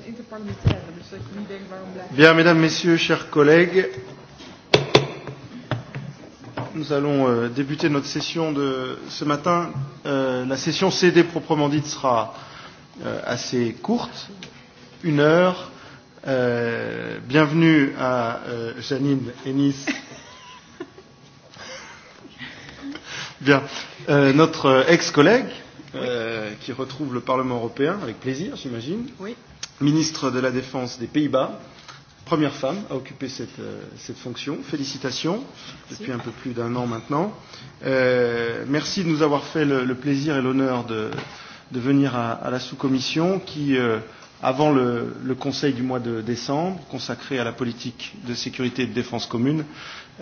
een interparlementaire, dus dat je niet denkt waarom blijft. Bien, mesdames, messieurs, chers collègues, nous allons euh, débuter notre session de ce matin. Euh, la session CD proprement dite sera euh, assez courte, une heure. Euh, bienvenue à euh, Janine Ennis. Bien, euh, notre ex-collègue euh, qui retrouve le Parlement européen avec plaisir, j'imagine. Oui ministre de la Défense des Pays-Bas, première femme à occuper cette, euh, cette fonction. Félicitations, merci. depuis un peu plus d'un an maintenant. Euh, merci de nous avoir fait le, le plaisir et l'honneur de, de venir à, à la sous-commission qui, euh, avant le, le Conseil du mois de décembre, consacré à la politique de sécurité et de défense commune,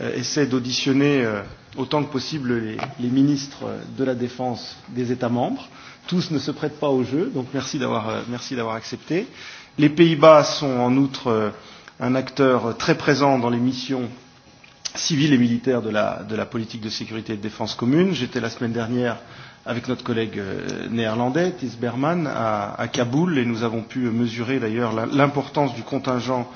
euh, essaie d'auditionner euh, autant que possible les, les ministres de la Défense des États membres tous ne se prêtent pas au jeu, donc merci d'avoir euh, merci d'avoir accepté. Les Pays-Bas sont en outre euh, un acteur très présent dans les missions civiles et militaires de la, de la politique de sécurité et de défense commune. J'étais la semaine dernière avec notre collègue euh, néerlandais, Thys Berman, à, à Kaboul, et nous avons pu mesurer d'ailleurs l'importance du contingent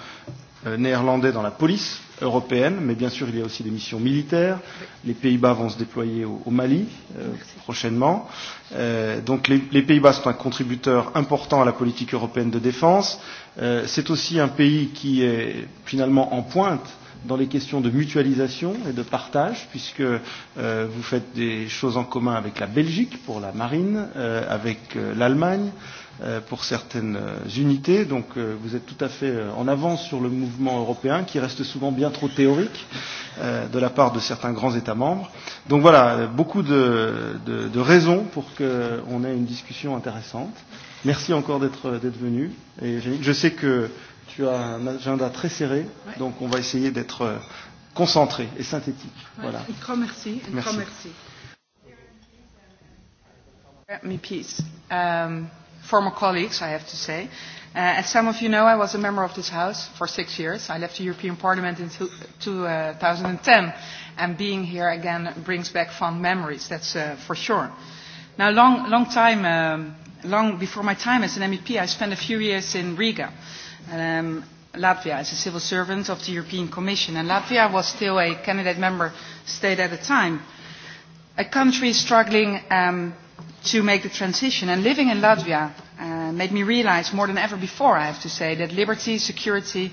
Euh, néerlandais dans la police européenne, mais bien sûr il y a aussi des missions militaires. Les Pays-Bas vont se déployer au, au Mali euh, Merci. prochainement. Euh, donc les, les Pays-Bas sont un contributeur important à la politique européenne de défense. Euh, C'est aussi un pays qui est finalement en pointe dans les questions de mutualisation et de partage, puisque euh, vous faites des choses en commun avec la Belgique pour la marine, euh, avec euh, l'Allemagne euh, pour certaines euh, unités. Donc euh, vous êtes tout à fait euh, en avance sur le mouvement européen, qui reste souvent bien trop théorique euh, de la part de certains grands États membres. Donc voilà, beaucoup de, de, de raisons pour qu'on ait une discussion intéressante. Merci encore d'être venu. Et je sais que euh, tu as un agenda très serré, ouais. donc on va essayer d'être euh, concentré et synthétique. Ouais. Voilà. Un grand merci. Un merci. Grand merci. Me peace. Um, former colleagues, I have to say. Uh, as some of you know, I was a member of this House for six years. I left the European Parliament in two, 2010, uh, and being here again brings back fond memories, that's uh, for sure. Now, long, long time, um, long before my time as an MEP, I spent a few years in Riga. Uh, Um, Latvia as a civil servant of the European Commission, and Latvia was still a candidate member state at the time. A country struggling um, to make the transition, and living in Latvia uh, made me realize more than ever before, I have to say, that liberty, security,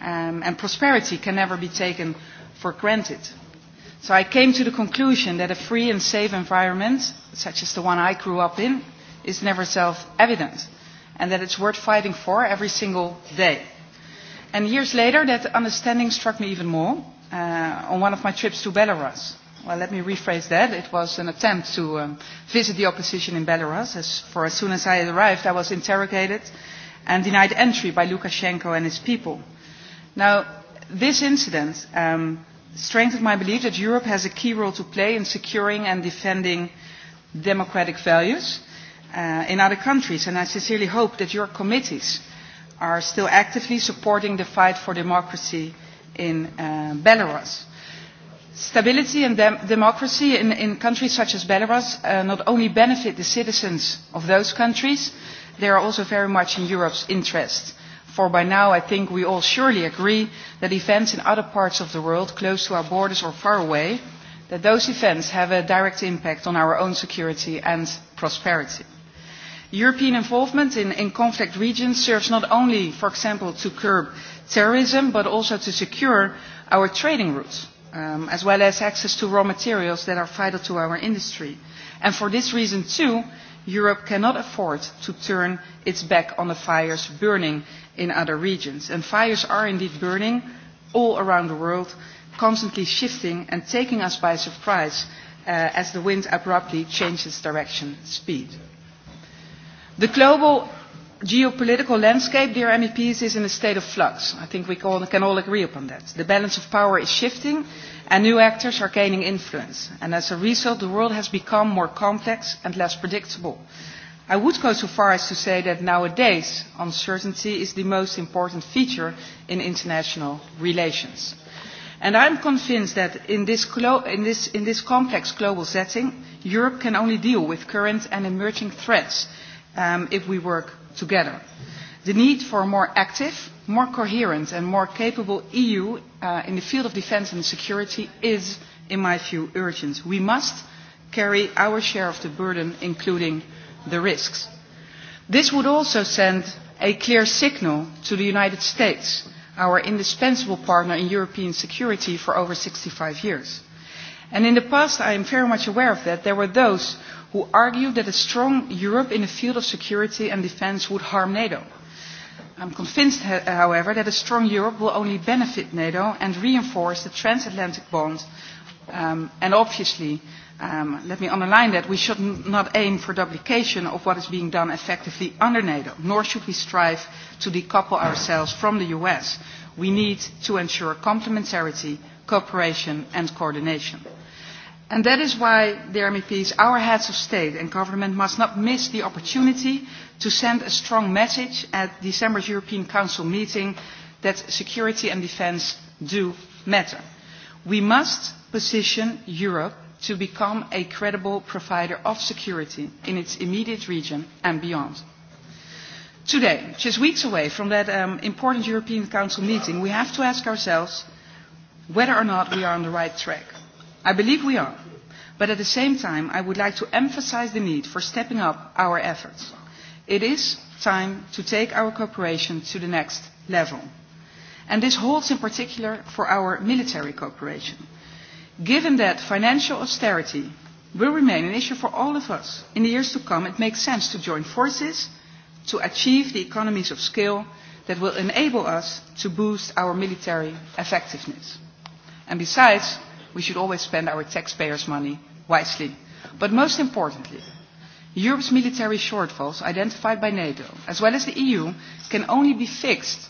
um, and prosperity can never be taken for granted. So I came to the conclusion that a free and safe environment, such as the one I grew up in, is never self-evident and that it's worth fighting for every single day. And years later, that understanding struck me even more uh, on one of my trips to Belarus. Well, let me rephrase that. It was an attempt to um, visit the opposition in Belarus. As, for as soon as I arrived, I was interrogated and denied entry by Lukashenko and his people. Now, this incident um, strengthened my belief that Europe has a key role to play in securing and defending democratic values uh, in other countries, and I sincerely hope that your committees are still actively supporting the fight for democracy in uh, Belarus. Stability and dem democracy in, in countries such as Belarus uh, not only benefit the citizens of those countries, they are also very much in Europe's interest. For by now, I think we all surely agree that events in other parts of the world, close to our borders or far away, that those events have a direct impact on our own security and prosperity. European involvement in, in conflict regions serves not only, for example, to curb terrorism, but also to secure our trading routes, um, as well as access to raw materials that are vital to our industry. And for this reason, too, Europe cannot afford to turn its back on the fires burning in other regions. And fires are indeed burning all around the world, constantly shifting and taking us by surprise uh, as the wind abruptly changes direction, speed. The global geopolitical landscape, dear MEPs, is in a state of flux. I think we all, can all agree upon that. The balance of power is shifting and new actors are gaining influence. And as a result, the world has become more complex and less predictable. I would go so far as to say that nowadays, uncertainty is the most important feature in international relations. And I'm convinced that in this, glo- in this, in this complex global setting, Europe can only deal with current and emerging threats – um, if we work together. The need for a more active, more coherent and more capable EU uh, in the field of defence and security is, in my view, urgent. We must carry our share of the burden, including the risks. This would also send a clear signal to the United States, our indispensable partner in European security for over 65 years. And in the past, I am very much aware of that, there were those who argue that a strong Europe in the field of security and defense would harm NATO. I'm convinced, however, that a strong Europe will only benefit NATO and reinforce the transatlantic bond. Um, and obviously, um, let me underline that we should not aim for duplication of what is being done effectively under NATO, nor should we strive to decouple ourselves from the US. We need to ensure complementarity, cooperation and coordination. And that is why, dear MEPs, our heads of state and government must not miss the opportunity to send a strong message at December's European Council meeting that security and defence do matter. We must position Europe to become a credible provider of security in its immediate region and beyond. Today, just weeks away from that um, important European Council meeting, we have to ask ourselves whether or not we are on the right track I believe we are. But at the same time, I would like to emphasize the need for stepping up our efforts. It is time to take our cooperation to the next level. And this holds in particular for our military cooperation. Given that financial austerity will remain an issue for all of us in the years to come, it makes sense to join forces to achieve the economies of scale that will enable us to boost our military effectiveness. And besides, we should always spend our taxpayers' money wisely. But most importantly, Europe's military shortfalls identified by NATO, as well as the EU, can only be fixed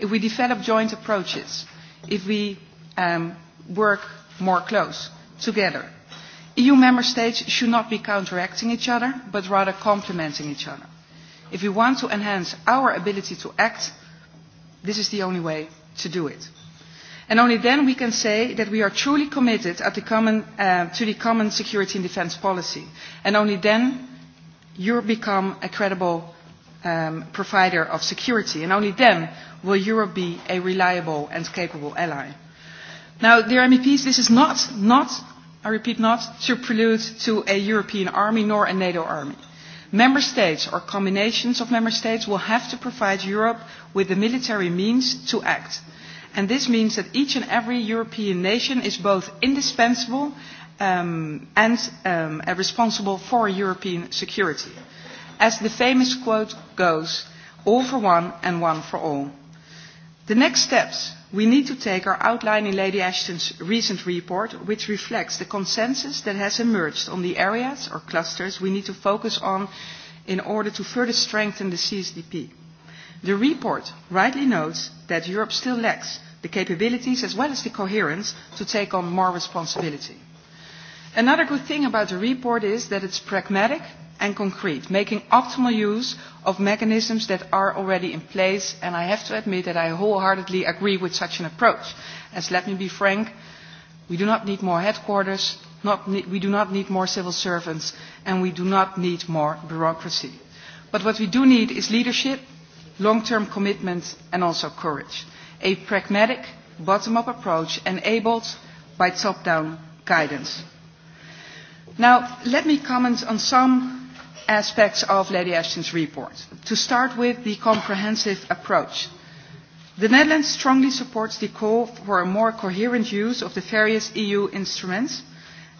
if we develop joint approaches, if we um, work more close together. EU member states should not be counteracting each other, but rather complementing each other. If we want to enhance our ability to act, this is the only way to do it and only then we can say that we are truly committed at the common, uh, to the common security and defence policy and only then Europe become a credible um, provider of security and only then will Europe be a reliable and capable ally. Now, dear MEPs, this is not, not, I repeat not, to prelude to a European army nor a NATO army. Member states or combinations of member states will have to provide Europe with the military means to act. And this means that each and every European nation is both indispensable um, and um, responsible for European security. As the famous quote goes, all for one and one for all. The next steps we need to take are outlined in Lady Ashton's recent report, which reflects the consensus that has emerged on the areas or clusters we need to focus on in order to further strengthen the CSDP. The report rightly notes that Europe still lacks the capabilities as well as the coherence to take on more responsibility. Another good thing about the report is that it's pragmatic and concrete, making optimal use of mechanisms that are already in place, and I have to admit that I wholeheartedly agree with such an approach. As let me be frank, we do not need more headquarters, not ne we do not need more civil servants, and we do not need more bureaucracy. But what we do need is leadership long-term commitment and also courage. A pragmatic, bottom-up approach enabled by top-down guidance. Now, let me comment on some aspects of Lady Ashton's report. To start with the comprehensive approach. The Netherlands strongly supports the call for a more coherent use of the various EU instruments,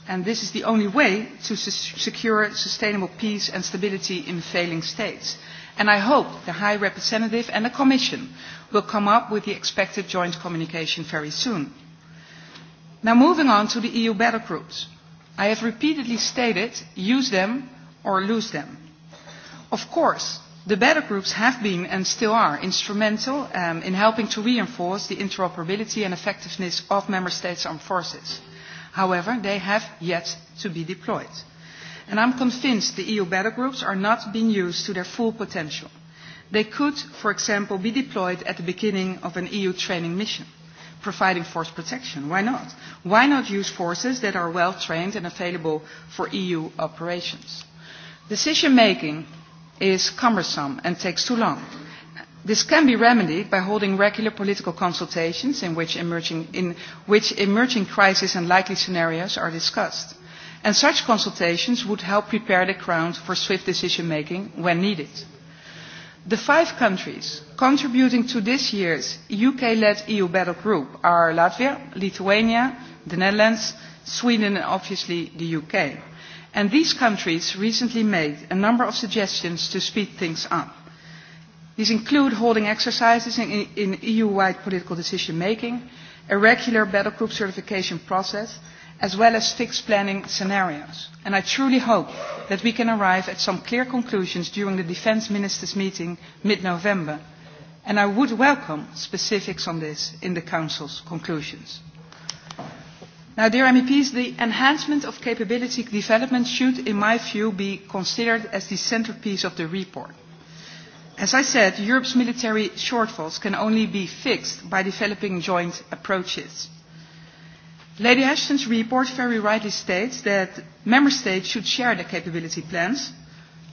and this is the only way to secure sustainable peace and stability in failing states and I hope the High Representative and the Commission will come up with the expected joint communication very soon. Now moving on to the EU battle groups. I have repeatedly stated, use them or lose them. Of course, the battle groups have been and still are instrumental um, in helping to reinforce the interoperability and effectiveness of Member States' armed forces. However, they have yet to be deployed and I'm convinced the EU battle groups are not being used to their full potential. They could, for example, be deployed at the beginning of an EU training mission, providing force protection. Why not? Why not use forces that are well trained and available for EU operations? Decision making is cumbersome and takes too long. This can be remedied by holding regular political consultations in which emerging, in which emerging crises and likely scenarios are discussed and such consultations would help prepare the ground for swift decision making when needed. The five countries contributing to this year's UK-led EU battle group are Latvia, Lithuania, the Netherlands, Sweden and obviously the UK. And these countries recently made a number of suggestions to speed things up. These include holding exercises in, in EU-wide political decision-making, a regular battle group certification process, as well as fixed planning scenarios. And I truly hope that we can arrive at some clear conclusions during the Defence Ministers' meeting mid-November. And I would welcome specifics on this in the Council's conclusions. Now, dear MEPs, the enhancement of capability development should, in my view, be considered as the centerpiece of the report. As I said, Europe's military shortfalls can only be fixed by developing joint approaches. Lady Ashton's report very rightly states that member states should share their capability plans,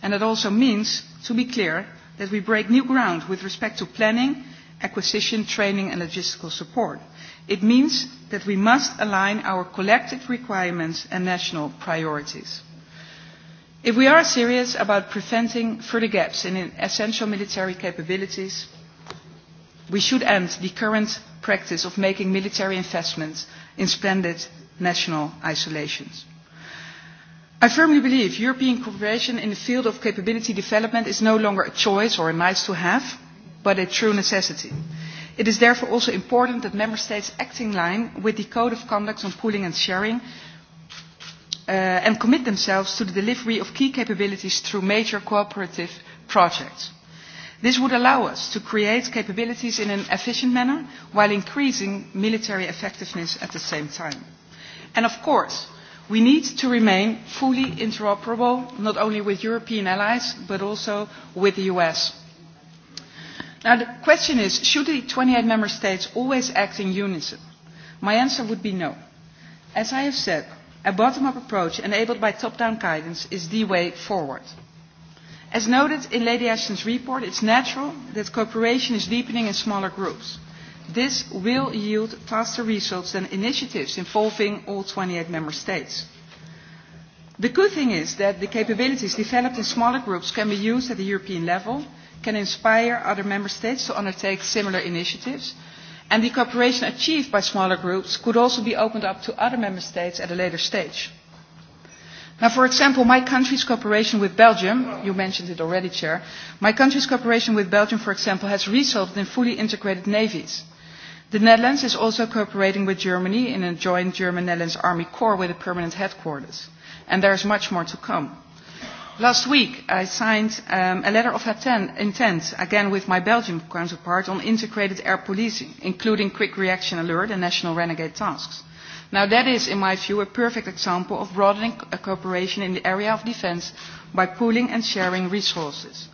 and that also means, to be clear, that we break new ground with respect to planning, acquisition, training and logistical support. It means that we must align our collective requirements and national priorities. If we are serious about preventing further gaps in essential military capabilities, we should end the current practice of making military investments in splendid national isolations. I firmly believe European cooperation in the field of capability development is no longer a choice or a nice to have, but a true necessity. It is therefore also important that Member States act in line with the Code of Conduct on Pooling and Sharing uh, and commit themselves to the delivery of key capabilities through major cooperative projects. This would allow us to create capabilities in an efficient manner while increasing military effectiveness at the same time. And of course, we need to remain fully interoperable, not only with European allies, but also with the US. Now, the question is, should the 28 member states always act in unison? My answer would be no. As I have said, a bottom-up approach enabled by top-down guidance is the way forward. As noted in Lady Ashton's report, it's natural that cooperation is deepening in smaller groups. This will yield faster results than initiatives involving all 28 member states. The good thing is that the capabilities developed in smaller groups can be used at the European level, can inspire other member states to undertake similar initiatives, and the cooperation achieved by smaller groups could also be opened up to other member states at a later stage. Now, for example, my country's cooperation with Belgium, you mentioned it already, Chair, my country's cooperation with Belgium, for example, has resulted in fully integrated navies. The Netherlands is also cooperating with Germany in a joint German-Netherlands Army Corps with a permanent headquarters. And there's much more to come. Last week, I signed um, a letter of intent, again with my Belgian counterpart, on integrated air policing, including quick reaction alert and national renegade tasks. Now that is, in my view, a perfect example of broadening uh, cooperation in the area of defence by pooling and sharing resources.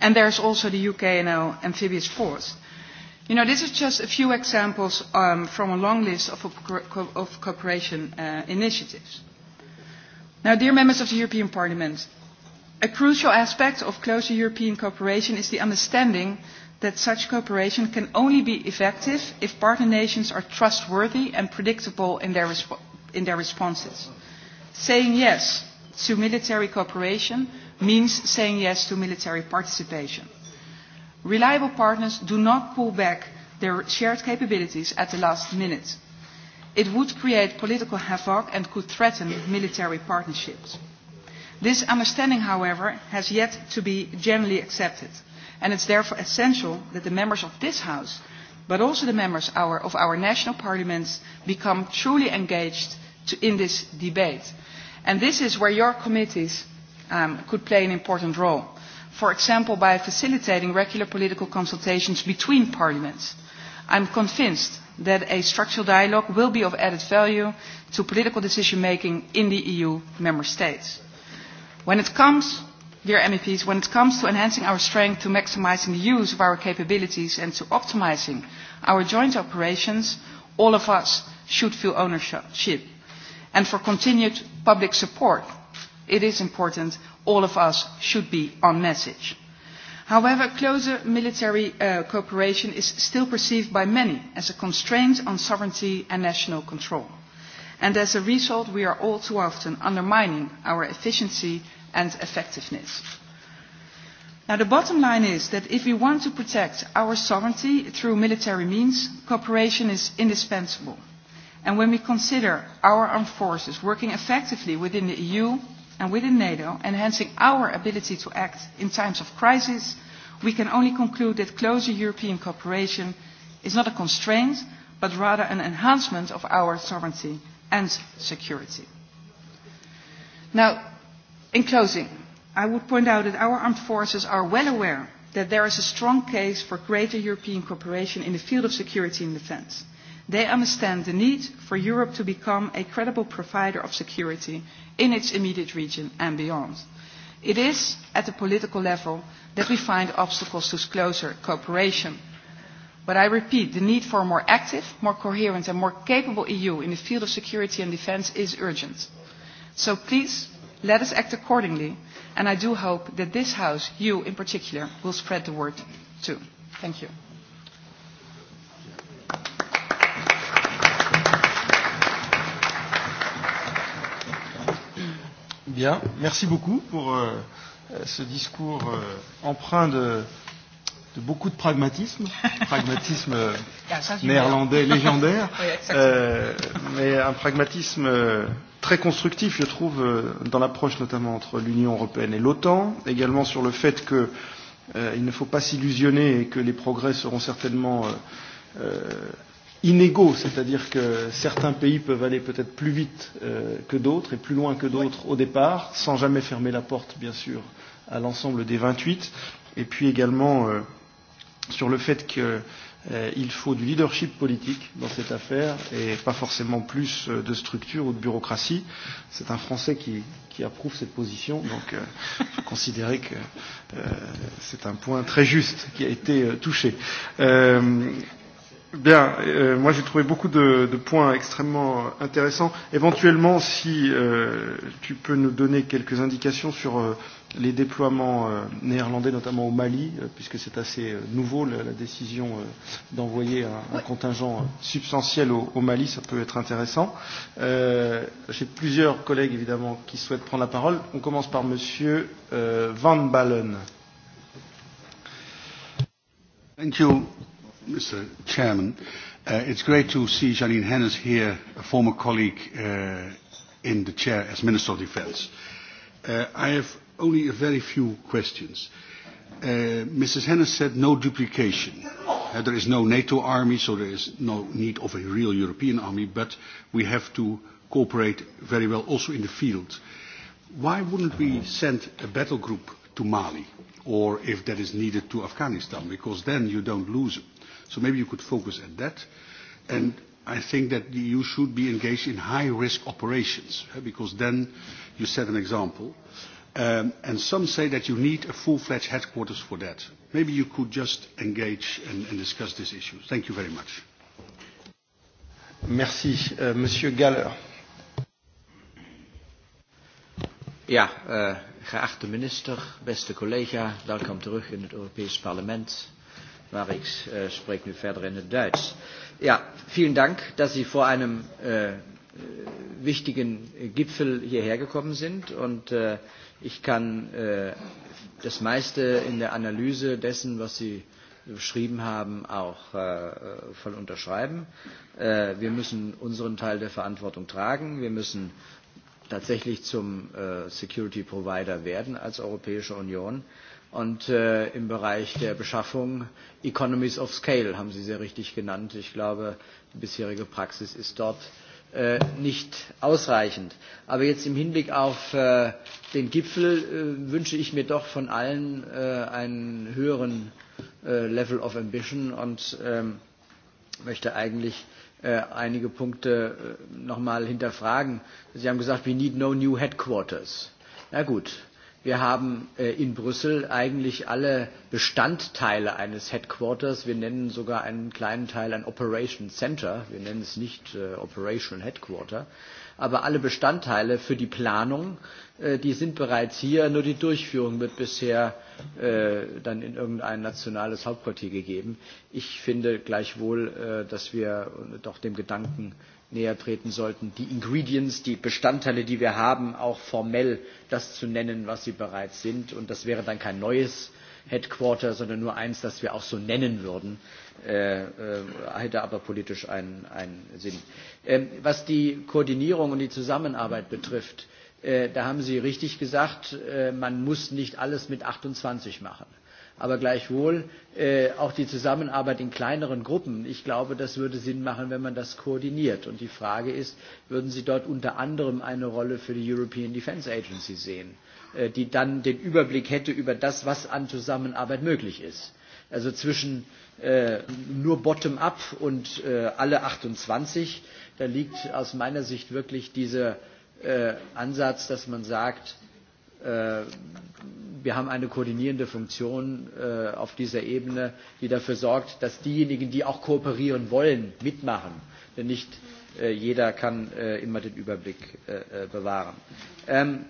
And there's also the UKNO uh, amphibious force. You know, this is just a few examples um, from a long list of, of cooperation uh, initiatives. Now, dear members of the European Parliament, a crucial aspect of closer European cooperation is the understanding that such cooperation can only be effective if partner nations are trustworthy and predictable in their, resp in their responses. Saying yes to military cooperation means saying yes to military participation. Reliable partners do not pull back their shared capabilities at the last minute. It would create political havoc and could threaten military partnerships. This understanding, however, has yet to be generally accepted and it's therefore essential that the members of this House, but also the members our, of our national parliaments, become truly engaged to, in this debate. And this is where your committees um, could play an important role. For example, by facilitating regular political consultations between parliaments. I'm convinced that a structural dialogue will be of added value to political decision making in the EU member states. When it comes dear MEPs, when it comes to enhancing our strength, to maximizing the use of our capabilities and to optimizing our joint operations, all of us should feel ownership. And for continued public support, it is important all of us should be on message. However, closer military uh, cooperation is still perceived by many as a constraint on sovereignty and national control. And as a result, we are all too often undermining our efficiency and effectiveness. Now, the bottom line is that if we want to protect our sovereignty through military means, cooperation is indispensable. And when we consider our armed forces working effectively within the EU and within NATO, enhancing our ability to act in times of crisis, we can only conclude that closer European cooperation is not a constraint, but rather an enhancement of our sovereignty and security. Now, In closing, I would point out that our armed forces are well aware that there is a strong case for greater European cooperation in the field of security and defence. They understand the need for Europe to become a credible provider of security in its immediate region and beyond. It is at the political level that we find obstacles to closer cooperation. But I repeat, the need for a more active, more coherent and more capable EU in the field of security and defence is urgent. So please Let us act accordingly, and I do hope that this House, you in particular, will spread the word too. Thank you. Bien, merci beaucoup pour euh, ce discours euh, empreint de, de beaucoup de pragmatisme, pragmatisme euh, ah, néerlandais légendaire, oui, euh, mais un pragmatisme. Euh, très constructif, je trouve, euh, dans l'approche notamment entre l'Union européenne et l'OTAN, également sur le fait qu'il euh, ne faut pas s'illusionner et que les progrès seront certainement euh, euh, inégaux, c'est-à-dire que certains pays peuvent aller peut-être plus vite euh, que d'autres et plus loin que d'autres oui. au départ, sans jamais fermer la porte, bien sûr, à l'ensemble des 28, et puis également euh, sur le fait que euh, euh, il faut du leadership politique dans cette affaire et pas forcément plus euh, de structure ou de bureaucratie. C'est un Français qui, qui approuve cette position, donc euh, faut considérer que euh, c'est un point très juste qui a été euh, touché. Euh, Bien, euh, moi j'ai trouvé beaucoup de, de points extrêmement intéressants. Éventuellement, si euh, tu peux nous donner quelques indications sur euh, les déploiements euh, néerlandais, notamment au Mali, euh, puisque c'est assez euh, nouveau la, la décision d'envoyer un, un contingent substantiel au, au Mali, ça peut être intéressant. Euh, J'ai plusieurs collègues évidemment qui souhaitent prendre la parole. On commence par Monsieur euh, Van Balen. Thank you, Mr. Chairman. Uh, it's great to see Janine Hennis here, a former colleague uh, in the chair as Minister of Defence. Uh, I have only a very few questions. Uh, Mrs. Hennis said no duplication. Uh, there is no NATO army, so there is no need of a real European army, but we have to cooperate very well also in the field. Why wouldn't we send a battle group to Mali, or if that is needed to Afghanistan, because then you don't lose them. So maybe you could focus at that. And I think that the EU should be engaged in high-risk operations, because then you set an example. Uh, Um, and some say that you need a full-fledged headquarters for that. Maybe you could just engage and, and discuss this issue. Thank you very much. Merci. Uh, Monsieur Galler. Ja, uh, geachte minister, beste collega, welkom terug in het Europees Parlement. Maar ik uh, spreek nu verder in het Duits. Ja, vielen Dank, dass Sie vor einem äh, uh, wichtigen uh, Gipfel hierher gekommen sind und äh, uh, Ich kann äh, das meiste in der Analyse dessen, was Sie beschrieben haben, auch äh, voll unterschreiben. Äh, wir müssen unseren Teil der Verantwortung tragen. Wir müssen tatsächlich zum äh, Security Provider werden als Europäische Union. Und äh, im Bereich der Beschaffung Economies of Scale haben Sie sehr richtig genannt. Ich glaube, die bisherige Praxis ist dort Äh, nicht ausreichend. Aber jetzt im Hinblick auf äh, den Gipfel äh, wünsche ich mir doch von allen äh, einen höheren äh, Level of Ambition und ähm, möchte eigentlich äh, einige Punkte äh, nochmal hinterfragen. Sie haben gesagt, we need no new headquarters. Na gut, Wir haben äh, in Brüssel eigentlich alle Bestandteile eines Headquarters. Wir nennen sogar einen kleinen Teil ein Operation Center. Wir nennen es nicht äh, Operation Headquarter. Aber alle Bestandteile für die Planung, äh, die sind bereits hier. Nur die Durchführung wird bisher äh, dann in irgendein nationales Hauptquartier gegeben. Ich finde gleichwohl, äh, dass wir äh, doch dem Gedanken äh, näher treten sollten, die Ingredients, die Bestandteile, die wir haben, auch formell das zu nennen, was sie bereits sind. Und das wäre dann kein neues Headquarter, sondern nur eins, das wir auch so nennen würden, äh, äh, hätte aber politisch einen, einen Sinn. Ähm, was die Koordinierung und die Zusammenarbeit betrifft, äh, da haben Sie richtig gesagt, äh, man muss nicht alles mit 28 machen. Äh, aber gleichwohl äh, auch die Zusammenarbeit in kleineren Gruppen. Ich glaube, das würde Sinn machen, wenn man das koordiniert. Und die Frage ist, würden Sie dort unter anderem eine Rolle für die European Defense Agency sehen, äh, die dann den Überblick hätte über das, was an Zusammenarbeit möglich ist? Also zwischen äh, nur Bottom-up und äh, alle 28, da liegt aus meiner Sicht wirklich dieser äh, Ansatz, dass man sagt, äh, wir haben eine koordinierende Funktion äh, auf dieser Ebene, die dafür sorgt, dass diejenigen, die auch kooperieren wollen, mitmachen. Denn nicht äh, jeder kann äh, immer den Überblick äh, äh, bewahren. Ähm,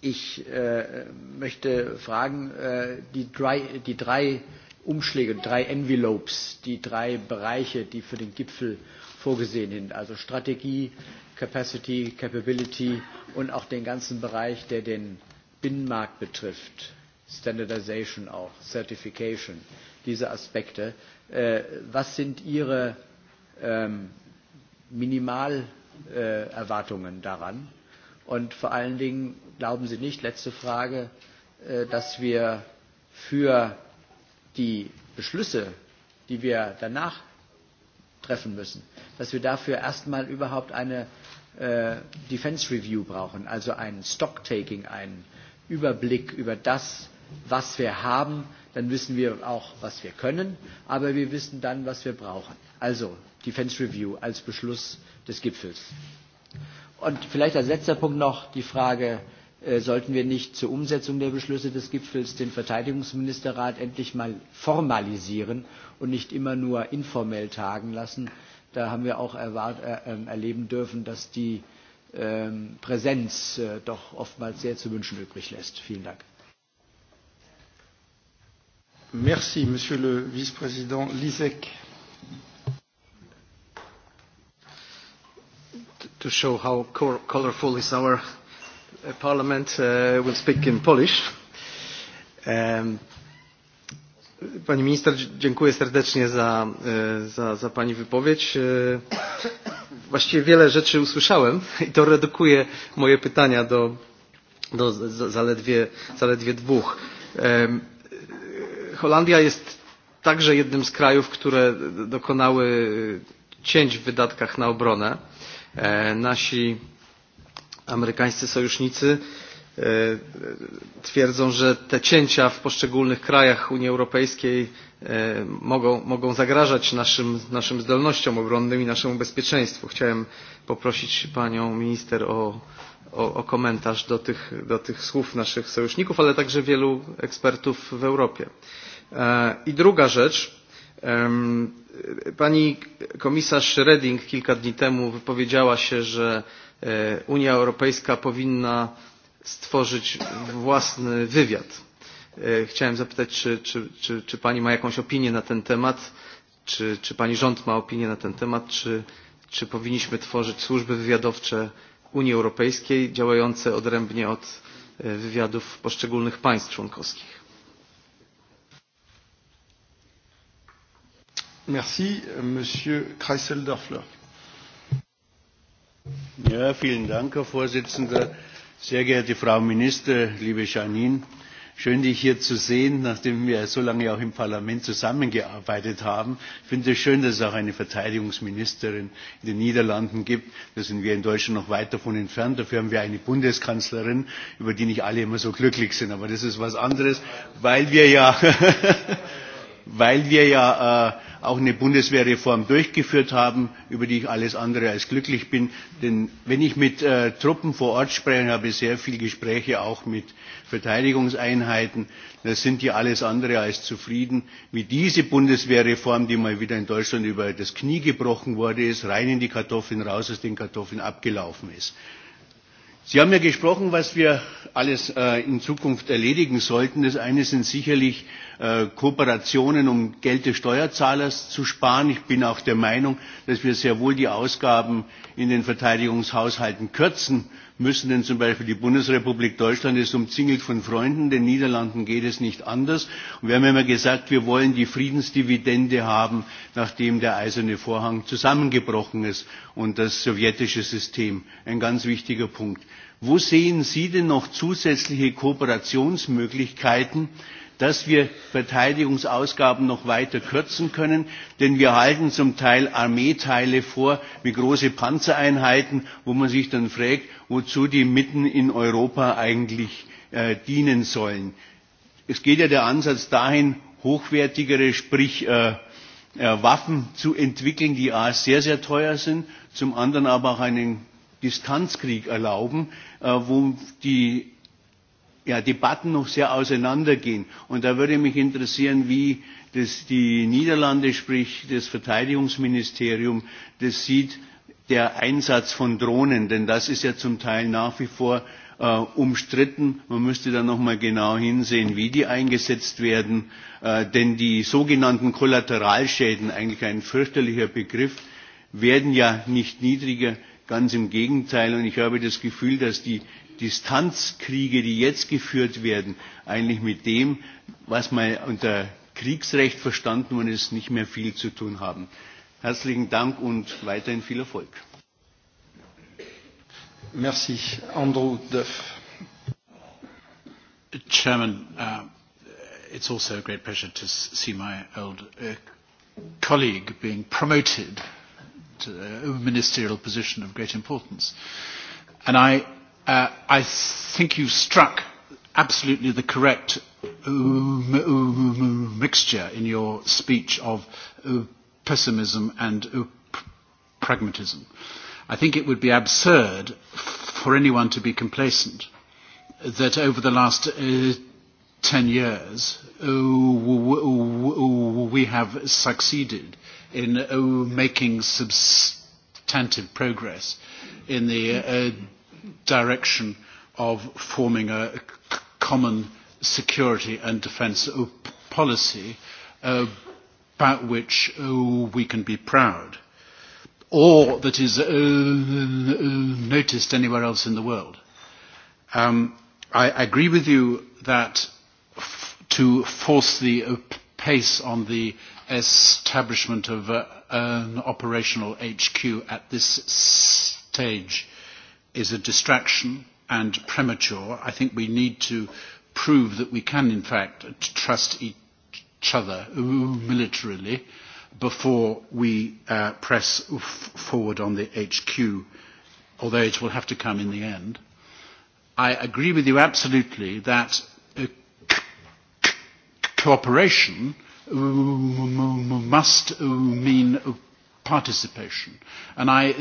ich äh, möchte fragen, äh, die drei, die drei Umschläge, drei Envelopes, die drei Bereiche, die für den Gipfel vorgesehen sind, also Strategie, Capacity, Capability und auch den ganzen Bereich, der den Binnenmarkt betrifft, Standardization auch, Certification, diese Aspekte, äh, was sind Ihre ähm, Minimalerwartungen äh, daran? Und vor allen Dingen glauben Sie nicht, letzte Frage, äh, dass wir für die Beschlüsse, die wir danach treffen müssen, dass wir dafür erstmal überhaupt eine äh, Defense Review brauchen, also ein Stocktaking, ein Überblick über das, was wir haben, dann wissen wir auch, was wir können, aber wir wissen dann, was wir brauchen. Also Defense Review als Beschluss des Gipfels. Und vielleicht als letzter Punkt noch die Frage, äh, sollten wir nicht zur Umsetzung der Beschlüsse des Gipfels den Verteidigungsministerrat endlich mal formalisieren und nicht immer nur informell tagen lassen? Da haben wir auch erwart, äh, ähm, erleben dürfen, dass die äh, ähm, Präsenz äh, doch oftmals sehr zu wünschen übrig lässt. Vielen Dank. Merci, Monsieur le Vice-président Lisek. To show how cor colorful is our uh, parliament, uh, we'll speak in Polish. Um, Pani minister, dziękuję serdecznie za, e, za, za Pani wypowiedź. E, właściwie wiele rzeczy usłyszałem i to redukuje moje pytania do, do zaledwie, zaledwie dwóch. Holandia jest także jednym z krajów, które dokonały cięć w wydatkach na obronę. E, nasi amerykańscy sojusznicy E, twierdzą, że te cięcia w poszczególnych krajach Unii Europejskiej e, mogą, mogą zagrażać naszym, naszym zdolnościom obronnym i naszemu bezpieczeństwu. Chciałem poprosić Panią Minister o, o, o komentarz do tych, do tych słów naszych sojuszników, ale także wielu ekspertów w Europie. E, I druga rzecz. Pani komisarz Reding kilka dni temu wypowiedziała się, że Unia Europejska powinna stworzyć własny wywiad. E, chciałem zapytać, czy, czy, czy, czy Pani ma jakąś opinię na ten temat, czy, czy Pani rząd ma opinię na ten temat, czy, czy powinniśmy tworzyć służby wywiadowcze Unii Europejskiej działające odrębnie od e, wywiadów poszczególnych państw członkowskich. Merci, Monsieur Kreisel-Dörfler. Ja, vielen Dank, Herr Vorsitzender sehr geehrte Frau Ministerin, liebe Janine, schön, dich hier zu sehen, nachdem wir so lange auch im Parlament zusammengearbeitet haben. Ich finde es schön, dass es auch eine Verteidigungsministerin in den Niederlanden gibt. Da sind wir in Deutschland noch weit davon entfernt. Dafür haben wir eine Bundeskanzlerin, über die nicht alle immer so glücklich sind. Aber das ist was anderes, weil wir ja, weil wir ja äh, auch eine Bundeswehrreform durchgeführt haben, über die ich alles andere als glücklich bin. Denn wenn ich mit äh, Truppen vor Ort spreche, habe ich sehr viele Gespräche auch mit Verteidigungseinheiten, da sind die alles andere als zufrieden, wie diese Bundeswehrreform, die mal wieder in Deutschland über das Knie gebrochen worden ist, rein in die Kartoffeln, raus aus den Kartoffeln abgelaufen ist. Sie haben ja gesprochen, was wir alles äh, in Zukunft erledigen sollten. Das eine sind sicherlich äh, Kooperationen, um Geld des Steuerzahlers zu sparen. Ich bin auch der Meinung, dass wir sehr wohl die Ausgaben in den Verteidigungshaushalten kürzen müssen. Denn zum Beispiel die Bundesrepublik Deutschland ist umzingelt von Freunden, den Niederlanden geht es nicht anders. Und wir haben immer gesagt, wir wollen die Friedensdividende haben, nachdem der eiserne Vorhang zusammengebrochen ist und das sowjetische System. Ein ganz wichtiger Punkt. Wo sehen Sie denn noch zusätzliche Kooperationsmöglichkeiten, dass wir Verteidigungsausgaben noch weiter kürzen können, denn wir halten zum Teil Armeeteile vor wie große Panzereinheiten, wo man sich dann fragt, wozu die mitten in Europa eigentlich äh, dienen sollen. Es geht ja der Ansatz dahin, hochwertigere, sprich äh, äh, Waffen zu entwickeln, die a sehr, sehr teuer sind, zum anderen aber auch einen Distanzkrieg erlauben, äh, wo die ja, Debatten noch sehr auseinandergehen. Und da würde mich interessieren, wie das die Niederlande, sprich das Verteidigungsministerium, das sieht, der Einsatz von Drohnen, denn das ist ja zum Teil nach wie vor äh, umstritten. Man müsste da nochmal genau hinsehen, wie die eingesetzt werden, äh, denn die sogenannten Kollateralschäden, eigentlich ein fürchterlicher Begriff, werden ja nicht niedriger, ganz im Gegenteil. Und ich habe das Gefühl, dass die Distanzkriege, die jetzt geführt werden, eigentlich mit dem, was mal unter Kriegsrecht verstanden worden ist, nicht mehr viel zu tun haben. Herzlichen Dank und weiterhin viel Erfolg. Merci. Andrew Duff. Chairman, uh, it's also a great pleasure to see my old uh, colleague being promoted to a ministerial position of great importance. And I Uh, I think you struck absolutely the correct uh, uh, mixture in your speech of uh, pessimism and pragmatism. I think it would be absurd for anyone to be complacent that over the last uh, 10 years uh, we have succeeded in uh, making substantive progress in the uh, direction of forming a common security and defence uh, policy uh, about which uh, we can be proud or that is noticed anywhere else in the world. Um, I agree with you that f- to force the uh, pace on the establishment of uh, an operational HQ at this stage is a distraction and premature. I think we need to prove that we can, in fact, trust each other militarily before we uh, press f- forward on the HQ, although it will have to come in the end. I agree with you absolutely that uh, c- c- cooperation must mean participation. And I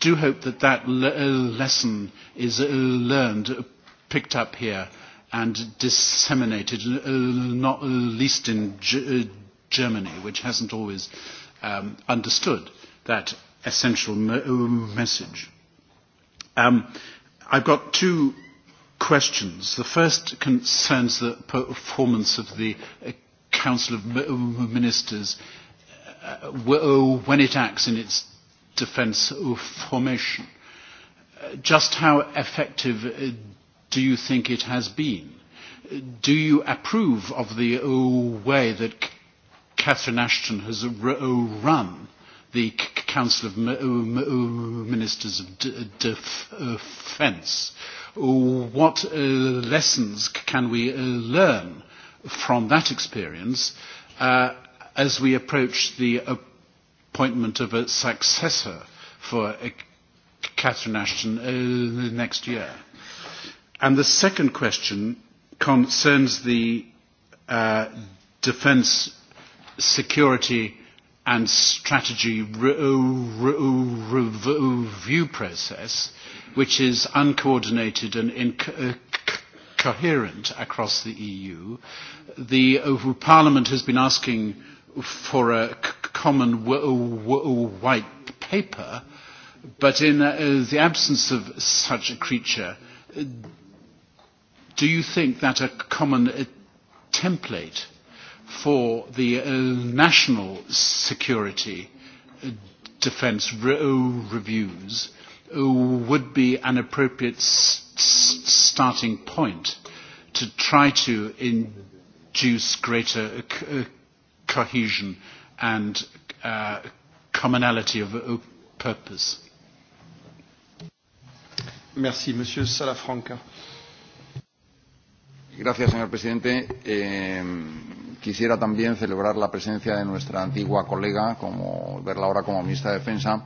do hope that that le- uh, lesson is uh, learned, uh, picked up here, and disseminated, uh, not least in G- uh, Germany, which hasn't always um, understood that essential me- uh, message. Um, I've got two questions. The first concerns the performance of the uh, Council of Ministers uh, when it acts in its defense formation. Uh, just how effective uh, do you think it has been? Do you approve of the uh, way that Catherine Ashton has run the Council of Ministers of Defence? What lessons can we learn from that experience uh, as we approach the appointment of a successor for uh, Catherine Ashton uh, next year. And the second question concerns the uh, defence, security and strategy re- uh, re- uh, uh, review process, which is uncoordinated and incoherent coherent across the EU. The uh, Parliament has been asking for a common white paper, but in uh, the absence of such a creature, do you think that a common uh, template for the uh, national security uh, defense re- uh, reviews uh, would be an appropriate s- s- starting point to try to induce greater uh, uh cohesion uh, and uh, commonality of uh, purpose. Merci, Monsieur Salafranca. Gracias, señor presidente. Eh, quisiera también celebrar la presencia de nuestra antigua colega, como verla ahora como ministra de Defensa,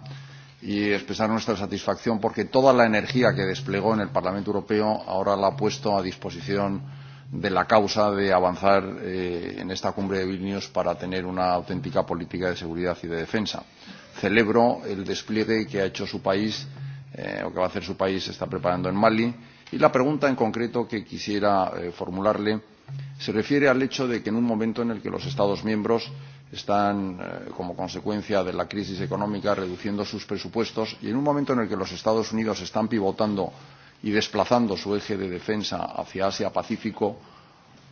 y expresar nuestra satisfacción porque toda la energía que desplegó en el Parlamento Europeo ahora la ha puesto a disposición eh, de la causa de avanzar eh, en esta cumbre de Vilnius para tener una auténtica política de seguridad y de defensa. Celebro el despliegue que ha hecho su país eh, o que va a hacer su país está preparando en Mali y la pregunta en concreto que quisiera eh, formularle se refiere al hecho de que en un momento en el que los Estados miembros están, eh, como consecuencia de la crisis económica, reduciendo sus presupuestos y en un momento en el que los Estados Unidos están pivotando y desplazando su eje de defensa hacia Asia Pacífico,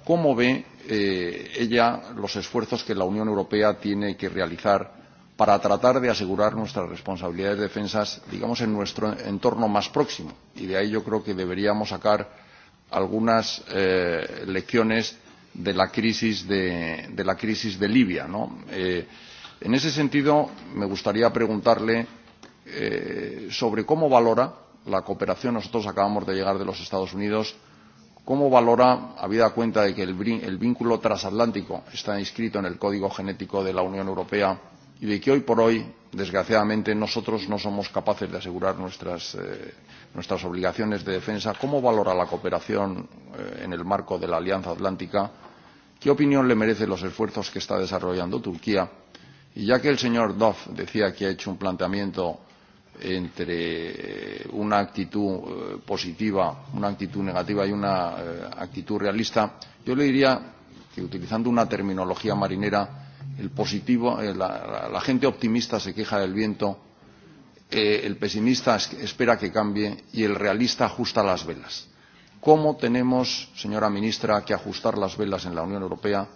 ¿cómo ve eh, ella los esfuerzos que la Unión Europea tiene que realizar para tratar de asegurar nuestras responsabilidades de defensas, digamos, en nuestro entorno más próximo? Y de ahí yo creo que deberíamos sacar algunas eh, lecciones de la crisis de, de, la crisis de Libia. ¿no? Eh, en ese sentido, me gustaría preguntarle eh, sobre cómo valora la cooperación. Nosotros acabamos de llegar de los Estados Unidos. ¿Cómo valora, habida cuenta de que el, el vínculo transatlántico está inscrito en el código genético de la Unión Europea y de que hoy por hoy, desgraciadamente, nosotros no somos capaces de asegurar nuestras, eh, nuestras obligaciones de defensa? ¿Cómo valora la cooperación eh, en el marco de la Alianza Atlántica? ¿Qué opinión le merecen los esfuerzos que está desarrollando Turquía? Y ya que el señor Duff decía que ha hecho un planteamiento entre eh, una actitud eh, positiva, una actitud negativa y una eh, actitud realista, yo le diría que utilizando una terminología marinera, el positivo, la, la, la gente optimista se queja del viento, eh, el pesimista espera que cambie y el realista ajusta las velas. ¿Cómo tenemos, señora ministra, que ajustar las velas en la Unión Europea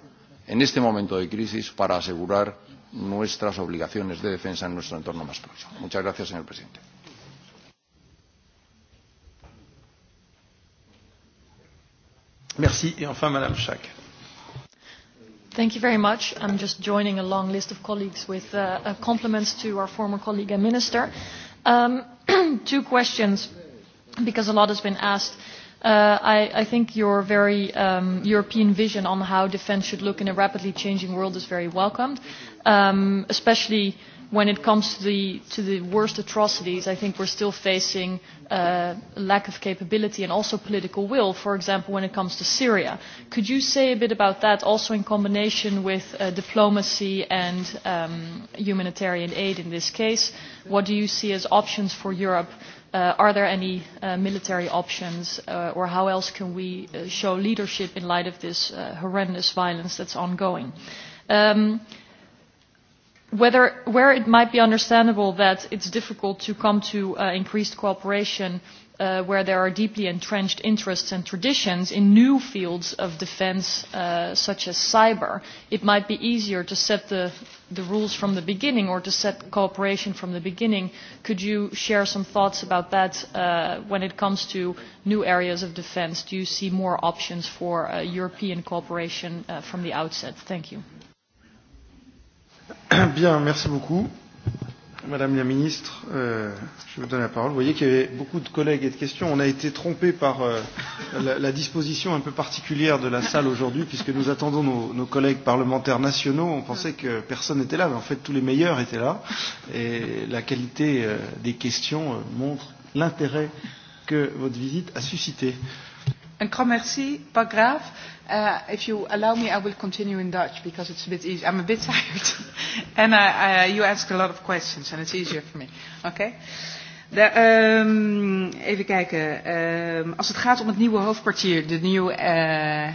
en este momento de crisis para asegurar nuestras obligaciones de defensa en nuestro entorno más próximo. Muchas gracias, señor presidente. Merci. Et enfin, Madame Schack. Thank you very much. I'm just joining a long list of colleagues with uh, uh compliments to our former colleague and minister. Um, two questions, because a lot has been asked. Uh, Uh, I, I think your very um, European vision on how defense should look in a rapidly changing world is very welcomed, um, especially when it comes to the, to the worst atrocities. I think we're still facing uh, lack of capability and also political will, for example, when it comes to Syria. Could you say a bit about that also in combination with uh, diplomacy and um, humanitarian aid in this case? What do you see as options for Europe? Uh, uh, are there any uh, military options uh, or how else can we uh, show leadership in light of this uh, horrendous violence that's ongoing? Um, whether, where it might be understandable that it's difficult to come to uh, increased cooperation uh, where there are deeply entrenched interests and traditions in new fields of defense, uh, such as cyber, it might be easier to set the the rules from the beginning or to set cooperation from the beginning. Could you share some thoughts about that uh, when it comes to new areas of defense? Do you see more options for uh, European cooperation uh, from the outset? Thank you. Bien, merci beaucoup. Madame la Ministre, euh, je vous donne la parole. Vous voyez qu'il y avait beaucoup de collègues et de questions. On a été trompé par euh, la, la disposition un peu particulière de la salle aujourd'hui, puisque nous attendons nos, nos collègues parlementaires nationaux. On pensait que personne n'était là, mais en fait tous les meilleurs étaient là. Et la qualité euh, des questions euh, montre l'intérêt que votre visite a suscité. Euh, Een grand merci, pas grave. Uh, if you allow me, I will continue in Dutch because it's a bit easy. I'm a bit tired. and I, I, you ask a lot of questions and it's easier for me. Okay? De, um, even kijken. Um, als het gaat om het nieuwe hoofdkwartier, de nieuwe uh,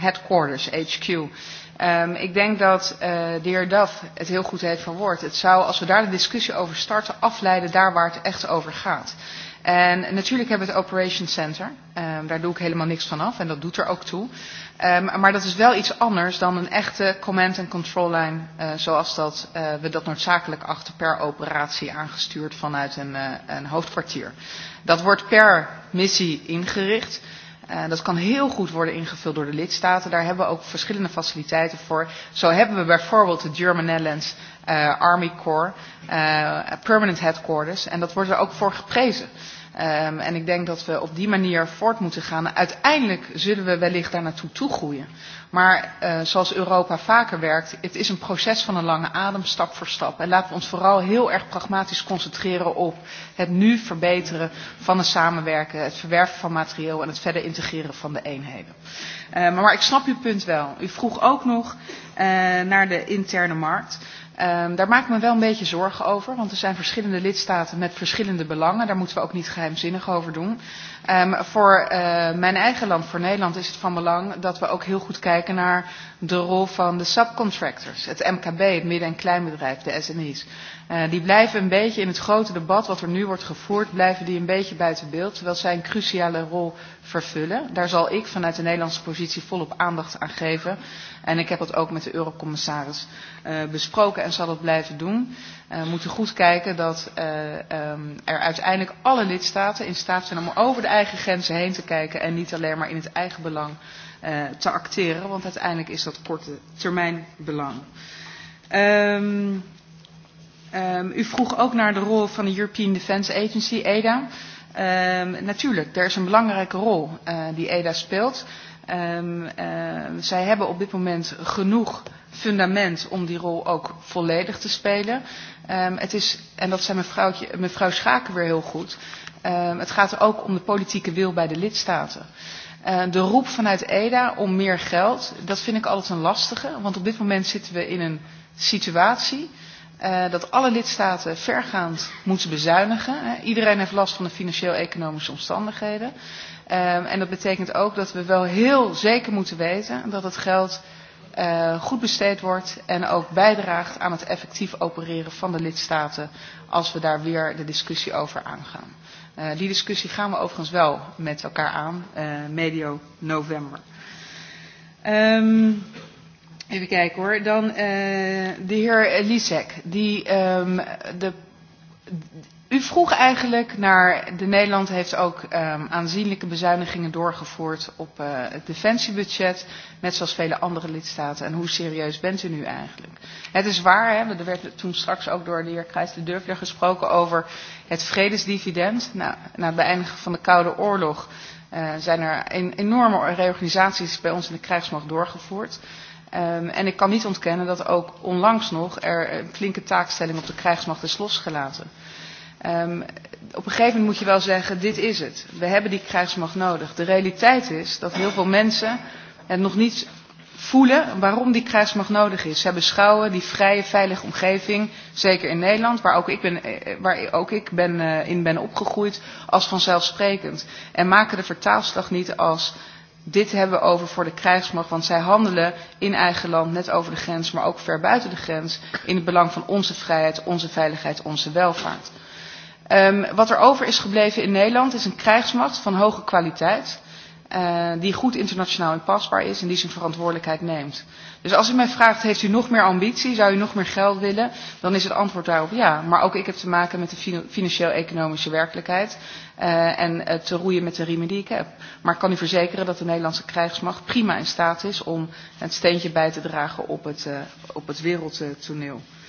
headquarters, HQ. Um, ehm, ik denk dat uh, de heer Duff het heel goed heeft verwoord. Het zou, als we daar de discussie over starten, afleiden daar waar het echt over gaat. En natuurlijk hebben we het Operation Center. Um, daar doe ik helemaal niks van af en dat doet er ook toe. Um, maar dat is wel iets anders dan een echte command and control line uh, zoals dat, uh, we dat noodzakelijk achter per operatie aangestuurd vanuit een, uh, een hoofdkwartier. Dat wordt per missie ingericht. Uh, Uh, dat kan heel goed worden ingevuld door de lidstaten. Daar hebben we ook verschillende faciliteiten voor. Zo hebben we bijvoorbeeld de German Netherlands uh, Army Corps, uh, permanent headquarters. En dat wordt er ook voor geprezen. Um, en ik denk dat we op die manier voort moeten gaan. Uiteindelijk zullen we wellicht daar naartoe toegroeien. Maar uh, zoals Europa vaker werkt, het is een proces van een lange adem, stap voor stap. En laten we ons vooral heel erg pragmatisch concentreren op het nu verbeteren van het samenwerken, het verwerven van materieel en het verder integreren van de eenheden. Uh, eh, maar, maar ik snap uw punt wel. U vroeg ook nog uh, naar de interne markt. Um, daar maak ik me wel een beetje zorgen over, want er zijn verschillende lidstaten met verschillende belangen. Daar moeten we ook niet geheimzinnig over doen. Um, voor uh, mijn eigen land, voor Nederland, is het van belang dat we ook heel goed kijken naar de rol van de subcontractors. Het MKB, het midden- en kleinbedrijf, de SME's. Uh, eh, die blijven een beetje in het grote debat wat er nu wordt gevoerd, blijven die een beetje buiten beeld, terwijl zij een cruciale rol vervullen. Daar zal ik vanuit de Nederlandse positie volop aandacht aan geven. En ik heb dat ook met de eurocommissaris uh, besproken en zal dat blijven doen uh, eh, moeten goed kijken dat uh, um, er uiteindelijk alle lidstaten in staat zijn om over de eigen grenzen heen te kijken en niet alleen maar in het eigen belang uh, te acteren, want uiteindelijk is dat korte termijn belang. Um, um, u vroeg ook naar de rol van de European Defence Agency, EDA. Um, natuurlijk, er is een belangrijke rol uh, die EDA speelt. Um, uh, zij hebben op dit moment genoeg uh, fundament om die rol ook volledig te spelen. Um, het is, en dat zei mevrouw Schaken weer heel goed, um, het gaat er ook om de politieke wil bij de lidstaten. Uh, de roep vanuit EDA om meer geld, dat vind ik altijd een lastige. Want op dit moment zitten we in een situatie uh, dat alle lidstaten vergaand moeten bezuinigen. Hè. Iedereen heeft last van de financieel-economische omstandigheden. Uh, en dat betekent ook dat we wel heel zeker moeten weten dat het geld uh, goed besteed wordt en ook bijdraagt aan het effectief opereren van de lidstaten als we daar weer de discussie over aangaan. Uh, die discussie gaan we overigens wel met elkaar aan, uh, medio november. Um, even kijken hoor. Dan uh, de heer Lisek, die um, de U vroeg eigenlijk naar, de Nederland heeft ook um, aanzienlijke bezuinigingen doorgevoerd op uh, het defensiebudget, net zoals vele andere lidstaten. En hoe serieus bent u nu eigenlijk? Het is waar, hè, er werd toen straks ook door de heer Krijs de Durfler gesproken over het vredesdividend. Nou, na het beëindigen van de Koude Oorlog uh, zijn er een, enorme reorganisaties bij ons in de krijgsmacht doorgevoerd. Um, en ik kan niet ontkennen dat ook onlangs nog er een eh, flinke taakstelling op de krijgsmacht is losgelaten. Um, op een gegeven moment moet je wel zeggen, dit is het. We hebben die krijgsmacht nodig. De realiteit is dat heel veel mensen het nog niet voelen waarom die krijgsmacht nodig is. Zij beschouwen die vrije, veilige omgeving, zeker in Nederland, waar ook ik, ben, eh, waar ook ik ben, uh, in ben opgegroeid, als vanzelfsprekend. En maken de vertaalslag niet als dit hebben we over voor de krijgsmacht, want zij handelen in eigen land, net over de grens, maar ook ver buiten de grens, in het belang van onze vrijheid, onze veiligheid, onze welvaart. Um, wat er over is gebleven in Nederland is een krijgsmacht van hoge kwaliteit. Uh, die goed internationaal inpasbaar is en die zijn verantwoordelijkheid neemt. Dus als u mij vraagt, heeft u nog meer ambitie, zou u nog meer geld willen, dan is het antwoord daarop ja. Maar ook ik heb te maken met de financieel-economische werkelijkheid uh, en het eh, te roeien met de riemen die ik heb. Maar ik kan u verzekeren dat de Nederlandse krijgsmacht prima in staat is om het steentje bij te dragen op het, uh, op het wereldtoneel. Uh,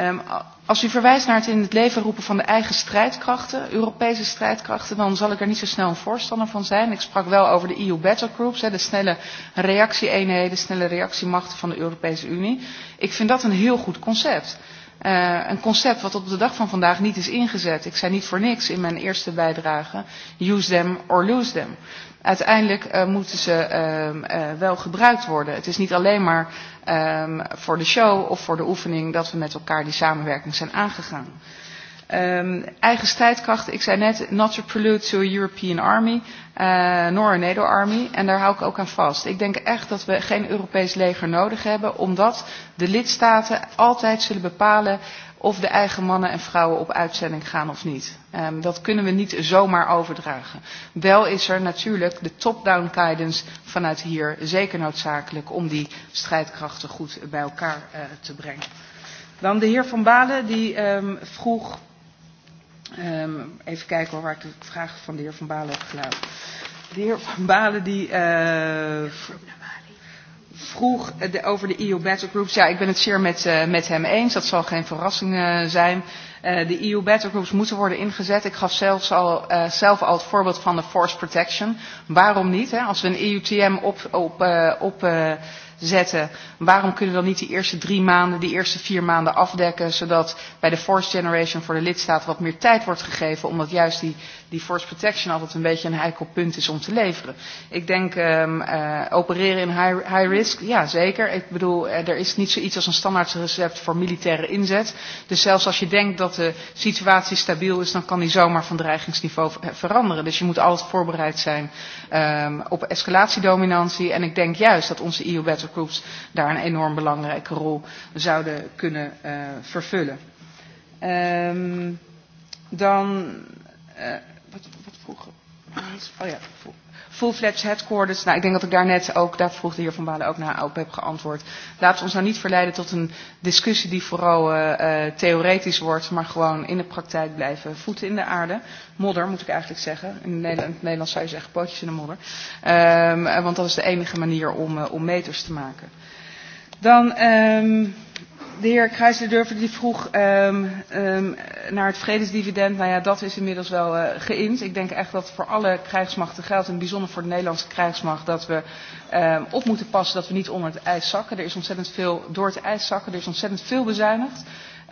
Um, als u verwijst naar het in het leven roepen van de eigen strijdkrachten, Europese strijdkrachten, dan zal ik er niet zo snel een voorstander van zijn. Ik sprak wel over de EU battlegroups, de snelle reactieeenheden, de snelle reactiemachten van de Europese Unie. Ik vind dat een heel goed concept. Uh, een concept wat op de dag van vandaag niet is ingezet. Ik zei niet voor niks in mijn eerste bijdrage, use them or lose them uiteindelijk uh, moeten ze um, uh, wel gebruikt worden. Het is niet alleen maar um, voor de show of voor de oefening dat we met elkaar die samenwerking zijn aangegaan. Um, eigen strijdkrachten, ik zei net, not to prelude to a European army, uh, nor a NATO army. En daar hou ik ook aan vast. Ik denk echt dat we geen Europees leger nodig hebben, omdat de lidstaten altijd zullen bepalen uh, of de eigen mannen en vrouwen op uitzending gaan of niet. Um, dat kunnen we niet zomaar overdragen. Wel is er natuurlijk de top-down guidance vanuit hier zeker noodzakelijk om die strijdkrachten goed bij elkaar uh, te brengen. Dan de heer Van Balen die um, vroeg, um, even kijken hoor, waar ik de vraag van de heer Van Balen heb geluid. De heer Van Balen die uh, vroeg eh, de, over de EU Battlegroups. Ja, ik ben het zeer met, uh, met hem eens. Dat zal geen verrassing uh, zijn. Uh, de EU Battlegroups moeten worden ingezet. Ik gaf zelfs al, uh, zelf al het voorbeeld van de force protection. Waarom niet? Hè? Als we een EUTM op, op, uh, op uh, zetten, waarom kunnen we dan niet die eerste drie maanden, die eerste vier maanden afdekken, zodat bij de force generation voor de lidstaat wat meer tijd wordt gegeven, omdat juist die, die force protection altijd een beetje een heikel punt is om te leveren. Ik denk um, uh, opereren in high, high risk, ja zeker. Ik bedoel, eh, er is niet zoiets als een standaard recept voor militaire inzet. Dus zelfs als je denkt dat de situatie stabiel is, dan kan die zomaar van dreigingsniveau veranderen. Dus je moet altijd voorbereid zijn um, op escalatiedominantie. En ik denk juist dat onze EU-wet reizigers daar een enorm belangrijke rol zouden kunnen uh, vervullen. Um, dan. Uh, wat, wat vroeger? Oh ja, vroeger full-fledged headquarters. Nou, ik denk dat ik daarnet ook, daar vroeg de heer Van Balen ook naar op heb geantwoord. Laten we ons nou niet verleiden tot een discussie die vooral uh, uh, theoretisch wordt, maar gewoon in de praktijk blijven. Voeten in de aarde, modder moet ik eigenlijk zeggen. In Nederland, in het Nederlands zou je zeggen pootjes in de modder. Um, want dat is de enige manier om, uh, om meters te maken. Dan... Um, de heer Kruijsderdurver die vroeg um, um, naar het vredesdividend. Nou ja, dat is inmiddels wel uh, eh, geïnd. Ik denk echt dat voor alle krijgsmachten geldt, en bijzonder voor de Nederlandse krijgsmacht, dat we um, op moeten passen dat we niet onder het ijs zakken. Er is ontzettend veel door het ijs zakken, er is ontzettend veel bezuinigd.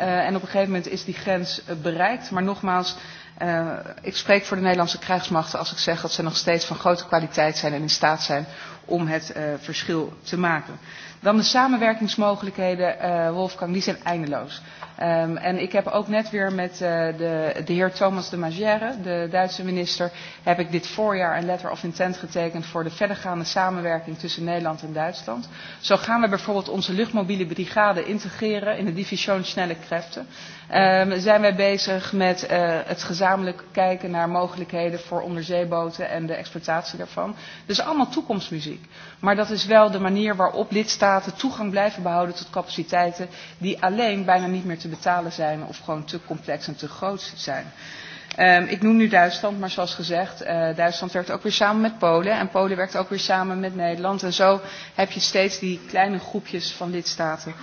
Uh, en op een gegeven moment is die grens uh, bereikt. Maar nogmaals, uh, ik spreek voor de Nederlandse krijgsmachten als ik zeg dat ze nog steeds van grote kwaliteit zijn en in staat zijn om het uh, verschil te maken. Uh, dan de samenwerkingsmogelijkheden, uh, Wolfgang, die zijn eindeloos. Um, en ik heb ook net weer met uh, de, de heer Thomas de Magère, de Duitse minister, heb ik dit voorjaar een letter of intent getekend voor de verdergaande samenwerking tussen Nederland en Duitsland. Zo gaan we bijvoorbeeld onze luchtmobiele brigade integreren in de division snelle krachten. Um, ehm, zijn wij bezig met uh, het gezamenlijk kijken naar mogelijkheden voor onderzeeboten en de exploitatie daarvan. Dus allemaal toekomstmuziek. Maar dat is wel de manier waarop lidstaten toegang blijven behouden tot capaciteiten die alleen bijna niet meer te te betalen zijn of gewoon te complex en te groot zijn. Um, ik noem nu Duitsland, maar zoals gezegd, uh, Duitsland werkt ook weer samen met Polen en Polen werkt ook weer samen met Nederland. En zo heb je steeds die kleine groepjes van lidstaten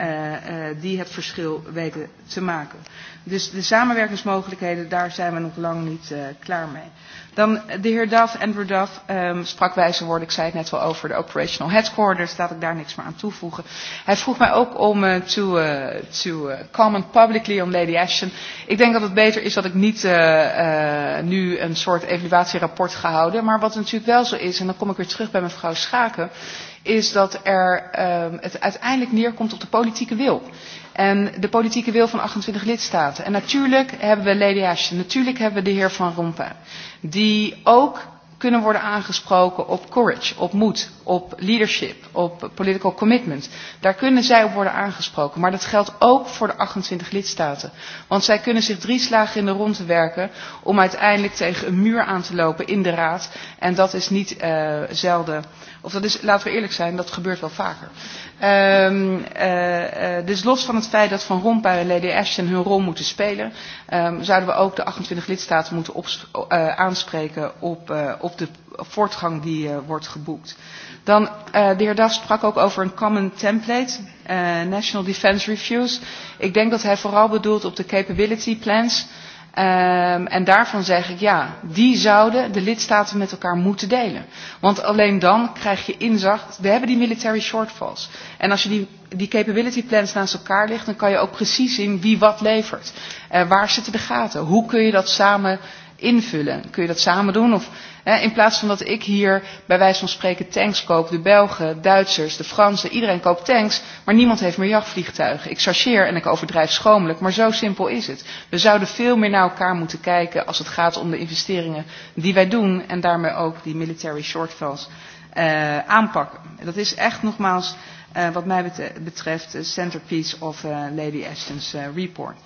uh, uh, die het verschil weten te maken. Dus de samenwerkingsmogelijkheden, daar zijn we nog lang niet uh, klaar mee. Dan de heer Duff, Andrew Duff, um, sprak wijze woorden. Ik zei het net al over de operational headquarters. Laat ik daar niks meer aan toevoegen. Hij vroeg mij ook om uh, to, uh, to uh, comment publicly on Lady Ashton. Ik denk dat het beter is dat ik niet uh, uh, nu een soort evaluatierapport ga houden. Maar wat natuurlijk wel zo is, en dan kom ik weer terug bij mevrouw Schaken, is dat er, um, het uiteindelijk neerkomt op de politieke wil en de politieke wil van 28 lidstaten. En natuurlijk hebben we Lady Ashton, natuurlijk hebben we de heer Van Rompuy die ook kunnen worden aangesproken op courage, op moed, op leadership, op political commitment. Daar kunnen zij op worden aangesproken. Maar dat geldt ook voor de 28 lidstaten. Want zij kunnen zich drie slagen in de ronde werken om uiteindelijk tegen een muur aan te lopen in de Raad. En dat is niet uh, zelden uh, Of dat is, laten we eerlijk zijn, dat gebeurt wel vaker. Um, uh, uh, dus los van het feit dat Van Rompuy en Lady Ashton hun rol moeten spelen, um, zouden we ook de 28 lidstaten moeten op, uh, eh, aanspreken op, uh, op de voortgang die uh, wordt geboekt. Dan, uh, de heer Duff sprak ook over een common template, uh, National Defense Reviews. Ik denk dat hij vooral bedoelt op de capability plans. Uh, Um, en daarvan zeg ik ja, die zouden de lidstaten met elkaar moeten delen. Want alleen dan krijg je inzicht, we hebben die military shortfalls. En als je die, die capability plans naast elkaar legt, dan kan je ook precies zien wie wat levert. Uh, waar zitten de gaten? Hoe kun je dat samen invullen? Kun je dat samen doen? Of In plaats van dat ik hier bij wijze van spreken tanks koop, de Belgen, Duitsers, de Fransen, iedereen koopt tanks, maar niemand heeft meer jachtvliegtuigen. Ik chargeer en ik overdrijf schromelijk, maar zo simpel is het. We zouden veel meer naar elkaar moeten kijken als het gaat om de investeringen die wij doen en daarmee ook die military shortfalls uh, aanpakken. Dat is echt nogmaals uh, wat mij betreft de centerpiece of uh, Lady Ashton's uh, report. Uh,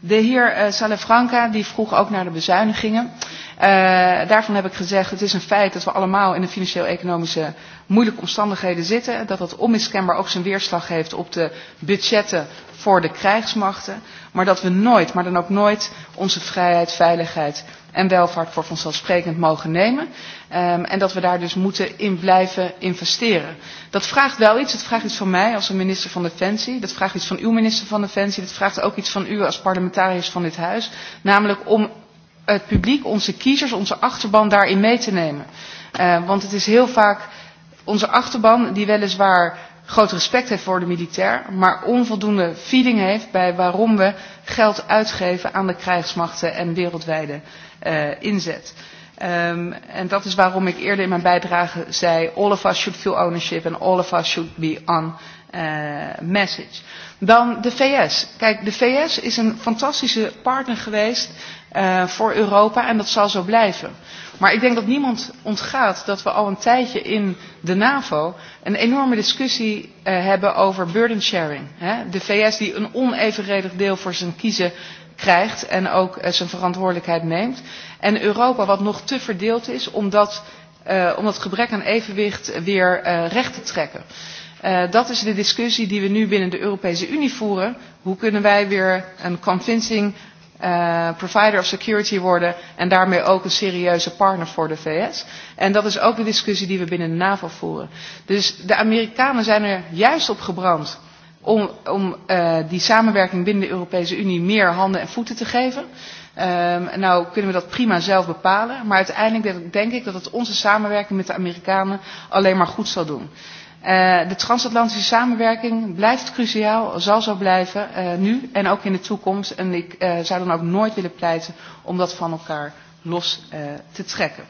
De heer uh, Salafranca die vroeg ook naar de bezuinigingen. Uh, daarvan heb ik gezegd, het is een feit dat we allemaal in de financieel-economische moeilijke omstandigheden zitten. Dat dat onmiskenbaar ook zijn weerslag heeft op de budgetten voor de krijgsmachten. Maar dat we nooit, maar dan ook nooit, onze vrijheid, veiligheid en welvaart voor vanzelfsprekend mogen nemen. Um, en dat we daar dus moeten in blijven investeren. Dat vraagt wel iets. Het vraagt iets van mij als een minister van Defensie. Dat vraagt iets van uw minister van Defensie. Dat vraagt ook iets van u als parlementariërs van dit huis. Namelijk om het publiek, onze kiezers, onze achterban daarin mee te nemen. Uh, want het is heel vaak onze achterban die weliswaar groot respect heeft voor de militair, maar onvoldoende feeding heeft bij waarom we geld uitgeven aan de krijgsmachten en wereldwijde uh, inzet. Um, en dat is waarom ik eerder in mijn bijdrage zei, all of us should feel ownership and all of us should be on uh, message. Dan de VS. Kijk, de VS is een fantastische partner geweest uh, voor Europa en dat zal zo blijven. Maar ik denk dat niemand ontgaat dat we al een tijdje in de NAVO een enorme discussie uh, hebben over burden sharing. Hè? De VS die een onevenredig deel voor zijn kiezen krijgt en ook uh, zijn verantwoordelijkheid neemt. En Europa wat nog te verdeeld is om dat, uh, om dat gebrek aan evenwicht weer uh, recht te trekken. Uh, dat is de discussie die we nu binnen de Europese Unie voeren. Hoe kunnen wij weer een convincing uh, provider of security worden en daarmee ook een serieuze partner voor de VS. En dat is ook de discussie die we binnen de NAVO voeren. Dus de Amerikanen zijn er juist op gebrand om, om uh, die samenwerking binnen de Europese Unie meer handen en voeten te geven. Um, uh, nou kunnen we dat prima zelf bepalen, maar uiteindelijk denk ik dat het onze samenwerking met de Amerikanen alleen maar goed zal doen. Uh, Uh, de transatlantische samenwerking blijft cruciaal, zal zo blijven, uh, nu en ook in de toekomst. En ik uh, zou dan ook nooit willen pleiten om dat van elkaar los uh, te trekken.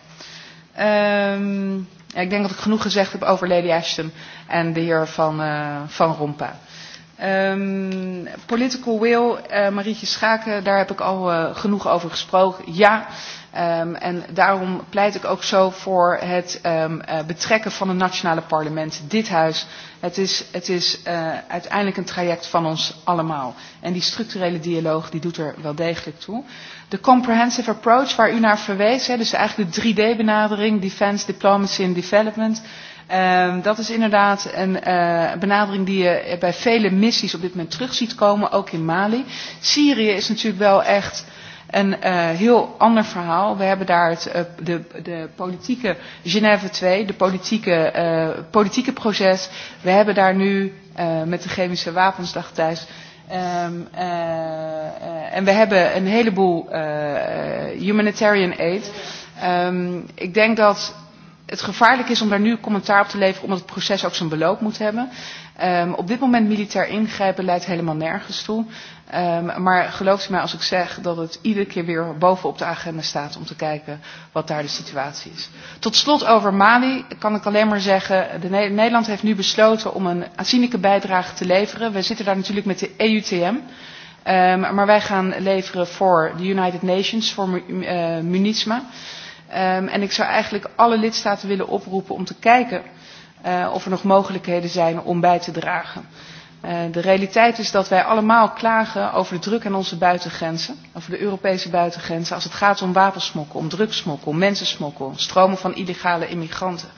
Um, ja, ik denk dat ik genoeg gezegd heb over Lady Ashton en de heer Van, uh, van Rompa. Um, ehm, political will, uh, Marietje Schaken, daar heb ik al uh, genoeg over gesproken. Ja, uh, Um, en daarom pleit ik ook zo voor het um, uh, betrekken van de nationale parlementen, dit huis. Het is, het is uh, uiteindelijk een traject van ons allemaal. En die structurele dialoog die doet er wel degelijk toe. De comprehensive approach waar u naar verwees, hè, dus eigenlijk de 3D-benadering, defense, diplomacy en development. Um, dat is inderdaad een uh, benadering die je bij vele missies op dit moment terug ziet komen, ook in Mali. Syrië is natuurlijk wel echt Een uh, heel ander verhaal. We hebben daar het, uh, de, de politieke Genève 2, de politieke, uh, politieke proces. We hebben daar nu uh, met de chemische wapensdag thuis Um, uh, uh, en we hebben een heleboel uh, humanitarian aid. Um, ik denk dat het gevaarlijk is om daar nu commentaar op te leveren, omdat het proces ook zijn beloop moet hebben. Um, op dit moment militair ingrijpen leidt helemaal nergens toe. Um, maar geloof me als ik zeg dat het iedere keer weer bovenop de agenda staat om te kijken wat daar de situatie is. Tot slot over Mali kan ik alleen maar zeggen, de ne Nederland heeft nu besloten om een aanzienlijke bijdrage te leveren. We zitten daar natuurlijk met de EUTM. Um, ehm, maar wij gaan leveren voor de United Nations, voor uh, MUNISMA. Um, en ik zou eigenlijk alle lidstaten willen oproepen om te kijken uh, of er nog mogelijkheden zijn om bij te dragen. Uh, de realiteit is dat wij allemaal klagen over de druk aan onze buitengrenzen, over de Europese buitengrenzen, als het gaat om wapensmokkel, om drugsmokkel, mensensmokkel, stromen van illegale immigranten.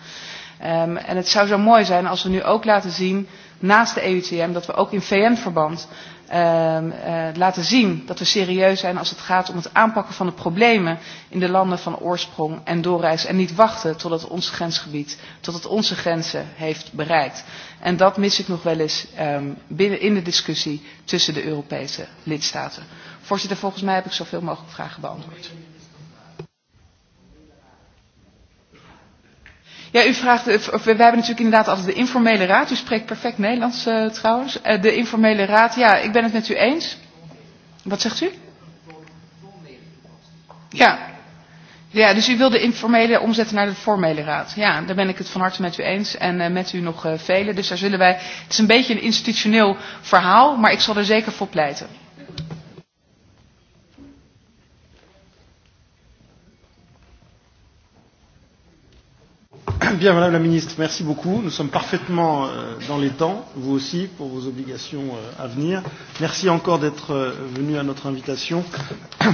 Um, en het zou zo mooi zijn als we nu ook laten zien, naast de EUTM, dat we ook in VN-verband um, uh, laten zien dat we serieus zijn als het gaat om het aanpakken van de problemen in de landen van oorsprong en doorreis. En niet wachten tot het ons grensgebied, tot het onze grenzen heeft bereikt. En dat mis ik nog wel eens um, binnen in de discussie tussen de Europese lidstaten. Voorzitter, volgens mij heb ik zoveel mogelijk vragen beantwoord. Ja, u vraagt, of, we hebben natuurlijk inderdaad altijd de informele raad. U spreekt perfect Nederlands uh, trouwens. Uh, de informele raad, ja, ik ben het met u eens. Wat zegt u? Ja. Ja, dus u wil de informele omzetten naar de formele raad. Ja, daar ben ik het van harte met u eens en uh, met u nog uh, velen. Dus daar zullen wij, het is een beetje een institutioneel verhaal, maar ik zal er zeker voor pleiten. Bien, Madame la Ministre, merci beaucoup. Nous sommes parfaitement euh, dans les temps, vous aussi, pour vos obligations euh, à venir. Merci encore d'être euh, venu à notre invitation.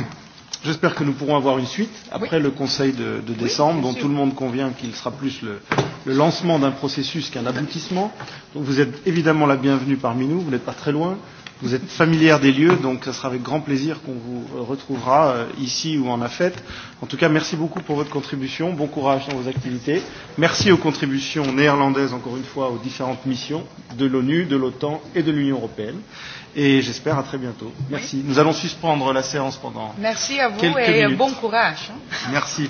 J'espère que nous pourrons avoir une suite après oui. le Conseil de, de décembre, oui, dont sûr. tout le monde convient qu'il sera plus le, le lancement d'un processus qu'un aboutissement. Donc vous êtes évidemment la bienvenue parmi nous, vous n'êtes pas très loin. Euh, Vous êtes familière des lieux, donc ce sera avec grand plaisir qu'on vous retrouvera euh, ici ou en AFET. En tout cas, merci beaucoup pour votre contribution. Bon courage dans vos activités. Merci aux contributions néerlandaises, encore une fois, aux différentes missions de l'ONU, de l'OTAN et de l'Union européenne. Et j'espère à très bientôt. Merci. Oui. Nous allons suspendre la séance pendant. Merci à vous quelques et minutes. bon courage. Merci.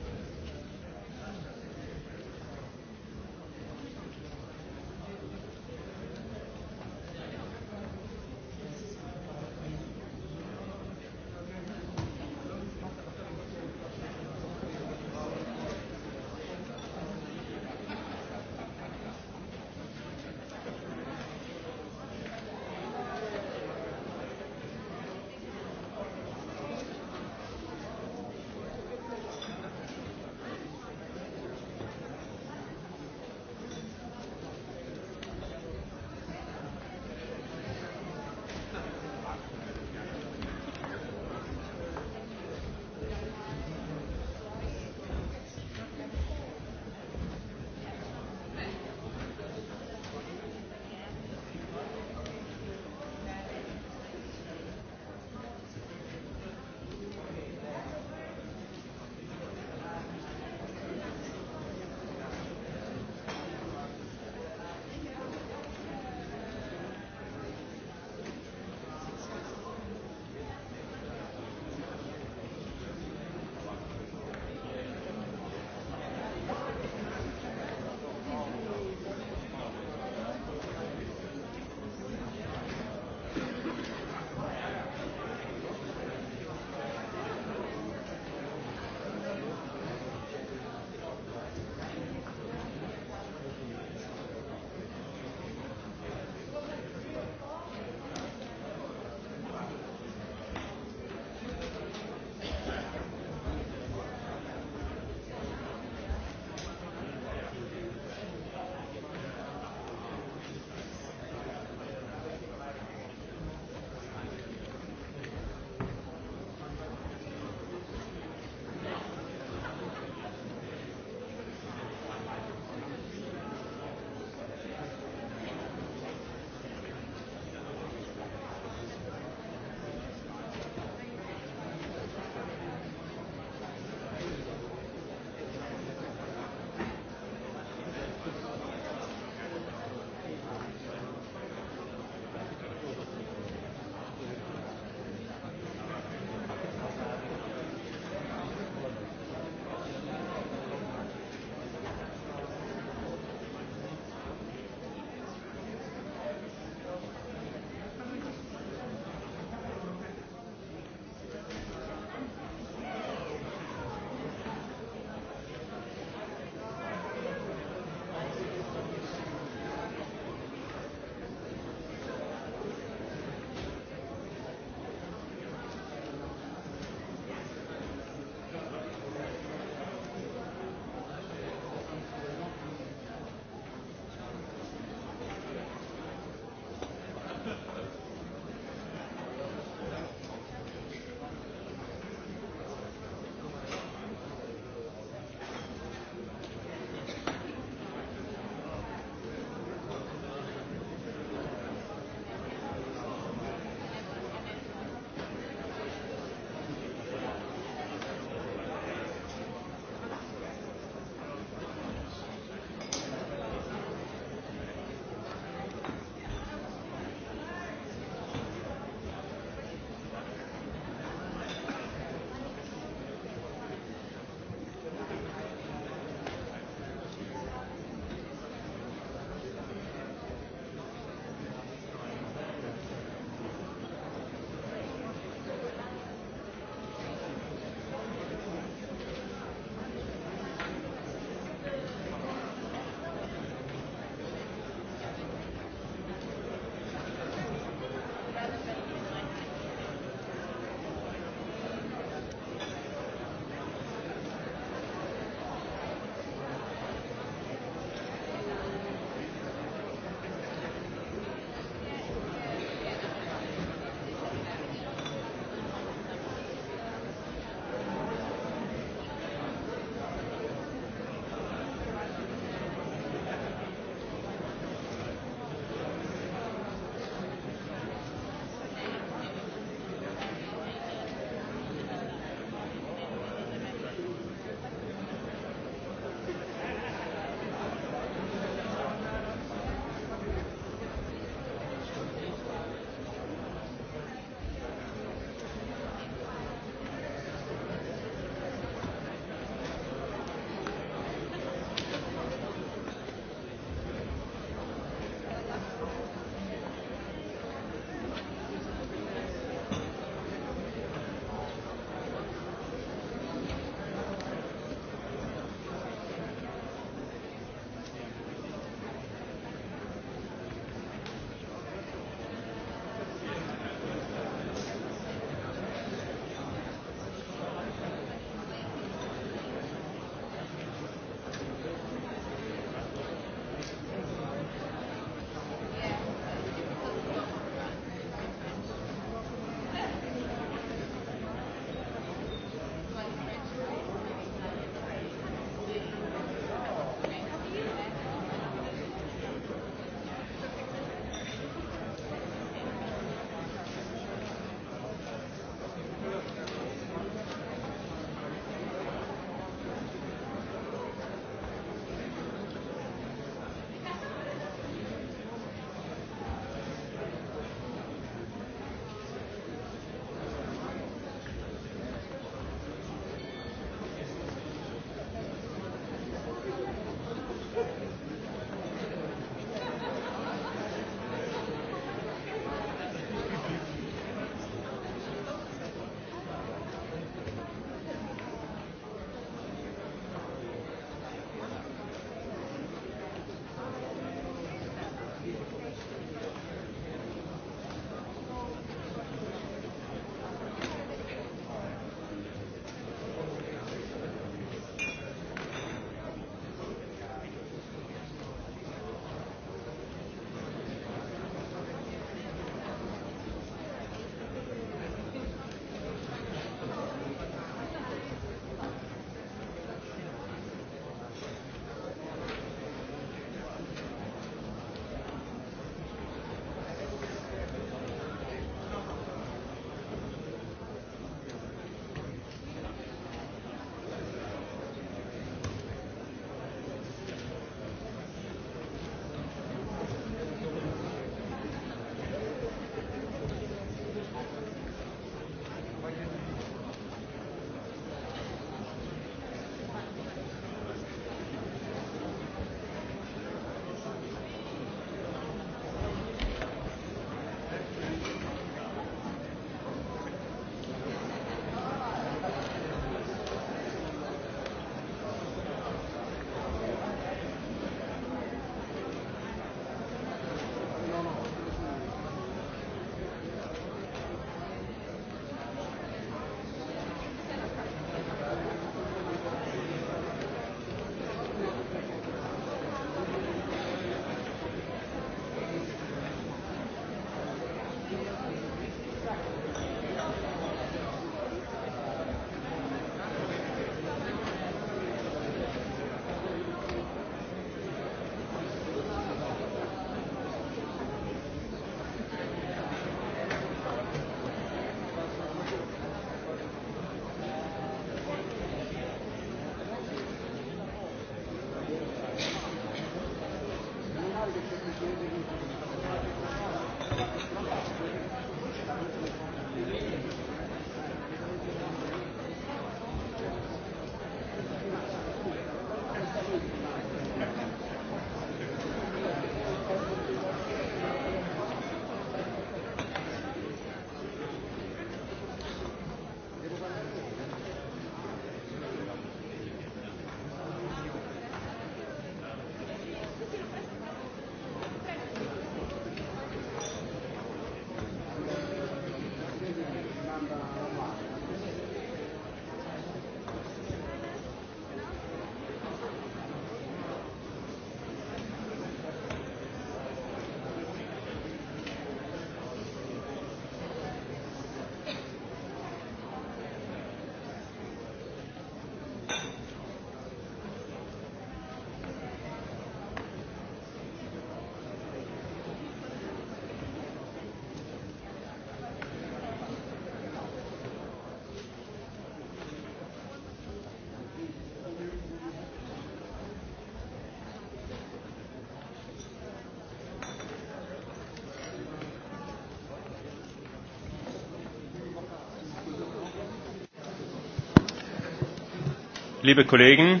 liebe Kollegen,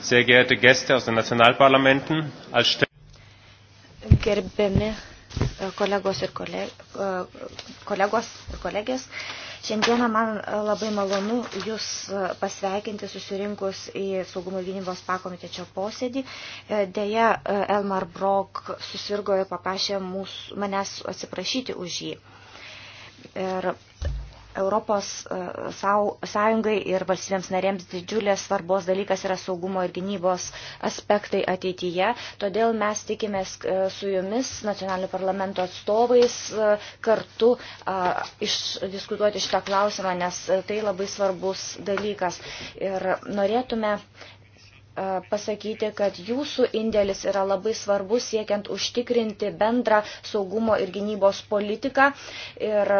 sehr geehrte Gäste aus den Nationalparlamenten, als Gerbiami e, kolegos ir, koleg, e, kolegos ir kolegės, šiandieną man labai malonu Jūs pasveikinti susirinkus į saugumo gynybos pakomitečio posėdį. E, Deja, Elmar Brok susirgo ir paprašė mūsų, manęs atsiprašyti už jį. Europos e, sąjungai ir valstybėms narėms didžiulės svarbos dalykas yra saugumo ir gynybos aspektai ateityje. Todėl mes tikimės e, su jumis, nacionalinių parlamento atstovais, e, kartu išdiskutuoti šitą klausimą, nes tai labai svarbus dalykas. Ir norėtume pasakyti, kad jūsų indėlis yra labai svarbus siekiant užtikrinti bendrą saugumo ir gynybos politiką ir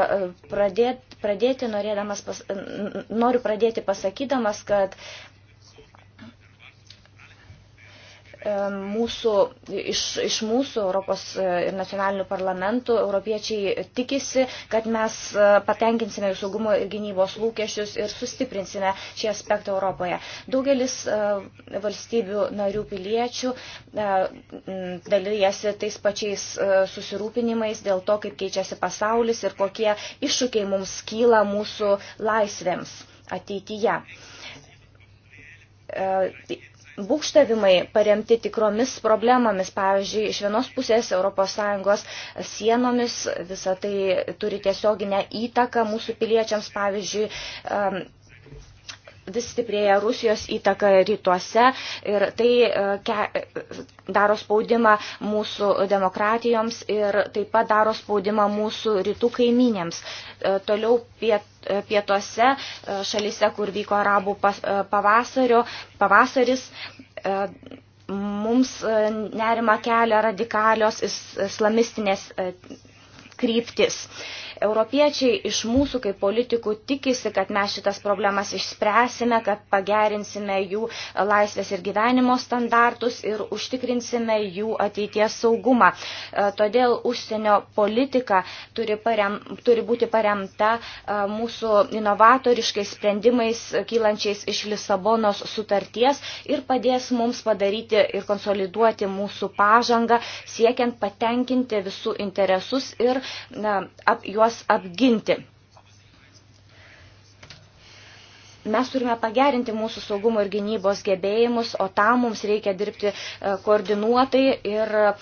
pradėti pradėti norėdamas, pas, noriu pradėti pasakydamas, kad mūsų, iš, iš mūsų Europos e, ir nacionalinių parlamentų europiečiai tikisi, kad mes e, patenkinsime jų saugumo ir gynybos lūkesčius ir sustiprinsime šį aspektą Europoje. Daugelis e, valstybių narių piliečių dalyjasi tais pačiais susirūpinimais dėl to, kaip keičiasi pasaulis ir kokie iššūkiai mums kyla mūsų laisvėms ateityje būkštavimai paremti tikromis problemomis, pavyzdžiui, iš vienos pusės ES sienomis, visa tai turi tiesioginę įtaką mūsų piliečiams, pavyzdžiui, vis stiprėja Rusijos įtaka rytuose ir tai e, ke, e, daro spaudimą mūsų demokratijoms ir taip pat daro spaudimą mūsų rytų kaiminėms. E, toliau piet, pietuose, šalise, kur vyko arabų pavasario, pavasaris, mums nerima kelia radikalios islamistinės kryptis. Europiečiai iš mūsų kaip politikų tikisi, kad mes šitas problemas išspręsime, kad pagerinsime jų laisvės ir gyvenimo standartus ir užtikrinsime jų ateities saugumą. E, todėl užsienio politika turi, parem, turi būti paremta e, mūsų inovatoriškais sprendimais kylančiais iš Lisabonos sutarties ir padės mums padaryti ir konsoliduoti mūsų pažangą, siekiant patenkinti visų interesus ir na, ap, juos juos apginti. Mes turime pagerinti mūsų saugumo ir gynybos gebėjimus, o tam mums reikia dirbti e, koordinuotai ir e,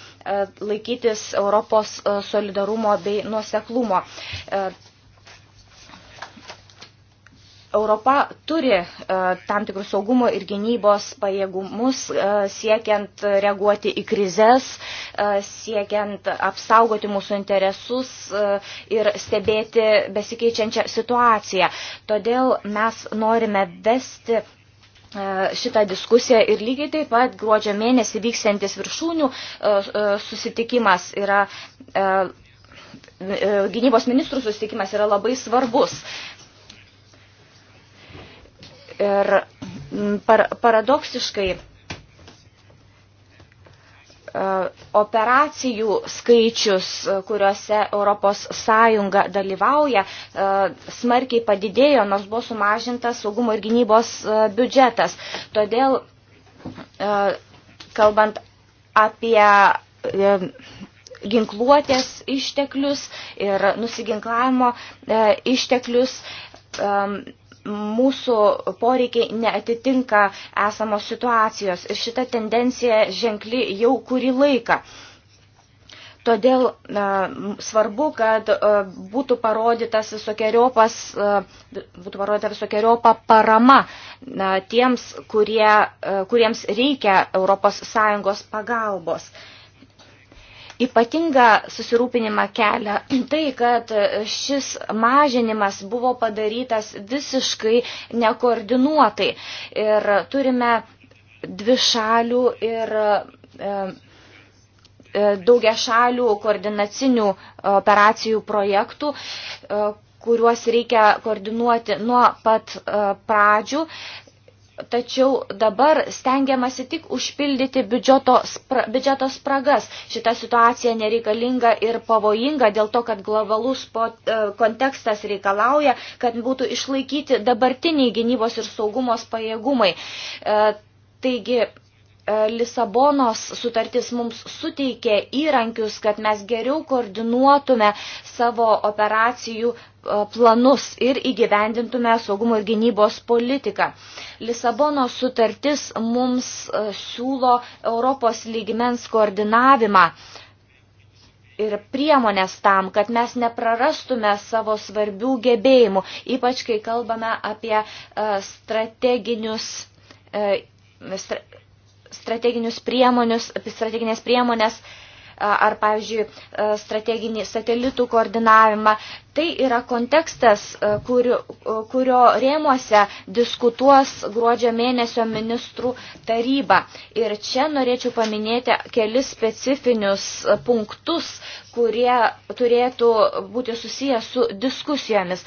laikytis Europos e, solidarumo bei nuoseklumo. Europa turi e, tam tikrus saugumo ir gynybos pajėgumus e, siekiant reaguoti į krizės, e, siekiant apsaugoti mūsų interesus e, ir stebėti besikeičiančią situaciją. Todėl mes norime vesti e, šitą diskusiją ir lygiai taip pat gruodžio mėnesį vyksiantis viršūnių e, e, susitikimas yra gynybos ministrų susitikimas yra labai svarbus. Ir mm, par, paradoksiškai e, operacijų skaičius, kuriuose ES dalyvauja, e, smarkiai padidėjo, nors buvo sumažintas saugumo ir gynybos e, biudžetas. Todėl, kalbant apie ginkluotės išteklius ir nusiginklavimo išteklius, mūsų poreikiai neatitinka esamos situacijos. Ir šita tendencija ženkli jau kurį laiką. Todėl na, svarbu, kad e, būtų, parodytas visokeriopas, e, būtų parodyta visokeriopa parama na, tiems, kurie, e, kuriems reikia ES pagalbos. Ypatinga susirūpinimą kelia tai, kad šis mažinimas buvo padarytas visiškai nekoordinuotai ir turime dvi šalių ir e, e, daugia šalių koordinacinių e, operacijų projektų, kuriuos reikia koordinuoti nuo pat pradžių, Tačiau dabar stengiamasi tik užpildyti biudžeto, spra, biudžeto spragas. Šita situacija nereikalinga ir pavojinga dėl to, kad globalus pot, e, kontekstas reikalauja, kad būtų išlaikyti dabartiniai gynybos ir saugumos pajėgumai. E, taigi E, Lisabonos sutartis mums suteikė įrankius, kad mes geriau koordinuotume savo operacijų e, planus ir įgyvendintume saugumo ir gynybos politiką. Lisabonos sutartis mums e, siūlo Europos lygmens koordinavimą ir priemonės tam, kad mes neprarastume savo svarbių gebėjimų, ypač kai kalbame apie strateginius strateginius priemonius, strateginės priemonės ar, pavyzdžiui, strateginį satelitų koordinavimą. Tai yra kontekstas, e, kurio, e, kurio rėmuose diskutuos gruodžio mėnesio ministrų taryba. Ir čia norėčiau paminėti kelis specifinius e, punktus, kurie turėtų būti susiję su diskusijomis.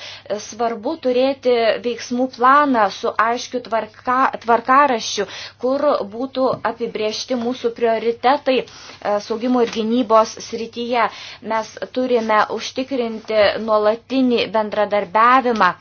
Svarbu turėti veiksmų planą su aiškiu tvarka, tvarkaraščiu, kur būtų apibriežti mūsų prioritetai saugimo ir gynybos srityje. Mes turime užtikrinti nuo nuolatinį bendradarbiavimą,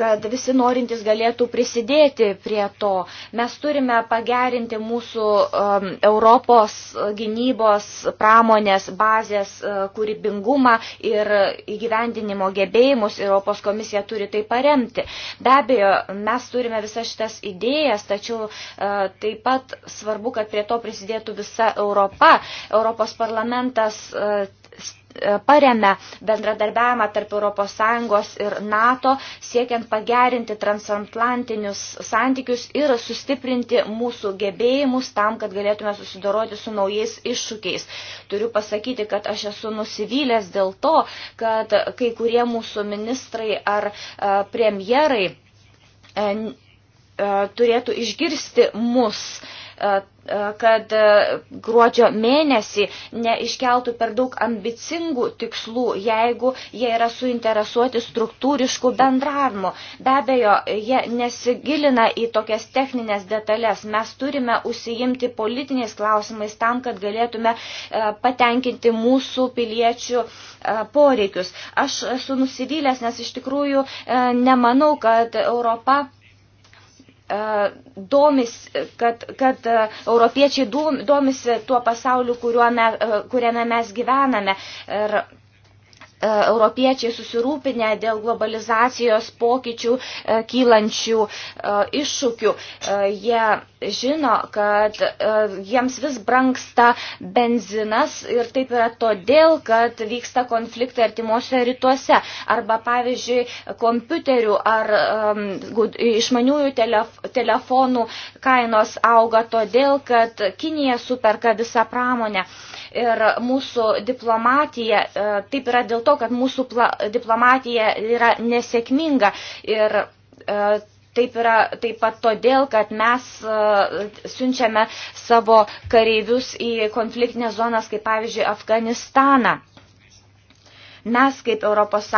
kad visi norintys galėtų prisidėti prie to. Mes turime pagerinti mūsų um, Europos gynybos pramonės bazės uh, kūrybingumą ir įgyvendinimo gebėjimus. Europos komisija turi tai paremti. Be abejo, mes turime visas šitas idėjas, tačiau uh, taip pat svarbu, kad prie to prisidėtų visa Europa. Europos parlamentas uh, E, paremia bendradarbiavimą tarp ES ir NATO, siekiant pagerinti transatlantinius santykius ir sustiprinti mūsų gebėjimus tam, kad galėtume susidoroti su naujais iššūkiais. Turiu pasakyti, kad aš esu nusivylęs dėl to, kad kai kurie mūsų ministrai ar e, premjerai e, turėtų išgirsti mus kad e, gruodžio mėnesį neiškeltų per daug ambicingų tikslų, jeigu jie yra suinteresuoti struktūriškų bendravimų. Be abejo, jie nesigilina į tokias techninės detalės. Mes turime užsiimti politiniais klausimais tam, kad galėtume e, patenkinti mūsų piliečių e, poreikius. Aš esu nusivylęs, nes iš tikrųjų nemanau, kad Europa E, domis, kad, kad e, europiečiai domisi tuo pasauliu, me, e, kuriame mes gyvename. Ir E, europiečiai susirūpinę dėl globalizacijos pokyčių e, kylančių e, iššūkių. Jie žino, kad jiems vis brangsta benzinas ir taip yra todėl, kad vyksta konfliktai artimuose rytuose. Arba, pavyzdžiui, kompiuterių ar um, išmaniųjų telef telefonų kainos auga todėl, kad Kinija superka visą pramonę. Uh, Ir mūsų diplomatija e, taip yra dėl to, kad mūsų diplomatija yra nesėkminga. Ir e, taip yra taip pat todėl, kad mes e, siunčiame savo kareivius į konfliktinės zonas, kaip pavyzdžiui, Afganistaną. Mes kaip ES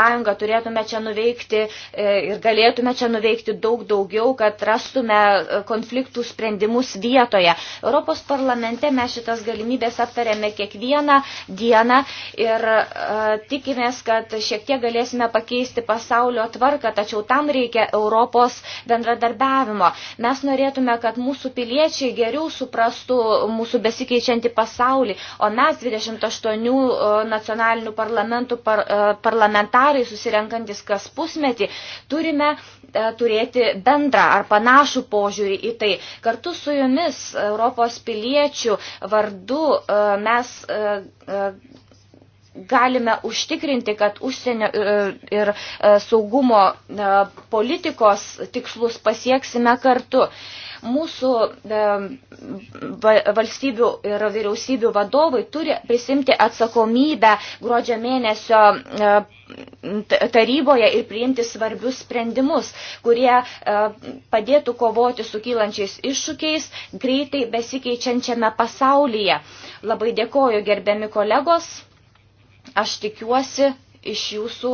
turėtume čia nuveikti e, ir galėtume čia nuveikti daug daugiau, kad rastume e, konfliktų sprendimus vietoje. Europos parlamente mes šitas galimybės aptarėme kiekvieną dieną ir e, tikimės, kad šiek tiek galėsime pakeisti pasaulio tvarką, tačiau tam reikia Europos bendradarbiavimo. Mes norėtume, kad mūsų piliečiai geriau suprastų mūsų besikeičiantį pasaulį, o mes 28 e, nacionalinių parlamentų parlamentų par, e, parlamentarai susirenkantis kas pusmetį, turime e, turėti bendrą ar panašų požiūrį į tai. Kartu su jumis Europos piliečių vardu e, mes galime užtikrinti, kad užsienio e, ir e, saugumo e, politikos tikslus pasieksime kartu. Mūsų valstybių ir vyriausybių vadovai turi prisimti atsakomybę gruodžio mėnesio taryboje ir priimti svarbius sprendimus, kurie padėtų kovoti su kylančiais iššūkiais greitai besikeičiančiame pasaulyje. Labai dėkoju gerbiami kolegos. Aš tikiuosi iš jūsų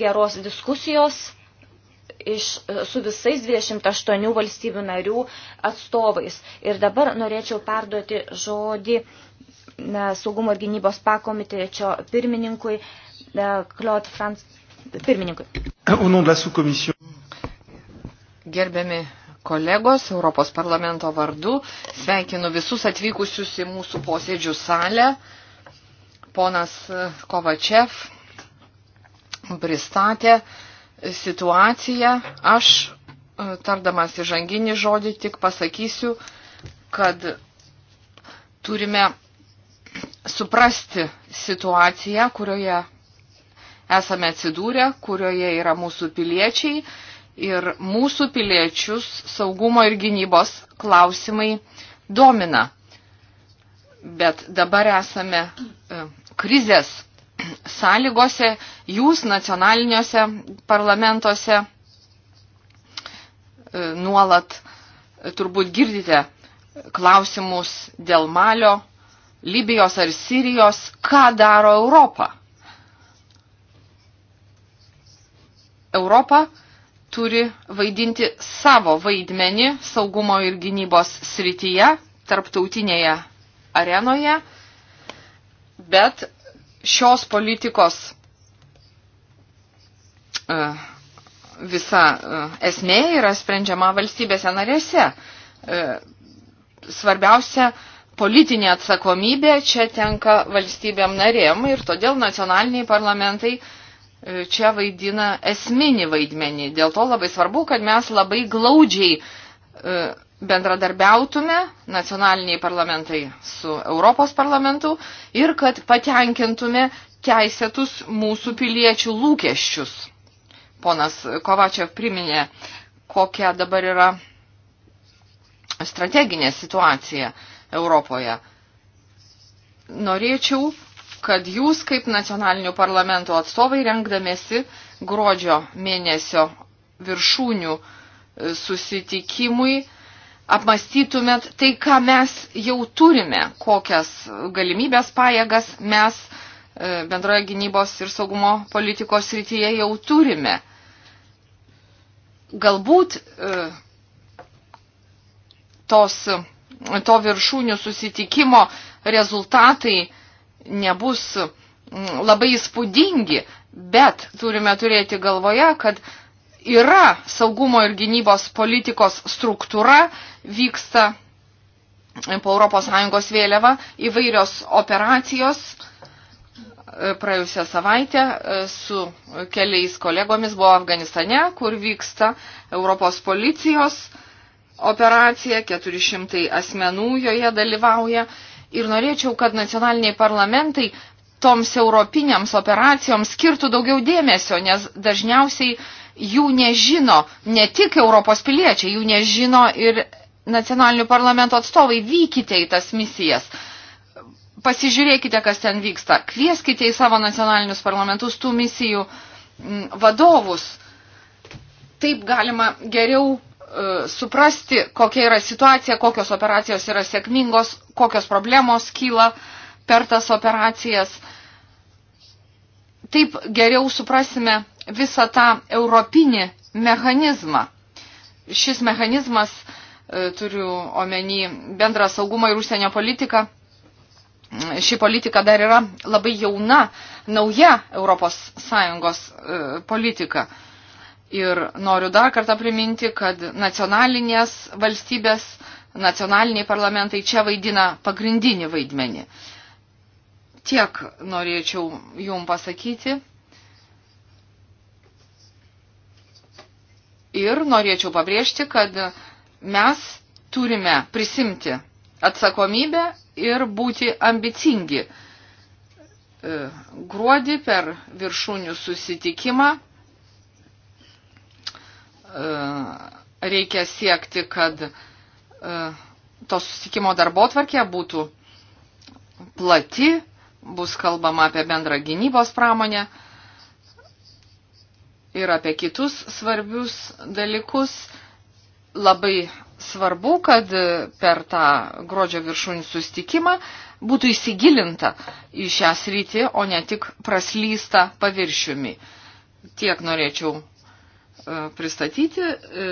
geros diskusijos iš, su visais 28 valstybių narių atstovais. Ir dabar norėčiau perduoti žodį na, saugumo ir gynybos pakomitečio pirmininkui Claude France. Pirmininkui. Gerbiami kolegos, Europos parlamento vardu sveikinu visus atvykusius į mūsų posėdžių salę. Ponas Kovačev pristatė situaciją. Aš, e, tardamas įžanginį žodį, tik pasakysiu, kad turime suprasti situaciją, kurioje esame atsidūrę, kurioje yra mūsų piliečiai ir mūsų piliečius saugumo ir gynybos klausimai domina. Bet dabar esame e, krizės sąlygose jūs nacionaliniuose parlamentuose e, nuolat e, turbūt girdite klausimus dėl Malio, Libijos ar Sirijos, ką daro Europa. Europa turi vaidinti savo vaidmenį saugumo ir gynybos srityje, tarptautinėje arenoje bet šios politikos e, visa e, esmė yra sprendžiama valstybėse narėse. E, svarbiausia, politinė atsakomybė čia tenka valstybėm narėm ir todėl nacionaliniai parlamentai čia vaidina esminį vaidmenį. Dėl to labai svarbu, kad mes labai glaudžiai bendradarbiautume nacionaliniai parlamentai su Europos parlamentu ir kad patenkintume teisėtus mūsų piliečių lūkesčius. Ponas Kovačia priminė, kokia dabar yra strateginė situacija Europoje. Norėčiau, kad jūs kaip nacionalinių parlamentų atstovai rengdamėsi gruodžio mėnesio viršūnių susitikimui, apmastytumėt tai, ką mes jau turime, kokias galimybės pajėgas mes e, bendroje gynybos ir saugumo politikos srityje jau turime. Galbūt e, tos, to viršūnių susitikimo rezultatai nebus labai įspūdingi, bet turime turėti galvoje, kad yra saugumo ir gynybos politikos struktūra, vyksta po ES vėliava įvairios operacijos. E, praėjusią savaitę e, su keliais kolegomis buvo Afganistane, kur vyksta Europos policijos operacija, 400 asmenų joje dalyvauja. Ir norėčiau, kad nacionaliniai parlamentai toms europiniams operacijoms skirtų daugiau dėmesio, nes dažniausiai jų nežino ne tik Europos piliečiai, jų nežino ir nacionalinių parlamento atstovai. Vykite į tas misijas. Pasižiūrėkite, kas ten vyksta. Kvieskite į savo nacionalinius parlamentus tų misijų mm, vadovus. Taip galima geriau e, suprasti, kokia yra situacija, kokios operacijos yra sėkmingos, kokios problemos kyla per tas operacijas. Taip geriau suprasime visą tą europinį mechanizmą. Šis mechanizmas, e, turiu omeny, bendrą saugumą ir užsienio politiką, e, ši politika dar yra labai jauna, nauja Europos Sąjungos e, politika. Ir noriu dar kartą priminti, kad nacionalinės valstybės, nacionaliniai parlamentai čia vaidina pagrindinį vaidmenį. Tiek norėčiau jum pasakyti. Ir norėčiau pabrėžti, kad mes turime prisimti atsakomybę ir būti ambicingi. E, gruodį per viršūnių susitikimą e, reikia siekti, kad e, to susitikimo darbo tvarkė būtų plati, bus kalbama apie bendrą gynybos pramonę, ir apie kitus svarbius dalykus. Labai svarbu, kad per tą gruodžio viršūnį sustikimą būtų įsigilinta į šią sritį, o ne tik praslysta paviršiumi. Tiek norėčiau e, pristatyti. E,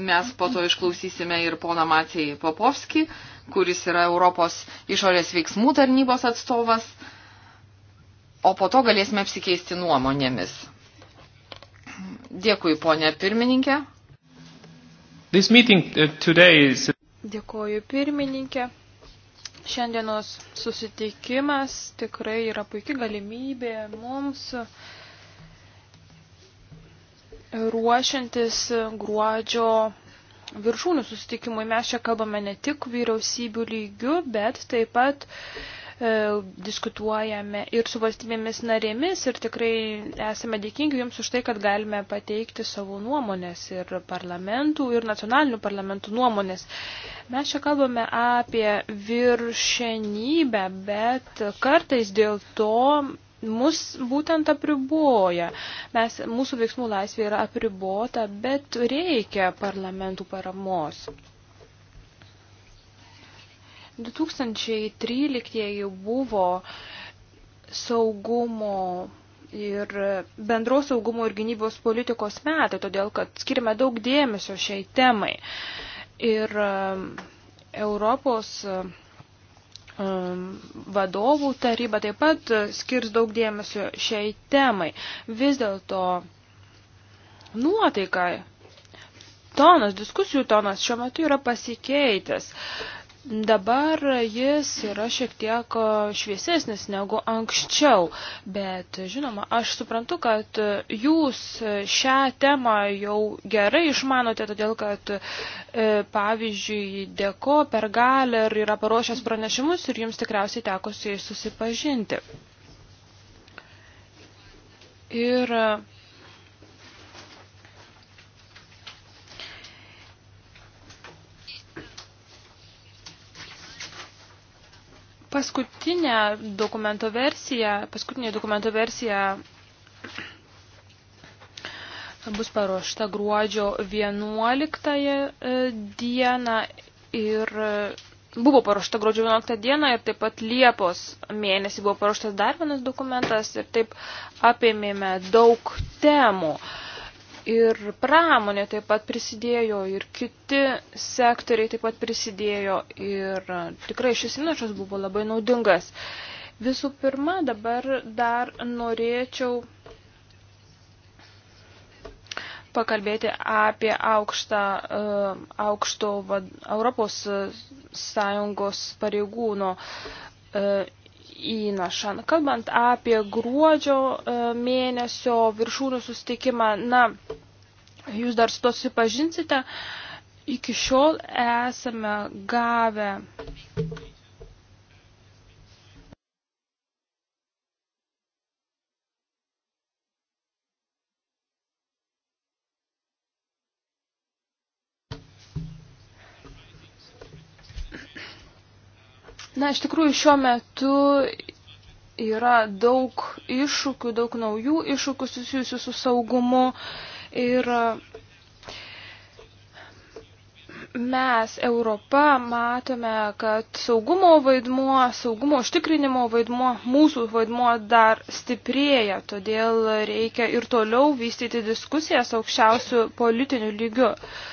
mes po to išklausysime ir poną Matėjį Popovskį, kuris yra Europos išorės veiksmų tarnybos atstovas, o po to galėsime apsikeisti nuomonėmis. Dėkui, ponė pirmininkė. This meeting uh, today is... Dėkoju pirmininkė. Šiandienos susitikimas tikrai yra puikia galimybė mums ruošiantis gruodžio viršūnių susitikimui. Mes čia kalbame ne tik vyriausybių lygių, bet taip pat uh, E, diskutuojame ir su valstybėmis narėmis ir tikrai esame dėkingi Jums už tai, kad galime pateikti savo nuomonės ir parlamentų, ir nacionalinių parlamentų nuomonės. Mes čia kalbame apie viršenybę, bet kartais dėl to mus būtent apriboja. Mes, mūsų veiksmų laisvė yra apribota, bet reikia parlamentų paramos. 2013 buvo saugumo ir bendros saugumo ir gynybos politikos metai, todėl kad skirime daug dėmesio šiai temai. Ir um, Europos um, vadovų taryba taip pat skirs daug dėmesio šiai temai. Vis dėlto nuotaika, tonas, diskusijų tonas šiuo metu yra pasikeitęs. Dabar jis yra šiek tiek šviesesnis negu anksčiau, bet žinoma, aš suprantu, kad jūs šią temą jau gerai išmanote, todėl kad e, pavyzdžiui Deko per galer yra paruošęs pranešimus ir jums tikriausiai teko su jais susipažinti. Ir Paskutinė dokumento versija, paskutinė dokumento versija bus paruošta gruodžio 11 e, dieną ir e, buvo paruošta gruodžio 11 dieną ir taip pat Liepos mėnesį buvo paruoštas dar vienas dokumentas ir taip apėmėme daug temų. Uh, ir pramonė taip pat prisidėjo, ir kiti sektoriai taip pat prisidėjo, ir tikrai šis įnašas buvo labai naudingas. Visų pirma, dabar dar norėčiau pakalbėti apie aukštą, e, aukšto Europos Sąjungos pareigūno e, įnašą. Kalbant apie gruodžio e, mėnesio viršūnių sustikimą, na, jūs dar su to susipažinsite, iki šiol esame gavę Na, iš tikrųjų, šiuo metu yra daug iššūkių, daug naujų iššūkių susijusių su saugumu ir e, mes Europą matome, kad saugumo vaidmuo, saugumo užtikrinimo vaidmuo, mūsų vaidmuo dar stiprėja, todėl reikia ir toliau vystyti diskusijas aukščiausių politinių lygių. Uh,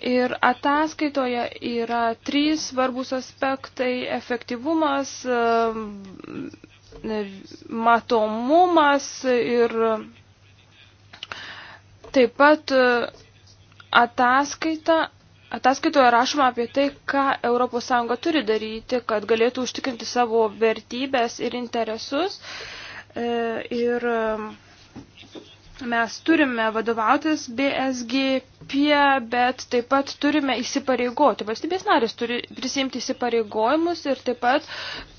Ir ataskaitoje yra trys svarbus aspektai - efektyvumas, matomumas ir taip pat ataskaita Ataskaitoje rašoma apie tai, ką ES turi daryti, kad galėtų užtikrinti savo vertybės ir interesus. E, ir mes turime vadovautis BSGP, bet taip pat turime įsipareigoti. Valstybės narės turi prisimti įsipareigojimus ir taip pat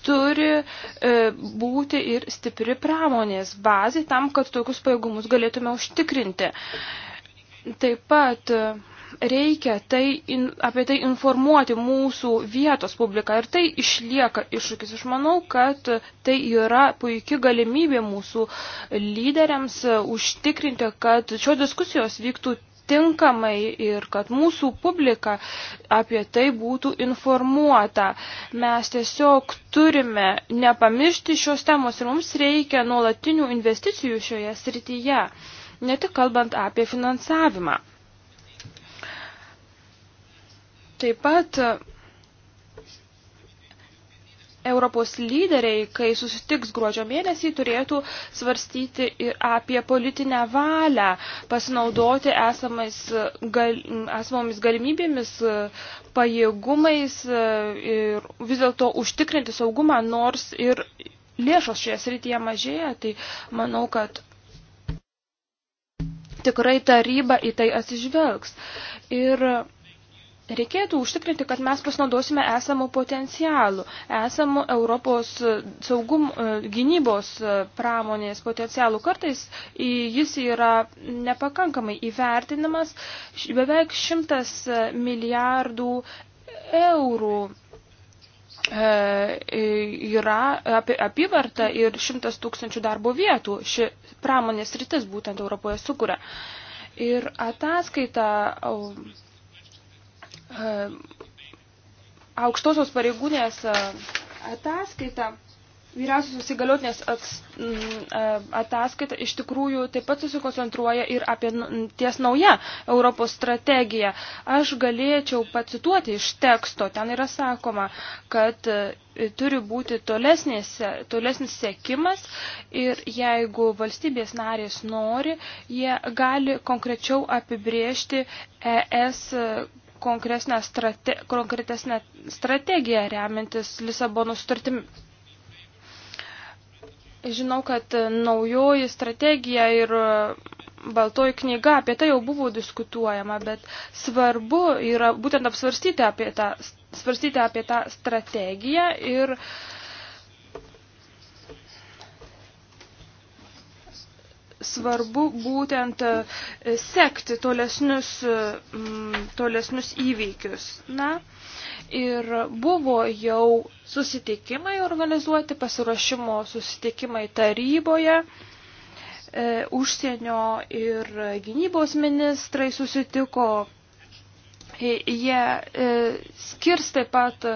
turi e, būti ir stipri pramonės bazė tam, kad tokius pajėgumus galėtume užtikrinti. Taip pat. E, reikia tai, in, apie tai informuoti mūsų vietos publiką ir tai išlieka iššūkis. Aš manau, kad tai yra puikia galimybė mūsų lyderiams užtikrinti, kad šios diskusijos vyktų tinkamai ir kad mūsų publika apie tai būtų informuota. Mes tiesiog turime nepamiršti šios temos ir mums reikia nuolatinių investicijų šioje srityje, ne tik kalbant apie finansavimą. Taip pat e, Europos lyderiai, kai susitiks gruodžio mėnesį, turėtų svarstyti ir apie politinę valią, pasinaudoti esamais, gal, esamomis galimybėmis, e, pajėgumais e, ir vis dėlto užtikrinti saugumą, nors ir lėšos šioje srityje mažėja, tai manau, kad tikrai taryba į tai atsižvelgs. Ir Reikėtų užtikrinti, kad mes pasinaudosime esamų potencialų, esamų Europos e, saugum e, gynybos e, pramonės potencialų. Kartais jis yra nepakankamai įvertinamas beveik šimtas milijardų eurų yra apyvarta ir šimtas tūkstančių darbo vietų. Ši pramonės rytis būtent Europoje sukuria. Ir ataskaita aukštosios pareigūnės ataskaita, vyriausios įgaliotinės ataskaita iš tikrųjų taip pat susikoncentruoja ir apie ties nauja Europos strategija. Aš galėčiau pacituoti iš teksto, ten yra sakoma, kad e, turi būti tolesnis, tolesnis sėkimas ir jeigu valstybės narės nori, jie gali konkrečiau apibriežti ES strate, konkretesnę strategiją remiantis Lisabonų sutartimi. Žinau, kad naujoji strategija ir baltoji knyga, apie tai jau buvo diskutuojama, bet svarbu yra būtent apsvarstyti apie tą, svarstyti apie tą strategiją ir uh, svarbu būtent e, sekti tolesnius, mm, tolesnius įvykius. Na, ir buvo jau susitikimai organizuoti, pasiruošimo susitikimai taryboje e, užsienio ir gynybos ministrai susitiko Jie e, skirs taip pat e,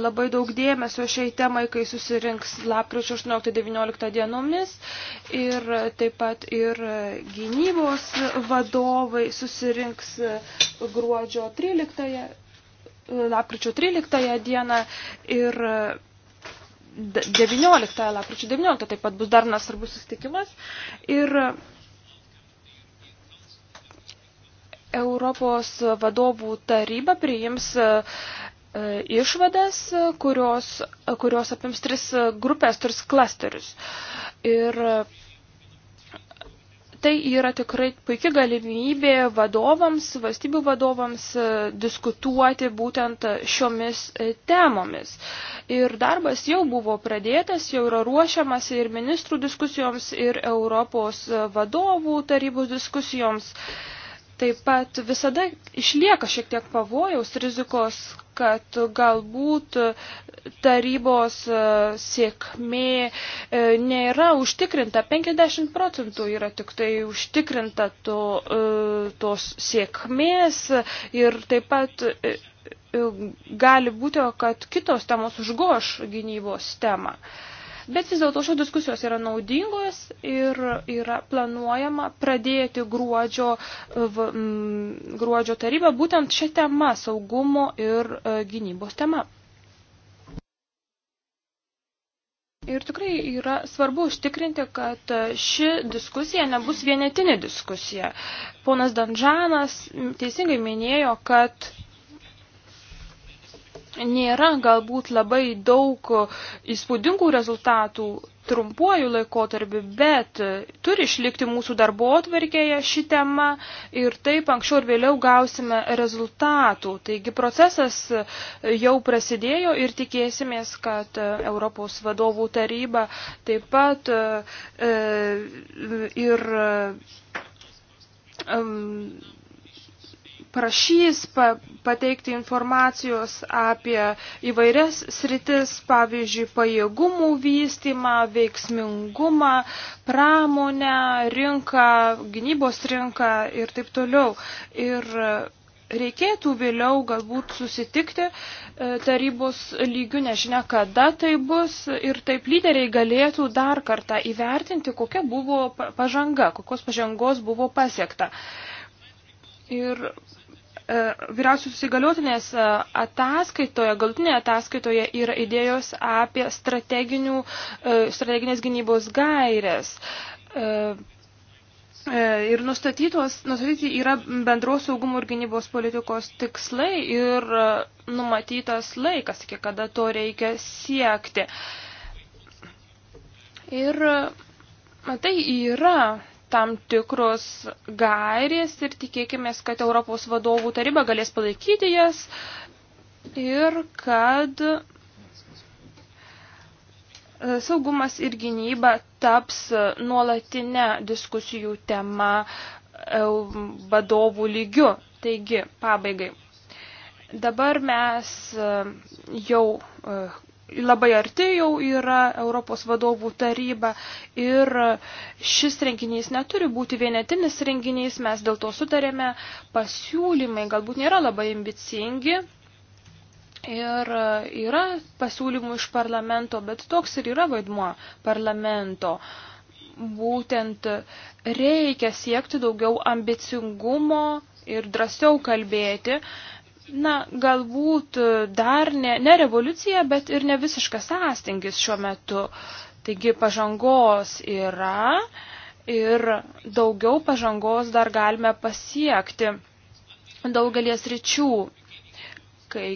labai daug dėmesio šiai temai, kai susirinks lapkričio 18-19 dienomis ir taip pat ir gynybos vadovai susirinks gruodžio 13, lapkričio 13 dieną ir 19, lapkričio 19 taip pat bus dar nesvarbus susitikimas ir Europos vadovų taryba priims e, e, išvadas, kurios, kurios apims tris grupės, tris klasterius. Ir tai yra tikrai puikia galimybė vadovams, valstybių vadovams e, diskutuoti būtent šiomis temomis. Ir darbas jau buvo pradėtas, jau yra ruošiamas ir ministrų diskusijoms, ir Europos vadovų tarybos diskusijoms. Uh, Taip pat visada išlieka šiek tiek pavojaus rizikos, kad galbūt tarybos e, sėkmė e, nėra užtikrinta. 50 procentų yra tik tai užtikrinta to, e, tos sėkmės ir taip pat gali būti, kad kitos temos užgoš gynybos temą. Uh, Bet vis dėlto šios diskusijos yra naudingos ir yra planuojama pradėti gruodžio, e, v, m, gruodžio tarybą būtent šią temą saugumo ir e, gynybos tema. Ir tikrai yra svarbu užtikrinti, kad ši diskusija nebus vienetinė diskusija. Ponas Danžanas teisingai minėjo, kad nėra galbūt labai daug įspūdingų rezultatų trumpuoju laikotarpiu, bet turi išlikti mūsų darbo atverkėje ši tema ir taip anksčiau ir vėliau gausime rezultatų. Taigi procesas jau prasidėjo ir tikėsimės, kad Europos vadovų taryba taip pat e, ir. E, prašys pa, pateikti informacijos apie įvairias sritis, pavyzdžiui, pajėgumų vystymą, veiksmingumą, pramonę, rinką, gynybos rinką ir taip toliau. Ir reikėtų vėliau galbūt susitikti e, tarybos lygių, nežinia kada tai bus ir taip lyderiai galėtų dar kartą įvertinti, kokia buvo pažanga, kokios pažangos buvo pasiekta. Ir E, vyriausios įgaliotinės e, ataskaitoje, galutinėje ataskaitoje yra idėjos apie e, strateginės gynybos gairės. Ir nustatytos, nustatyti yra bendros saugumo ir gynybos politikos tikslai ir numatytas laikas, iki kada to reikia siekti. Ir tai yra tam tikros gairės ir tikėkime, kad Europos vadovų taryba galės palaikyti jas ir kad saugumas ir gynyba taps nuolatinė diskusijų tema e, vadovų lygiu. Taigi, pabaigai. Dabar mes jau e, labai arti jau yra Europos vadovų taryba ir šis renginys neturi būti vienetinis renginys, mes dėl to sutarėme, pasiūlymai galbūt nėra labai ambicingi. Ir yra pasiūlymų iš parlamento, bet toks ir yra vaidmuo parlamento. Būtent reikia siekti daugiau ambicingumo ir drąsiau kalbėti, na, galbūt e, dar ne, ne revoliucija, bet ir ne visiškas sąstingis šiuo metu. Taigi pažangos yra ir daugiau pažangos dar galime pasiekti daugelies ryčių. Kai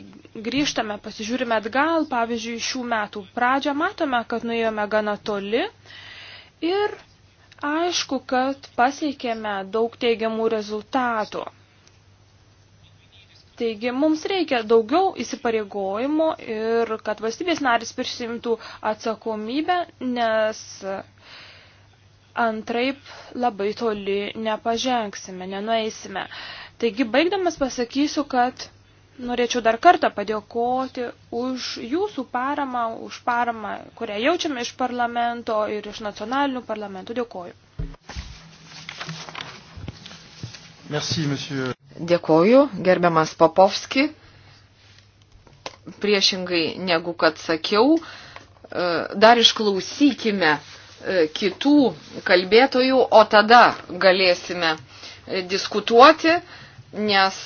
grįžtame, pasižiūrime atgal, pavyzdžiui, šių metų pradžią, matome, kad nuėjome gana toli ir aišku, kad pasiekėme daug teigiamų rezultatų. Taigi mums reikia daugiau įsipareigojimo ir kad valstybės narys prisimtų atsakomybę, nes antraip labai toli nepažengsime, nenueisime. Taigi baigdamas pasakysiu, kad norėčiau dar kartą padėkoti už jūsų paramą, už paramą, kurią jaučiame iš parlamento ir iš nacionalinių parlamentų. Dėkoju. Merci, monsieur. Dėkoju, gerbiamas Popovski. Priešingai negu kad sakiau, e, dar išklausykime e, kitų kalbėtojų, o tada galėsime e, diskutuoti, nes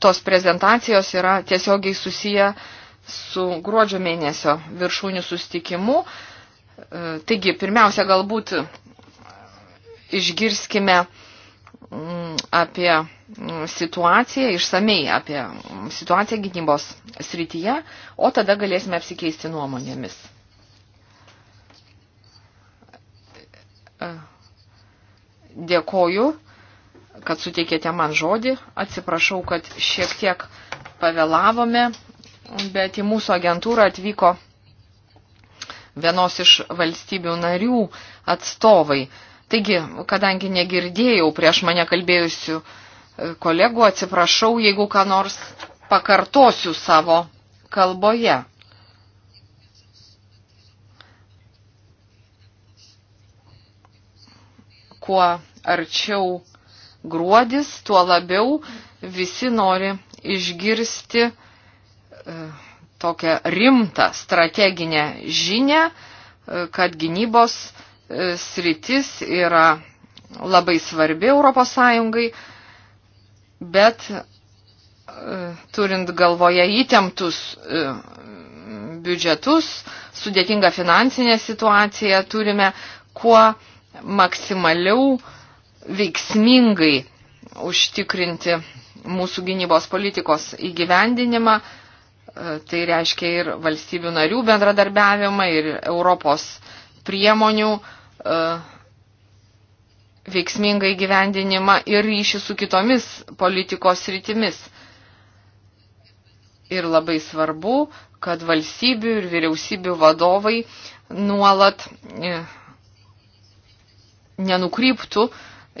tos prezentacijos yra tiesiogiai susiję su gruodžio mėnesio viršūnių sustikimu. Taigi, pirmiausia, galbūt išgirskime uh, Mm, apie mm, situaciją, išsamei apie mm, situaciją gynybos srityje, o tada galėsime apsikeisti nuomonėmis. Dėkoju, kad suteikėte man žodį. Atsiprašau, kad šiek tiek pavėlavome, bet į mūsų agentūrą atvyko vienos iš valstybių narių atstovai. Taigi, kadangi negirdėjau prieš mane kalbėjusių e, kolegų, atsiprašau, jeigu ką nors pakartosiu savo kalboje. Kuo arčiau gruodis, tuo labiau visi nori išgirsti e, tokią rimtą strateginę žinę, e, kad gynybos sritis yra labai svarbi Europos Sąjungai, bet e, turint galvoje įtemptus e, biudžetus, sudėtingą finansinę situaciją, turime kuo maksimaliau veiksmingai užtikrinti mūsų gynybos politikos įgyvendinimą. E, tai reiškia ir valstybių narių bendradarbiavimą, ir Europos priemonių uh, E, veiksmingą įgyvendinimą ir ryšį su kitomis politikos rytimis. Ir labai svarbu, kad valstybių ir vyriausybių vadovai nuolat e, nenukryptų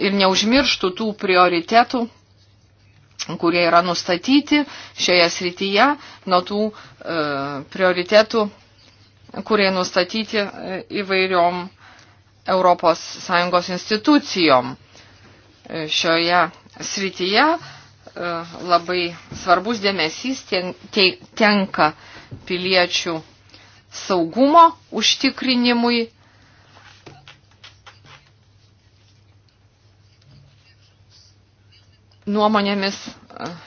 ir neužmirštų tų prioritetų, kurie yra nustatyti šioje srityje, nuo tų e, prioritetų, kurie nustatyti e, įvairiom ES institucijom e, šioje srityje e, labai svarbus dėmesys tenka piliečių saugumo užtikrinimui. Nuomonėmis e,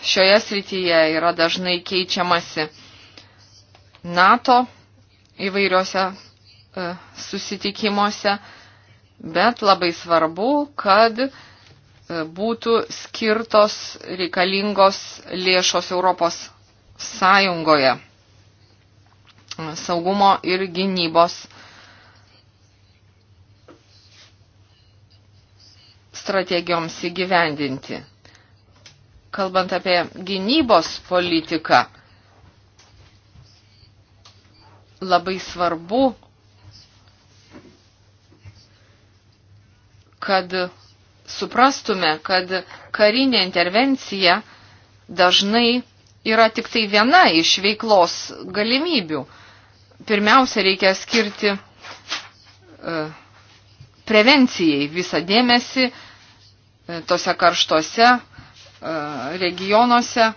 šioje srityje yra dažnai keičiamasi NATO įvairiuose susitikimuose bet labai svarbu, kad e, būtų skirtos reikalingos lėšos Europos Sąjungoje saugumo ir gynybos strategijoms įgyvendinti. Kalbant apie gynybos politiką, labai svarbu kad suprastume, kad karinė intervencija dažnai yra tik tai viena iš veiklos galimybių. Pirmiausia, reikia skirti e, prevencijai visą dėmesį e, tose karštose e, regionuose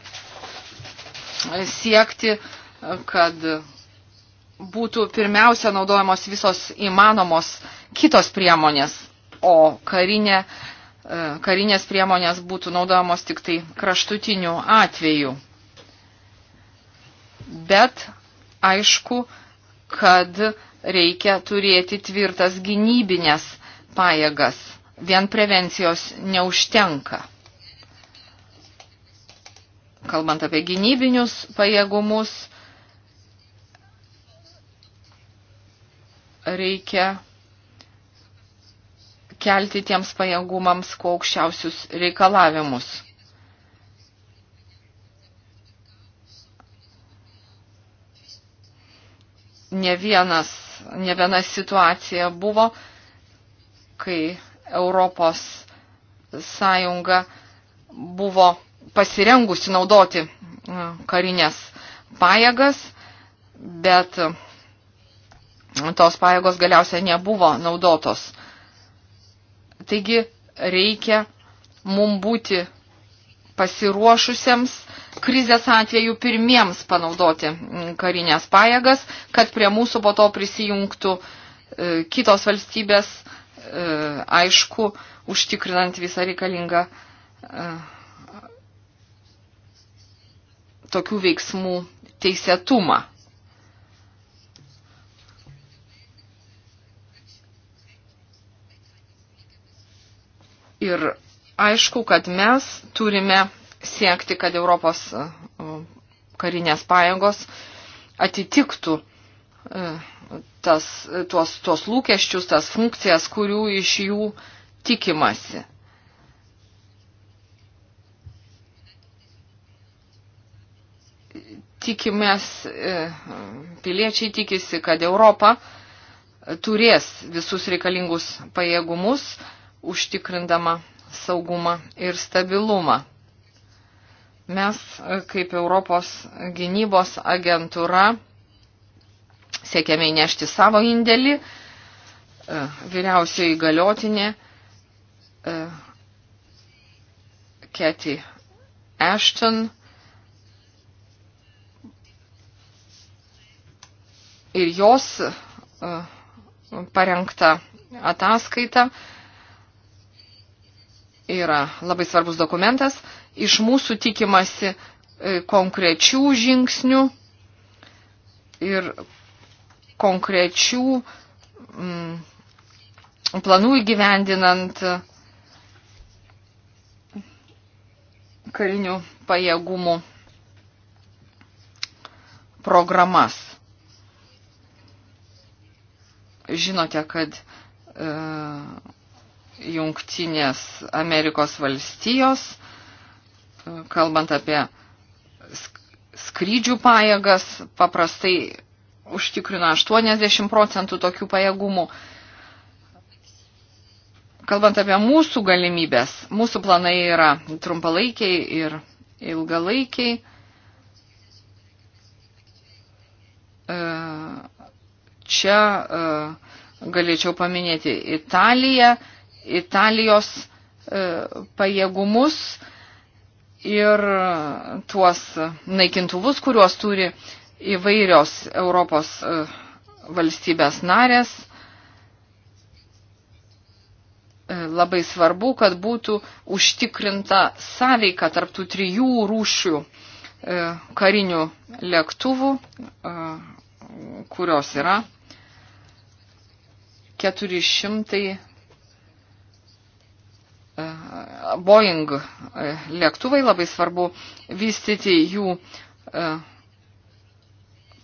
siekti, kad būtų pirmiausia naudojamos visos įmanomos kitos priemonės o karinė, e, karinės priemonės būtų naudojamos tik tai kraštutinių atvejų. Bet aišku, kad reikia turėti tvirtas gynybinės pajėgas. Vien prevencijos neužtenka. Kalbant apie gynybinius pajėgumus, reikia kelti tiems pajėgumams kuo aukščiausius reikalavimus. Ne, vienas, ne viena situacija buvo, kai Europos sąjunga buvo pasirengusi naudoti karinės pajėgas, bet tos pajėgos galiausiai nebuvo naudotos. Taigi reikia mum būti pasiruošusiems krizės atveju pirmiems panaudoti mm, karinės pajėgas, kad prie mūsų po to prisijungtų e, kitos valstybės, e, aišku, užtikrinant visą reikalingą e, tokių veiksmų teisėtumą. Ir aišku, kad mes turime siekti, kad Europos e, karinės pajėgos atitiktų e, tas, e, tuos, tuos lūkesčius, tas funkcijas, kurių iš jų tikimasi. Tikimės, piliečiai tikisi, kad Europa turės visus reikalingus pajėgumus, užtikrindama saugumą ir stabilumą. Mes kaip Europos gynybos agentūra siekiame įnešti savo indėlį, e, vyriausioji galiotinė Keti Ashton ir jos e, parengta ataskaita yra labai svarbus dokumentas. Iš mūsų tikimasi e, konkrečių žingsnių ir konkrečių mm, planų įgyvendinant karinių pajėgumų programas. Žinote, kad e, Jungtinės Amerikos valstijos, kalbant apie skrydžių pajėgas, paprastai užtikrina 80 procentų tokių pajėgumų. Kalbant apie mūsų galimybės, mūsų planai yra trumpalaikiai ir ilgalaikiai. E, čia e, galėčiau paminėti Italiją, Italijos e, pajėgumus ir tuos naikintuvus, kuriuos turi įvairios Europos e, valstybės narės. E, labai svarbu, kad būtų užtikrinta sąveika tarptų trijų rūšių karinių lėktuvų, kurios yra 400 Boeing e, lėktuvai, labai svarbu vystyti jų e,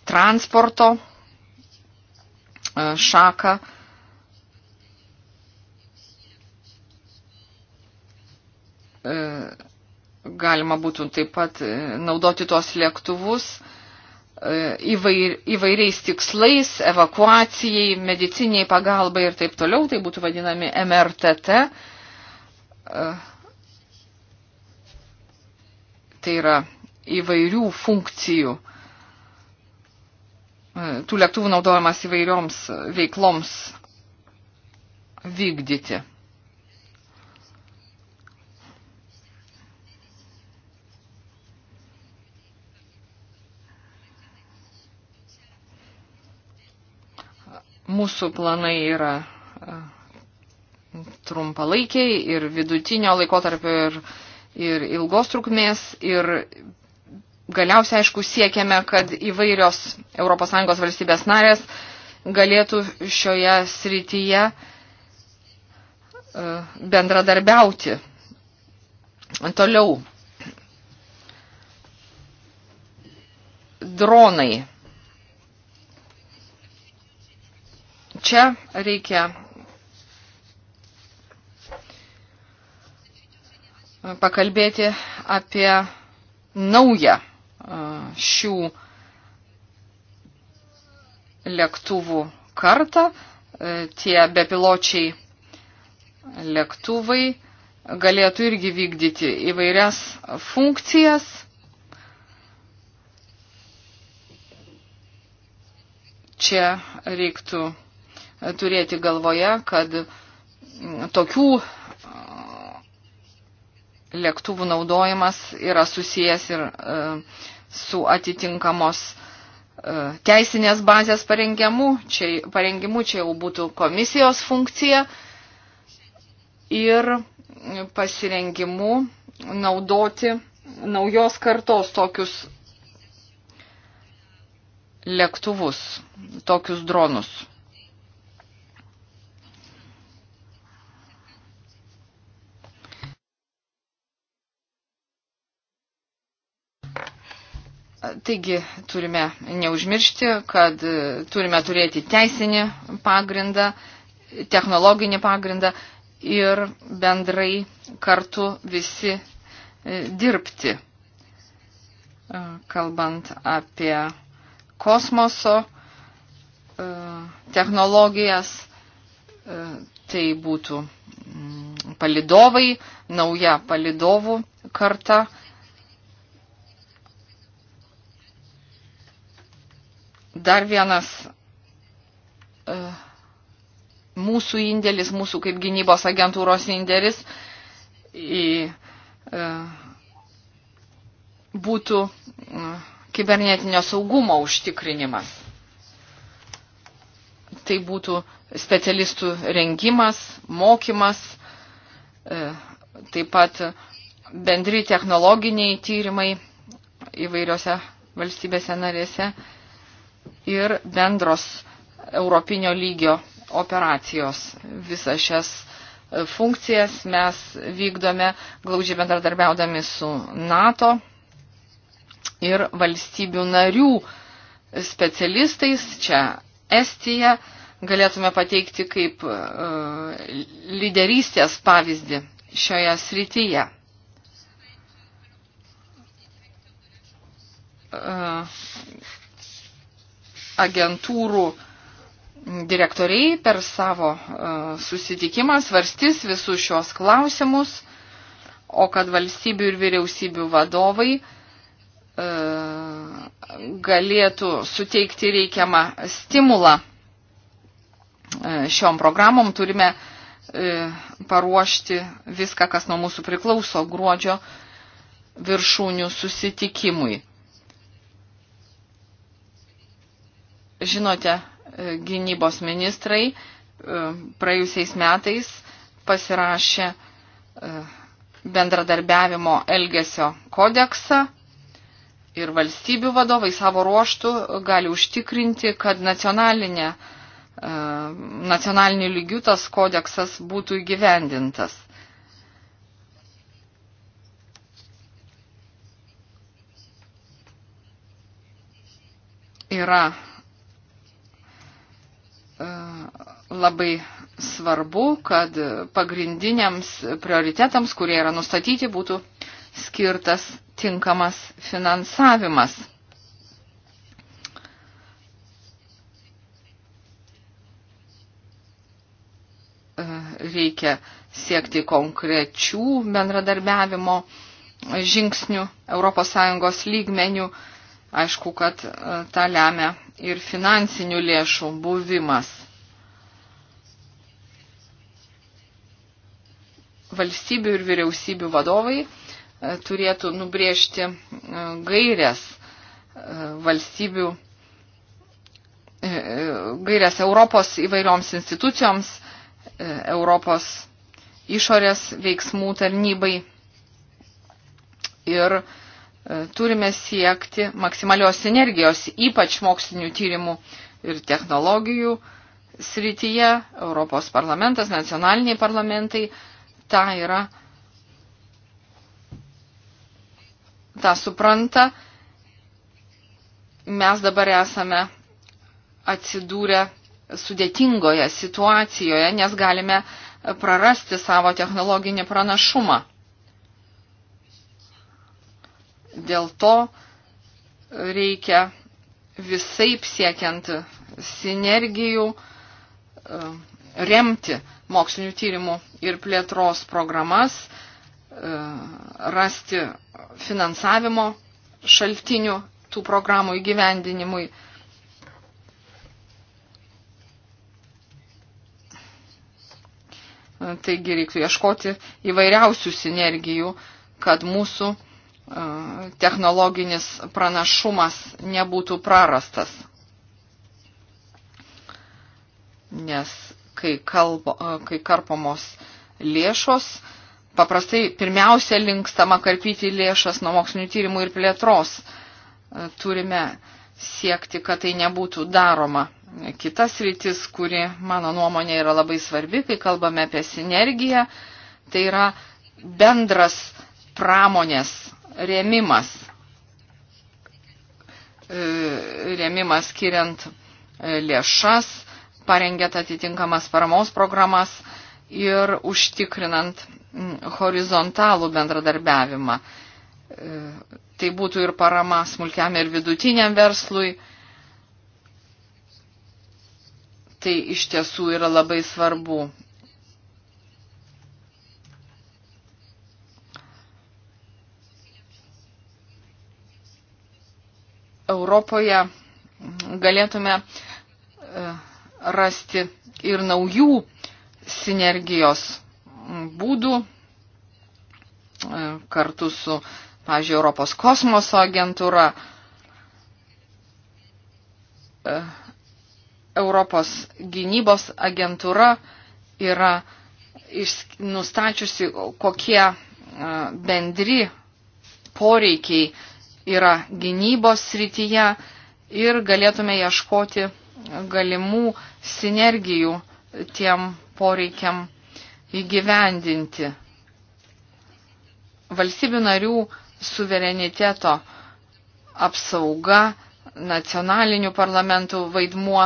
transporto e, šaką. Galima būtų taip pat naudoti tuos lėktuvus įvair, įvairiais tikslais, evakuacijai, mediciniai pagalbai ir taip toliau, tai būtų vadinami MRTT tai yra įvairių funkcijų. E, tų lėktuvų naudojamas įvairioms veikloms vykdyti. Mūsų planai yra e, trumpalaikiai, ir vidutinio laikotarpio, ir, ir ilgos trukmės. Ir galiausiai, aišku, siekiame, kad įvairios ES valstybės narės galėtų šioje srityje e, bendradarbiauti. Toliau. Dronai. Čia reikia pakalbėti apie naują šių lėktuvų kartą. E, tie bepiločiai lėktuvai galėtų irgi vykdyti įvairias funkcijas. Čia reiktų turėti galvoje, kad tokių lėktuvų naudojimas yra susijęs ir e, su atitinkamos e, teisinės bazės parengimu. Čia, parengimu čia jau būtų komisijos funkcija ir pasirengimu naudoti naujos kartos tokius lėktuvus, tokius dronus. Taigi turime neužmiršti, kad e, turime turėti teisinį pagrindą, technologinį pagrindą ir bendrai kartu visi e, dirbti. E, kalbant apie kosmoso technologijas, tai būtų palidovai, nauja palidovų karta Dar vienas e, mūsų indėlis, mūsų kaip gynybos agentūros indėlis į, e, būtų e, kibernetinio saugumo užtikrinimas. Tai būtų specialistų rengimas, mokymas, taip pat bendri technologiniai tyrimai įvairiose valstybėse narėse ir bendros europinio lygio operacijos. Visas šias e, funkcijas mes vykdome glaudžiai bendradarbiaudami su NATO ir valstybių narių specialistais. Čia Estija galėtume pateikti kaip e, lyderystės pavyzdį šioje srityje. E, agentūrų direktoriai per savo e, susitikimą svarstys visus šios klausimus, o kad valstybių ir vyriausybių vadovai e, galėtų suteikti reikiamą stimulą e, šiom programom. Turime paruošti viską, kas nuo mūsų priklauso gruodžio viršūnių susitikimui. žinote, e, gynybos ministrai e, praėjusiais metais pasirašė e, bendradarbiavimo elgesio kodeksą ir valstybių vadovai savo ruoštų gali užtikrinti, kad nacionalinė, nacionaliniu lygiu tas kodeksas būtų įgyvendintas. Yra E, labai svarbu, kad pagrindiniams prioritetams, kurie yra nustatyti, būtų skirtas tinkamas finansavimas. E, reikia siekti konkrečių bendradarbiavimo žingsnių ES lygmenių Aišku, kad e, tą lemia ir finansinių lėšų buvimas. Valstybių ir vyriausybių vadovai e, turėtų nubriežti e, gairias valstybių, gairias Europos įvairioms institucijoms, Europos išorės veiksmų tarnybai ir E, turime siekti maksimalios sinergijos, ypač mokslinių tyrimų ir technologijų srityje. Europos parlamentas, nacionaliniai parlamentai, ta yra, ta supranta. Mes dabar esame atsidūrę sudėtingoje situacijoje, nes galime prarasti savo technologinį pranašumą. Dėl to reikia visaip siekiant sinergijų e, remti mokslinių tyrimų ir plėtros programas, e, rasti finansavimo šaltinių tų programų įgyvendinimui. Taigi reiktų ieškoti įvairiausių sinergijų, kad mūsų technologinis pranašumas nebūtų prarastas. Nes kai, kalbo, kai karpomos lėšos, paprastai pirmiausia linkstama karpyti lėšas nuo mokslinių tyrimų ir plėtros. Turime siekti, kad tai nebūtų daroma. Kitas rytis, kuri mano nuomonė yra labai svarbi, kai kalbame apie sinergiją, tai yra bendras pramonės rėmimas. E, rėmimas skiriant e, lėšas, parengėt atitinkamas paramos programas ir užtikrinant horizontalų bendradarbiavimą. E, tai būtų ir parama smulkiam ir vidutiniam verslui. Tai iš tiesų yra labai svarbu Europoje galėtume e, rasti ir naujų sinergijos būdų e, kartu su, pavyzdžiui, Europos kosmoso agentūra, e, Europos gynybos agentūra yra nustačiusi, kokie bendri poreikiai yra gynybos srityje ir galėtume ieškoti galimų sinergijų tiem poreikiam įgyvendinti. Valstybių narių suvereniteto apsauga, nacionalinių parlamentų vaidmuo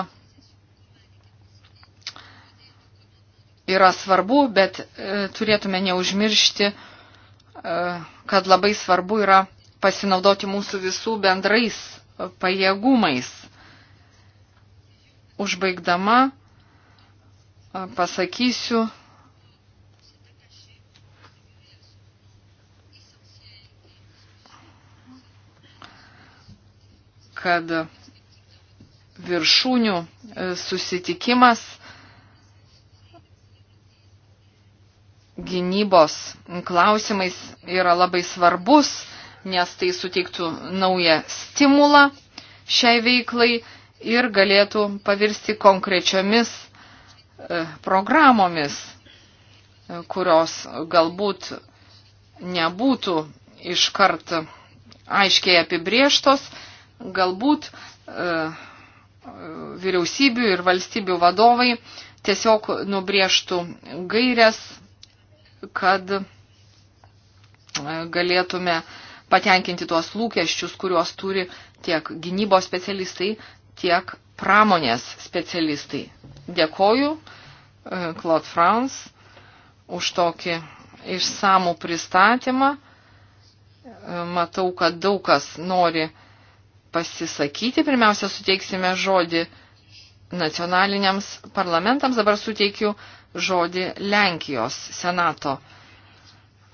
yra svarbu, bet e, turėtume neužmiršti, e, kad labai svarbu yra pasinaudoti mūsų visų bendrais pajėgumais. Užbaigdama pasakysiu, kad viršūnių e, susitikimas gynybos klausimais yra labai svarbus nes tai suteiktų naują stimulą šiai veiklai ir galėtų pavirsti konkrečiomis e, programomis, e, kurios galbūt nebūtų iškart aiškiai apibrieštos, galbūt e, vyriausybių ir valstybių vadovai tiesiog nubrėžtų gairias, kad galėtume uh, patenkinti tuos lūkesčius, kuriuos turi tiek gynybos specialistai, tiek pramonės specialistai. Dėkoju e, Claude France už tokį išsamų pristatymą. E, matau, kad daug kas nori pasisakyti. Pirmiausia, suteiksime žodį nacionaliniams parlamentams. Dabar suteikiu žodį Lenkijos senato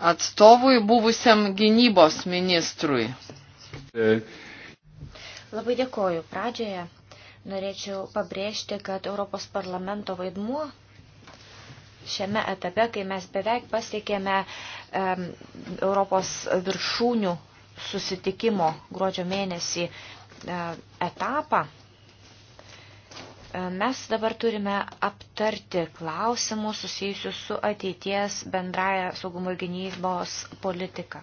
atstovui buvusiam gynybos ministrui. Labai dėkoju. Pradžioje norėčiau pabrėžti, kad Europos parlamento vaidmuo šiame etape, kai mes beveik pasiekėme um, Europos viršūnių susitikimo gruodžio mėnesį um, etapą, E, mes dabar turime aptarti klausimus susijusius su ateities bendraja saugumo ir gynybos politika.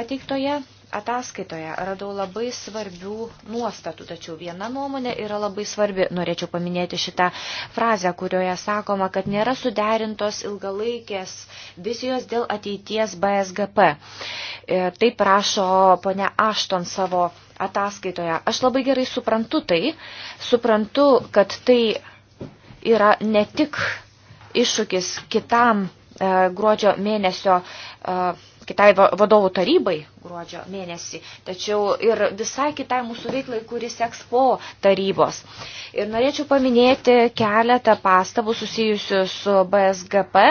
Pateiktoje ataskaitoje radau labai svarbių nuostatų, tačiau viena nuomonė yra labai svarbi. Norėčiau paminėti šitą frazę, kurioje sakoma, kad nėra suderintos ilgalaikės vizijos dėl ateities BSGP. E, tai prašo ponia Ašton savo ataskaitoje. Aš labai gerai suprantu tai, suprantu, kad tai yra ne tik iššūkis kitam e, gruodžio mėnesio uh, kitai vadovų tarybai gruodžio mėnesį, tačiau ir visai kitai mūsų veiklai, kuris seks po tarybos. Ir norėčiau paminėti keletą pastabų susijusių su BSGP.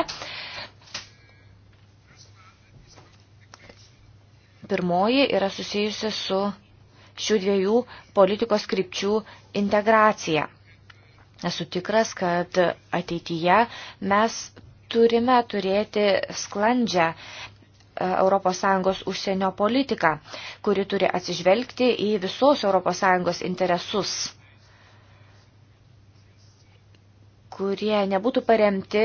Pirmoji yra susijusi su šių dviejų politikos krypčių integracija. Esu tikras, kad ateityje mes turime turėti sklandžią ES užsienio politiką, kuri turi atsižvelgti į visos ES interesus, kurie nebūtų paremti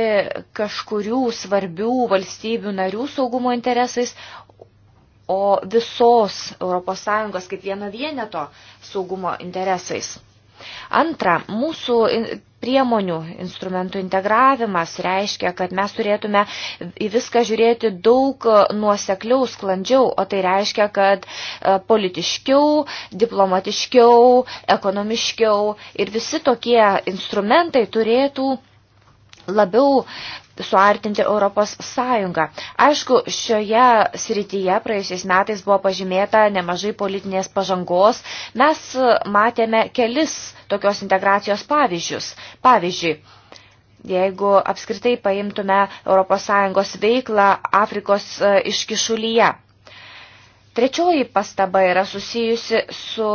kažkurių svarbių valstybių narių saugumo interesais, o visos ES kaip vieno vieneto saugumo interesais. Antra, mūsų priemonių instrumentų integravimas reiškia, kad mes turėtume į viską žiūrėti daug e, nuosekliau, sklandžiau, o tai reiškia, kad e, politiškiau, diplomatiškiau, ekonomiškiau ir visi tokie instrumentai turėtų labiau suartinti Europos Sąjungą. Aišku, šioje srityje praėjusiais metais buvo pažymėta nemažai politinės pažangos. Mes matėme kelis tokios integracijos pavyzdžius. Pavyzdžiui, jeigu apskritai paimtume ES veiklą Afrikos e, iškišulyje. Trečioji pastaba yra susijusi su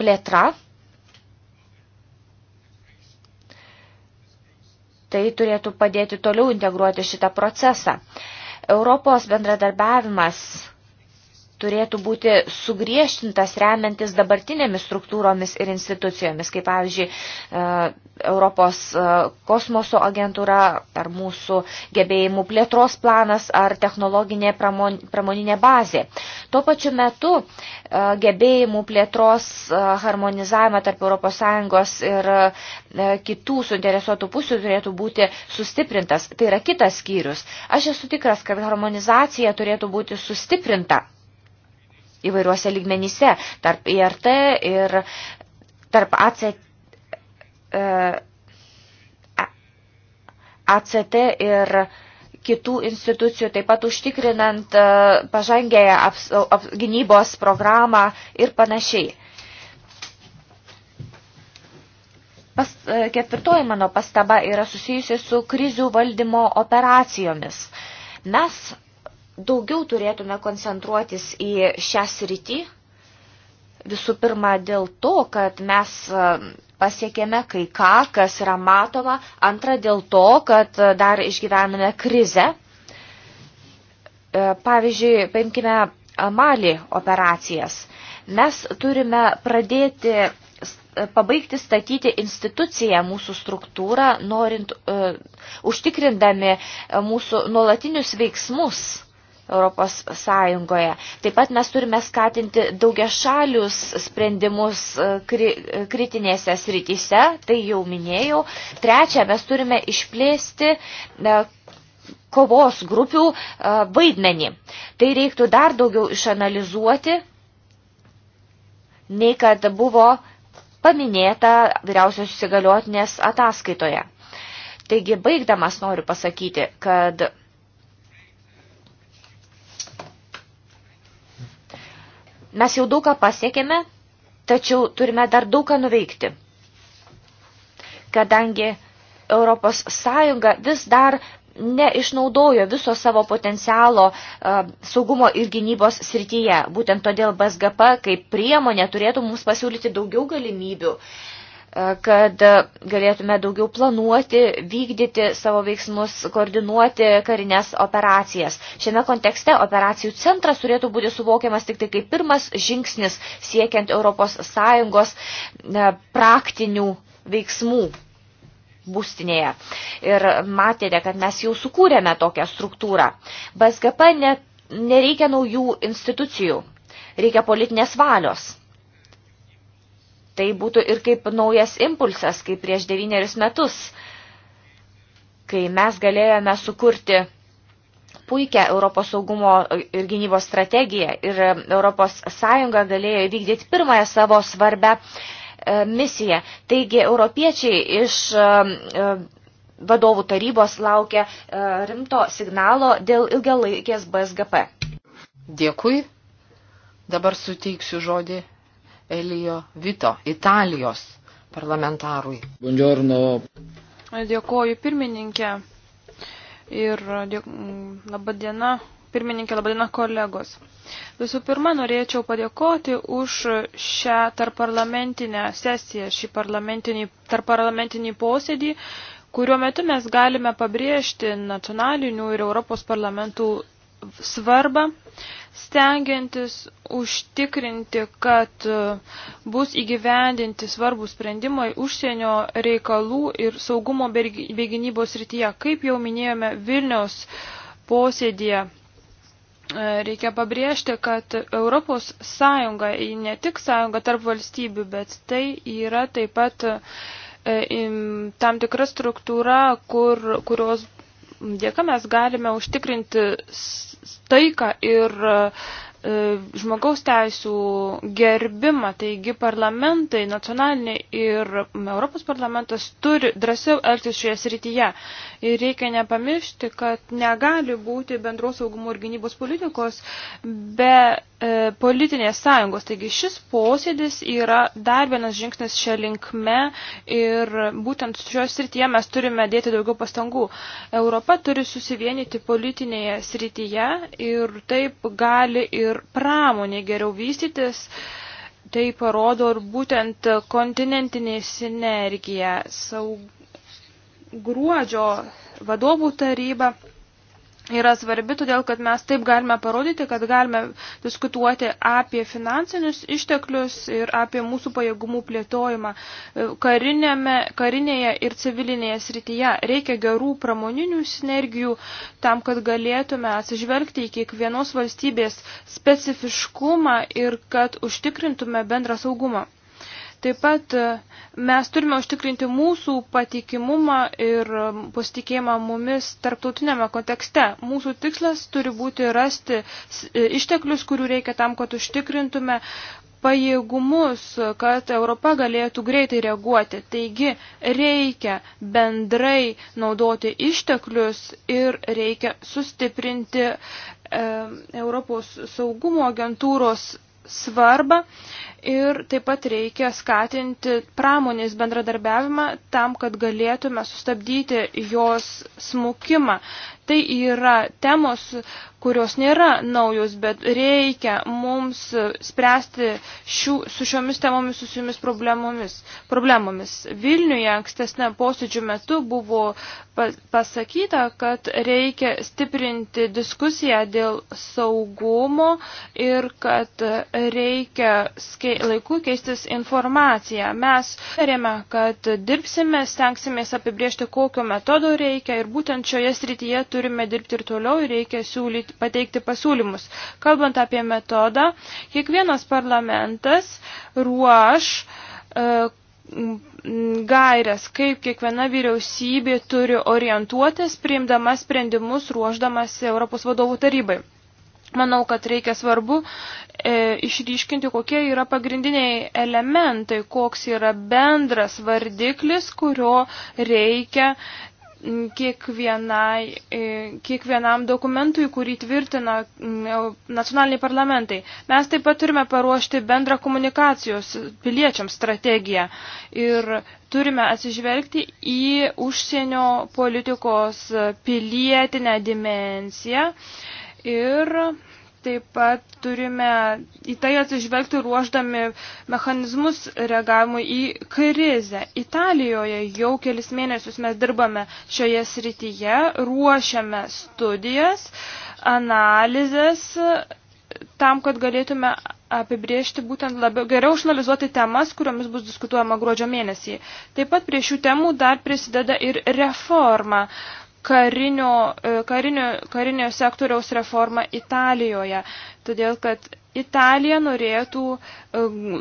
plėtra Tai turėtų padėti toliau integruoti šitą procesą. Europos bendradarbiavimas turėtų būti sugriežtintas remiantis dabartinėmis struktūromis ir institucijomis, kaip pavyzdžiui e, Europos e, kosmoso agentūra ar mūsų gebėjimų plėtros planas ar technologinė pramoninė bazė. Tuo pačiu metu e, gebėjimų plėtros harmonizavimą tarp ES ir kitų suinteresuotų pusių turėtų būti sustiprintas. Tai yra kitas skyrius. Aš esu tikras, kad harmonizacija turėtų būti sustiprinta įvairiuose lygmenyse, tarp IRT ir tarp ACT, e, ACT ir kitų institucijų, taip pat užtikrinant e, pažangėją gynybos programą ir panašiai. Pas, e, ketvirtoji mano pastaba yra susijusi su krizių valdymo operacijomis. Mes daugiau turėtume koncentruotis į šią sritį. Visų pirma, dėl to, kad mes e, pasiekėme kai ką, kas yra matoma. Antra, dėl to, kad e, dar išgyvename krizę. E, pavyzdžiui, paimkime Mali operacijas. Mes turime pradėti, pabaigti statyti instituciją, mūsų struktūrą, norint, uh, užtikrindami mūsų nuolatinius veiksmus Europos Sąjungoje. Taip pat mes turime skatinti daugia šalius sprendimus e, kri, e, kritinėse srityse, tai jau minėjau. Trečia, mes turime išplėsti e, kovos grupių vaidmenį. Tai reiktų dar daugiau išanalizuoti, nei kad buvo paminėta vyriausios įsigaliotinės ataskaitoje. Taigi, baigdamas noriu pasakyti, kad Mes jau daugą pasiekėme, tačiau turime dar daugą nuveikti, kadangi Europos Sąjunga vis dar neišnaudojo viso savo potencialo saugumo ir gynybos srityje. Būtent todėl BSGP kaip priemonė turėtų mums pasiūlyti daugiau galimybių kad galėtume daugiau planuoti, vykdyti savo veiksmus, koordinuoti karinės operacijas. Šiame kontekste operacijų centras turėtų būti suvokiamas tik tai kaip pirmas žingsnis siekiant ES e, praktinių veiksmų būstinėje. Ir matėte, kad mes jau sukūrėme tokią struktūrą. BSGP ne, nereikia naujų institucijų, reikia politinės valios tai būtų ir kaip naujas impulsas, kaip prieš devynerius metus, kai mes galėjome sukurti puikią Europos saugumo ir gynybos strategiją ir Europos Sąjunga galėjo įvykdyti pirmąją savo svarbę e, misiją. Taigi, europiečiai iš e, e, vadovų tarybos laukia rimto signalo dėl ilgalaikės BSGP. Dėkui. Dabar suteiksiu žodį Elio Vito, Italijos parlamentarui. Buongiorno. Dėkuoju pirmininkė ir dėk... Mm, laba diena, pirmininkė, laba diena kolegos. Visų pirma, norėčiau padėkoti už šią tarparlamentinę sesiją, šį parlamentinį, tarparlamentinį posėdį, kuriuo metu mes galime pabrėžti nacionalinių ir Europos parlamentų svarbą, stengiantis užtikrinti, kad e, bus įgyvendinti svarbų sprendimai užsienio reikalų ir saugumo bei gynybos rytyje. Kaip jau minėjome Vilniaus posėdėje, e, reikia pabrėžti, kad Europos sąjunga, ne tik sąjunga tarp valstybių, bet tai yra taip pat e, tam tikra struktūra, kur, kurios dėka mes galime užtikrinti taiką ir uh, E, žmogaus teisų gerbimą, taigi parlamentai, nacionaliniai ir Europos parlamentas turi drąsiau elgtis šioje srityje. Ir reikia nepamiršti, kad negali būti bendros saugumo ir gynybos politikos be e, politinės sąjungos. Taigi šis posėdis yra dar vienas žingsnis šią linkme ir būtent šioje srityje mes turime dėti daugiau pastangų. Europa turi susivienyti politinėje srityje ir taip gali ir ir pramonė geriau vystytis. Tai parodo ir būtent kontinentinė sinergija. Saug... Gruodžio vadovų taryba yra svarbi, todėl kad mes taip galime parodyti, kad galime diskutuoti apie finansinius išteklius ir apie mūsų pajėgumų plėtojimą e, Karinėme, karinėje ir civilinėje srityje. Reikia gerų pramoninių sinergijų tam, kad galėtume atsižvelgti į kiekvienos valstybės specifiškumą ir kad užtikrintume bendrą saugumą. Taip pat e, mes turime užtikrinti mūsų patikimumą ir e, pasitikėjimą mumis tarptautinėme kontekste. Mūsų tikslas turi būti rasti e, išteklius, kurių reikia tam, kad užtikrintume pajėgumus, kad Europa galėtų greitai reaguoti. Taigi reikia bendrai naudoti išteklius ir reikia sustiprinti e, Europos saugumo agentūros svarbą ir taip pat reikia skatinti pramonės bendradarbiavimą tam, kad galėtume sustabdyti jos smukimą. Tai yra temos, kurios nėra naujos, bet reikia mums spręsti šių, su šiomis temomis susijomis problemomis. problemomis. Vilniuje ankstesnė posėdžių metu buvo pasakyta, kad reikia stiprinti diskusiją dėl saugumo ir kad reikia skei, laiku keistis informaciją. Mes tarėme, kad dirbsime, stengsimės apibriežti, kokio metodo reikia ir būtent šioje srityje turime turime dirbti ir toliau ir reikia siūlyti, pateikti pasiūlymus. Kalbant apie metodą, kiekvienas parlamentas ruoš e, gairias, kaip kiekviena vyriausybė turi orientuotis, priimdama sprendimus, ruoždamas Europos vadovų tarybai. Manau, kad reikia svarbu e, išryškinti, kokie yra pagrindiniai elementai, koks yra bendras vardiklis, kurio reikia kiekvienai, e, kiekvienam dokumentui, kurį tvirtina e, nacionaliniai parlamentai. Mes taip pat turime paruošti bendrą komunikacijos piliečiams strategiją ir turime atsižvelgti į užsienio politikos pilietinę dimensiją ir taip pat turime į tai atsižvelgti ruoždami mechanizmus reagavimui į krizę. Italijoje jau kelis mėnesius mes dirbame šioje srityje, ruošiame studijas, analizės tam, kad galėtume apibriežti būtent labiau, geriau išanalizuoti temas, kuriomis bus diskutuojama gruodžio mėnesį. Taip pat prie šių temų dar prisideda ir reforma. Uh, karinio, e, karinio, karinio sektoriaus reformą Italijoje, todėl kad Italija norėtų e,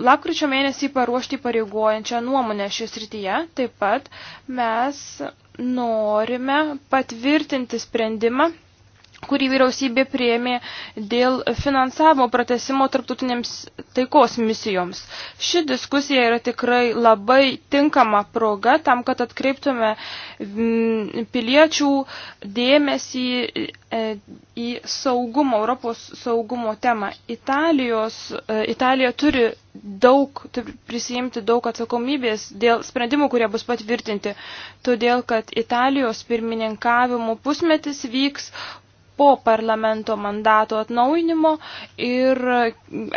lakryčio mėnesį paruošti pareigojančią nuomonę šis rytyje. Taip pat mes norime patvirtinti sprendimą kurį vyriausybė prieėmė dėl finansavimo pratesimo tarptautinėms taikos misijoms. Ši diskusija yra tikrai labai tinkama proga tam, kad atkreiptume mm, piliečių dėmesį e, į saugumo, Europos saugumo temą. Italijos, e, Italija turi daug, prisijimti daug atsakomybės dėl sprendimų, kurie bus patvirtinti, todėl kad Italijos pirmininkavimo pusmetis vyks po parlamento mandato atnaujinimo ir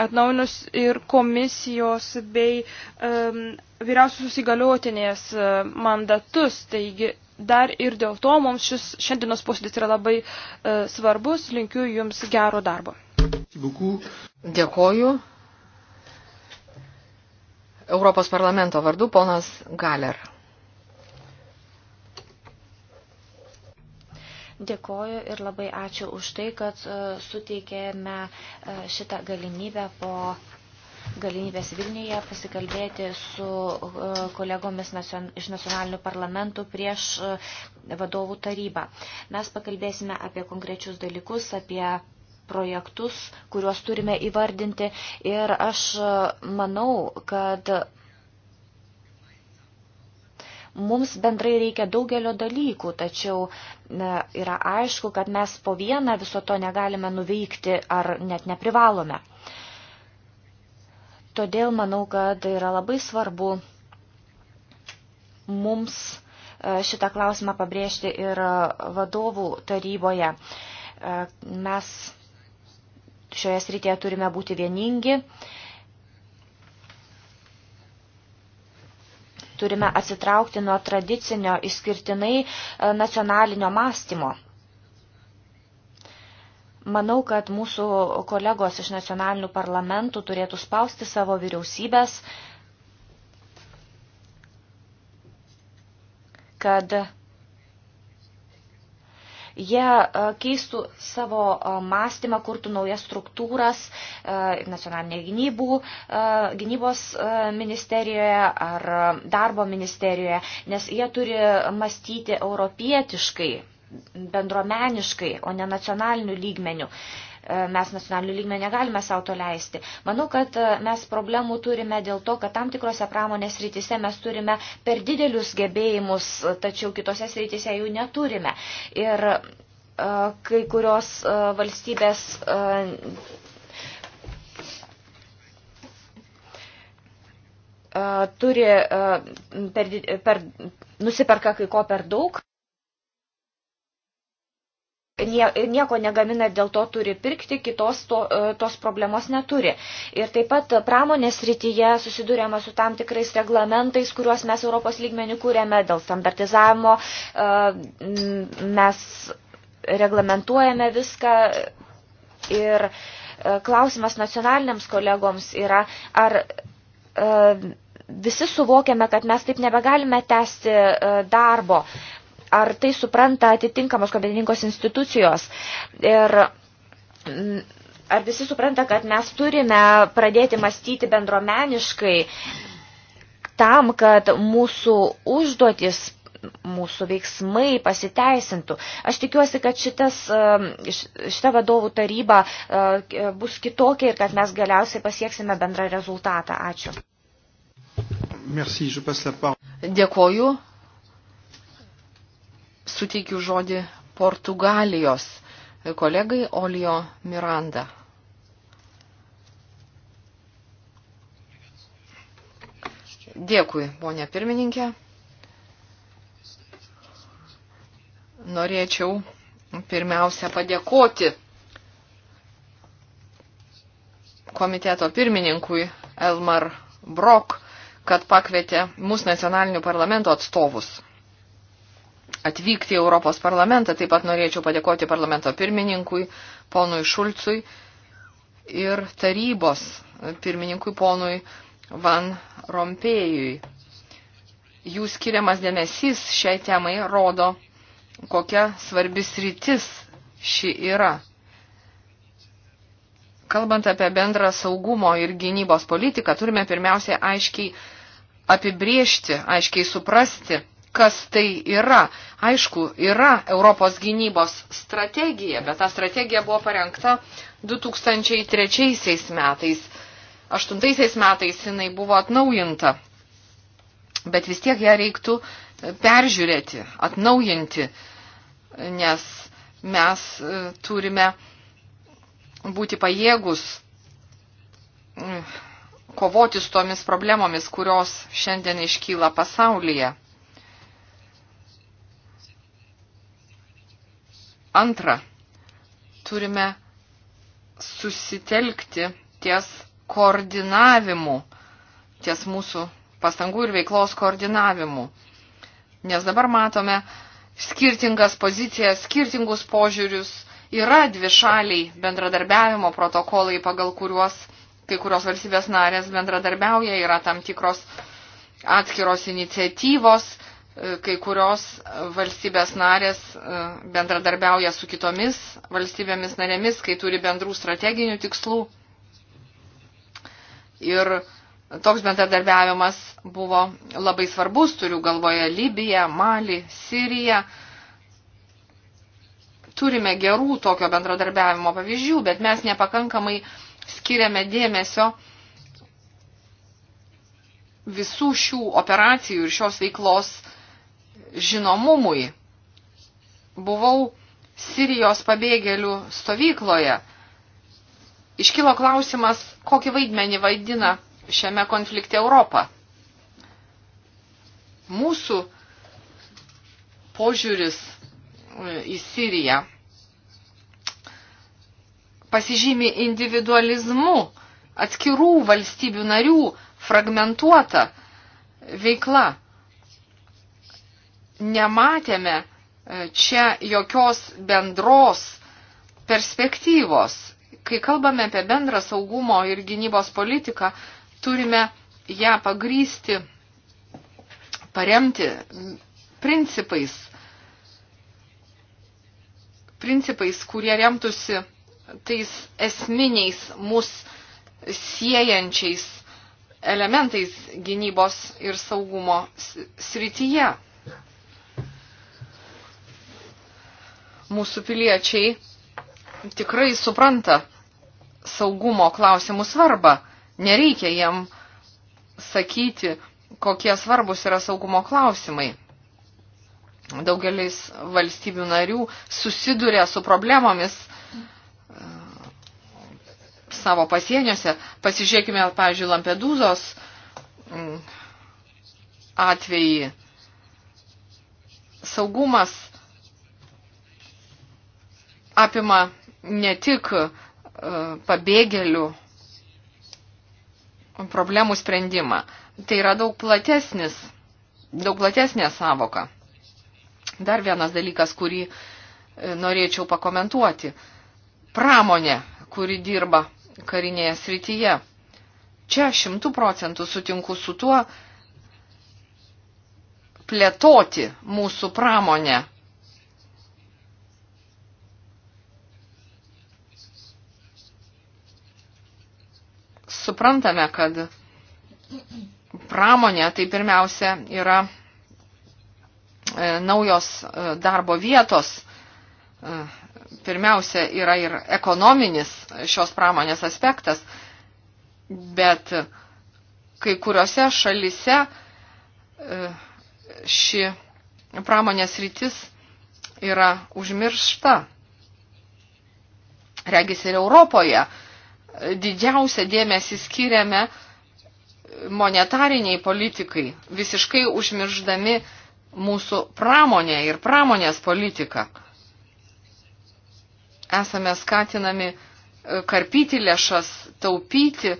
atnaujinus ir komisijos bei um, vyriausios įgaliotinės e, mandatus. Taigi dar ir dėl to mums šis šiandienos posėdis yra labai uh, svarbus. Linkiu Jums gero darbo. Dėkoju. Europos parlamento vardu ponas Galer. Dėkoju ir labai ačiū už tai, kad e, suteikėme e, šitą galimybę po galimybės Vilniuje pasikalbėti su e, kolegomis iš nacionalinių parlamentų prieš vadovų tarybą. Mes pakalbėsime apie konkrečius dalykus, apie projektus, kuriuos turime įvardinti ir aš manau, kad Mums bendrai reikia daugelio dalykų, tačiau na, yra aišku, kad mes po vieną viso to negalime nuveikti ar net neprivalome. Todėl manau, kad yra labai svarbu mums e, šitą klausimą pabrėžti ir e, vadovų taryboje. E, mes šioje srityje turime būti vieningi turime atsitraukti nuo tradicinio išskirtinai e, nacionalinio mąstymo. Manau, kad mūsų kolegos iš nacionalinių parlamentų turėtų spausti savo vyriausybės, kad jie e, keistų savo e, mąstymą, kurtų naujas struktūras e, nacionalinėje gynybų, gynybos ministerijoje ar darbo ministerijoje, nes jie turi mąstyti europietiškai bendromeniškai, o ne nacionaliniu lygmeniu. E, mes nacionalinių lygmenį negalime savo to leisti. Manau, kad e, mes problemų turime dėl to, kad tam tikrose pramonės rytise mes turime per didelius gebėjimus, tačiau kitose rytise jų neturime. Ir e, kai kurios valstybės turi per, per, nusiperka kai ko per daug nie, nieko negamina ir dėl to turi pirkti, kitos to, e, tos problemos neturi. Ir taip pat pramonės rytyje susidurėma su tam tikrais reglamentais, kuriuos mes Europos lygmenių kūrėme dėl standartizavimo, e, mes reglamentuojame viską ir e, klausimas nacionaliniams kolegoms yra, ar visi suvokiame, kad mes taip nebegalime tęsti darbo ar tai supranta atitinkamos kompetentingos institucijos. Ir mm, ar visi supranta, kad mes turime pradėti mąstyti bendromeniškai tam, kad mūsų užduotis mūsų veiksmai pasiteisintų. Aš tikiuosi, kad šitas, um, šita vadovų taryba uh, bus kitokia ir kad mes galiausiai pasieksime bendrą rezultatą. Ačiū. Merci, Dėkoju suteikiu žodį Portugalijos kolegai Olio Miranda. Dėkui, ponė pirmininkė. Norėčiau pirmiausia padėkoti komiteto pirmininkui Elmar Brok, kad pakvietė mūsų nacionalinių parlamento atstovus atvykti į Europos parlamentą. Taip pat norėčiau padėkoti parlamento pirmininkui, ponui Šulcui ir tarybos pirmininkui, ponui Van Rompėjui. Jų skiriamas dėmesys šiai temai rodo, kokia svarbi sritis ši yra. Kalbant apie bendrą saugumo ir gynybos politiką, turime pirmiausiai aiškiai apibriežti, aiškiai suprasti, kas tai yra. Aišku, yra Europos gynybos strategija, bet ta strategija buvo parengta 2003 metais. 2008 metais jinai buvo atnaujinta, bet vis tiek ją reiktų peržiūrėti, atnaujinti, nes mes e, turime būti pajėgus mm, kovoti su tomis problemomis, kurios šiandien iškyla pasaulyje. Antra, turime susitelkti ties koordinavimu, ties mūsų pastangų ir veiklos koordinavimu. Nes dabar matome skirtingas pozicijas, skirtingus požiūrius, yra dvi šaliai bendradarbiavimo protokolai, pagal kuriuos kai kurios valstybės narės bendradarbiauja, yra tam tikros atskiros iniciatyvos, kai kurios valstybės narės e, bendradarbiauja su kitomis valstybėmis narėmis, kai turi bendrų strateginių tikslų. Ir toks bendradarbiavimas buvo labai svarbus, turiu galvoje Libiją, Malį, Siriją. Turime gerų tokio bendradarbiavimo pavyzdžių, bet mes nepakankamai skiriame dėmesio visų šių operacijų ir šios veiklos uh, žinomumui. Buvau Sirijos pabėgėlių stovykloje. Iškilo klausimas, kokį vaidmenį vaidina šiame konflikte Europą. Mūsų požiūris e, į Siriją pasižymi individualizmu, atskirų valstybių narių fragmentuota veikla nematėme e, čia jokios bendros perspektyvos. Kai kalbame apie bendrą saugumo ir gynybos politiką, turime ją pagrysti, paremti principais, principais kurie remtųsi tais esminiais mus siejančiais elementais gynybos ir saugumo srityje. mūsų piliečiai tikrai supranta saugumo klausimų svarbą. Nereikia jam sakyti, kokie svarbus yra saugumo klausimai. Daugelis valstybių narių susiduria su problemomis e, savo pasieniuose. Pasižiūrėkime, pavyzdžiui, Lampedūzos mm, atvejį. Saugumas apima ne tik e, pabėgėlių problemų sprendimą. Tai yra daug platesnis, daug platesnė savoka. Dar vienas dalykas, kurį e, norėčiau pakomentuoti. Pramonė, kuri dirba karinėje srityje. Čia šimtų procentų sutinku su tuo plėtoti mūsų pramonę suprantame, kad pramonė tai pirmiausia yra e, naujos e, darbo vietos. E, pirmiausia yra ir ekonominis šios pramonės aspektas, bet kai kuriuose šalise ši pramonės rytis yra užmiršta. Regis ir Europoje didžiausią dėmesį skiriame monetariniai politikai, visiškai užmirždami mūsų pramonę ir pramonės politiką. Esame skatinami e, karpyti lėšas, taupyti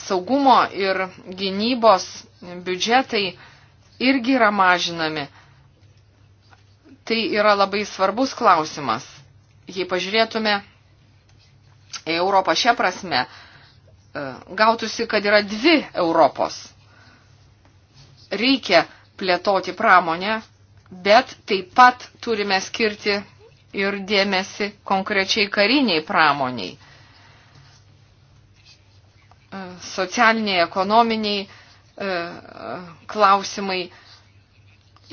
saugumo ir gynybos biudžetai irgi yra mažinami. Tai yra labai svarbus klausimas jei pažiūrėtume į Europą šią prasme, e, gautųsi, kad yra dvi Europos. Reikia plėtoti pramonę, bet taip pat turime skirti ir dėmesį konkrečiai kariniai pramoniai. E, socialiniai, ekonominiai e, klausimai.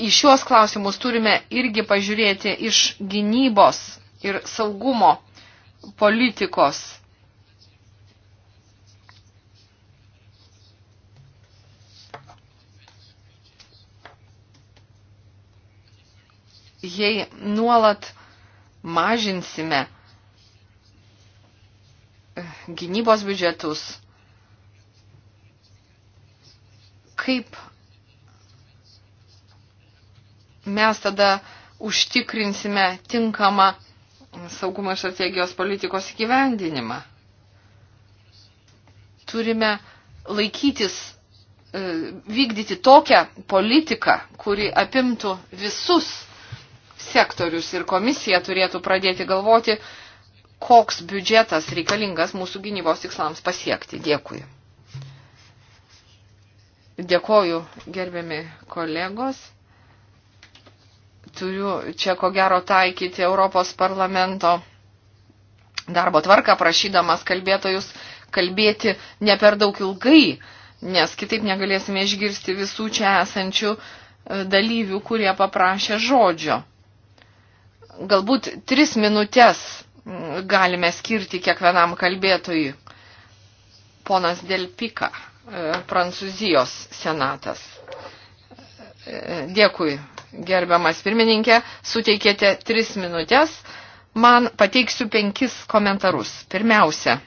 Į šios klausimus turime irgi pažiūrėti iš gynybos ir saugumo politikos. Jei nuolat mažinsime eh, gynybos biudžetus, kaip mes tada užtikrinsime tinkamą saugumo strategijos politikos įgyvendinimą. Turime laikytis, e, vykdyti tokią politiką, kuri apimtų visus sektorius ir komisija turėtų pradėti galvoti, koks biudžetas reikalingas mūsų gynybos tikslams pasiekti. Dėkui. Dėkoju, gerbiami kolegos turiu čia ko gero taikyti Europos parlamento darbo tvarką, prašydamas kalbėtojus kalbėti ne per daug ilgai, nes kitaip negalėsime išgirsti visų čia esančių e, dalyvių, kurie paprašė žodžio. Galbūt tris minutės mm, galime skirti kiekvienam kalbėtojui. Ponas Delpika, e, Prancūzijos senatas. E, dėkui, gerbiamas pirmininkė, suteikėte tris minutės. Man pateiksiu penkis komentarus. Pirmiausia,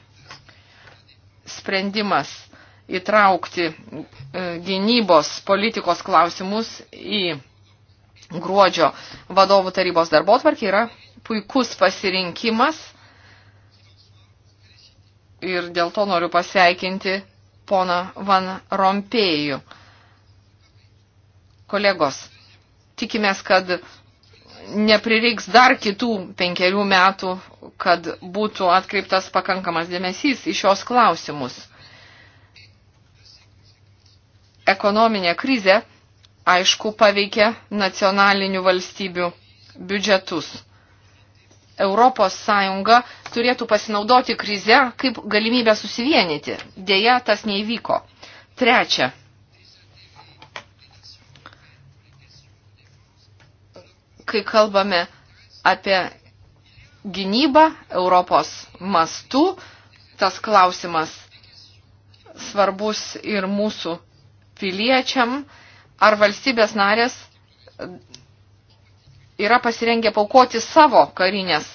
sprendimas įtraukti e, gynybos politikos klausimus į gruodžio vadovų tarybos darbotvarkį yra puikus pasirinkimas ir dėl to noriu pasveikinti poną Van Rompėjų. Kolegos, tikimės, kad neprireiks dar kitų penkerių metų, kad būtų atkreiptas pakankamas dėmesys į šios klausimus. Ekonominė krizė, aišku, paveikia nacionalinių valstybių biudžetus. Europos Sąjunga turėtų pasinaudoti krize kaip galimybę susivienyti. Deja, tas neįvyko. Trečia, kai kalbame apie gynybą Europos mastų, tas klausimas svarbus ir mūsų piliečiam, ar valstybės narės yra pasirengę paukoti savo karinės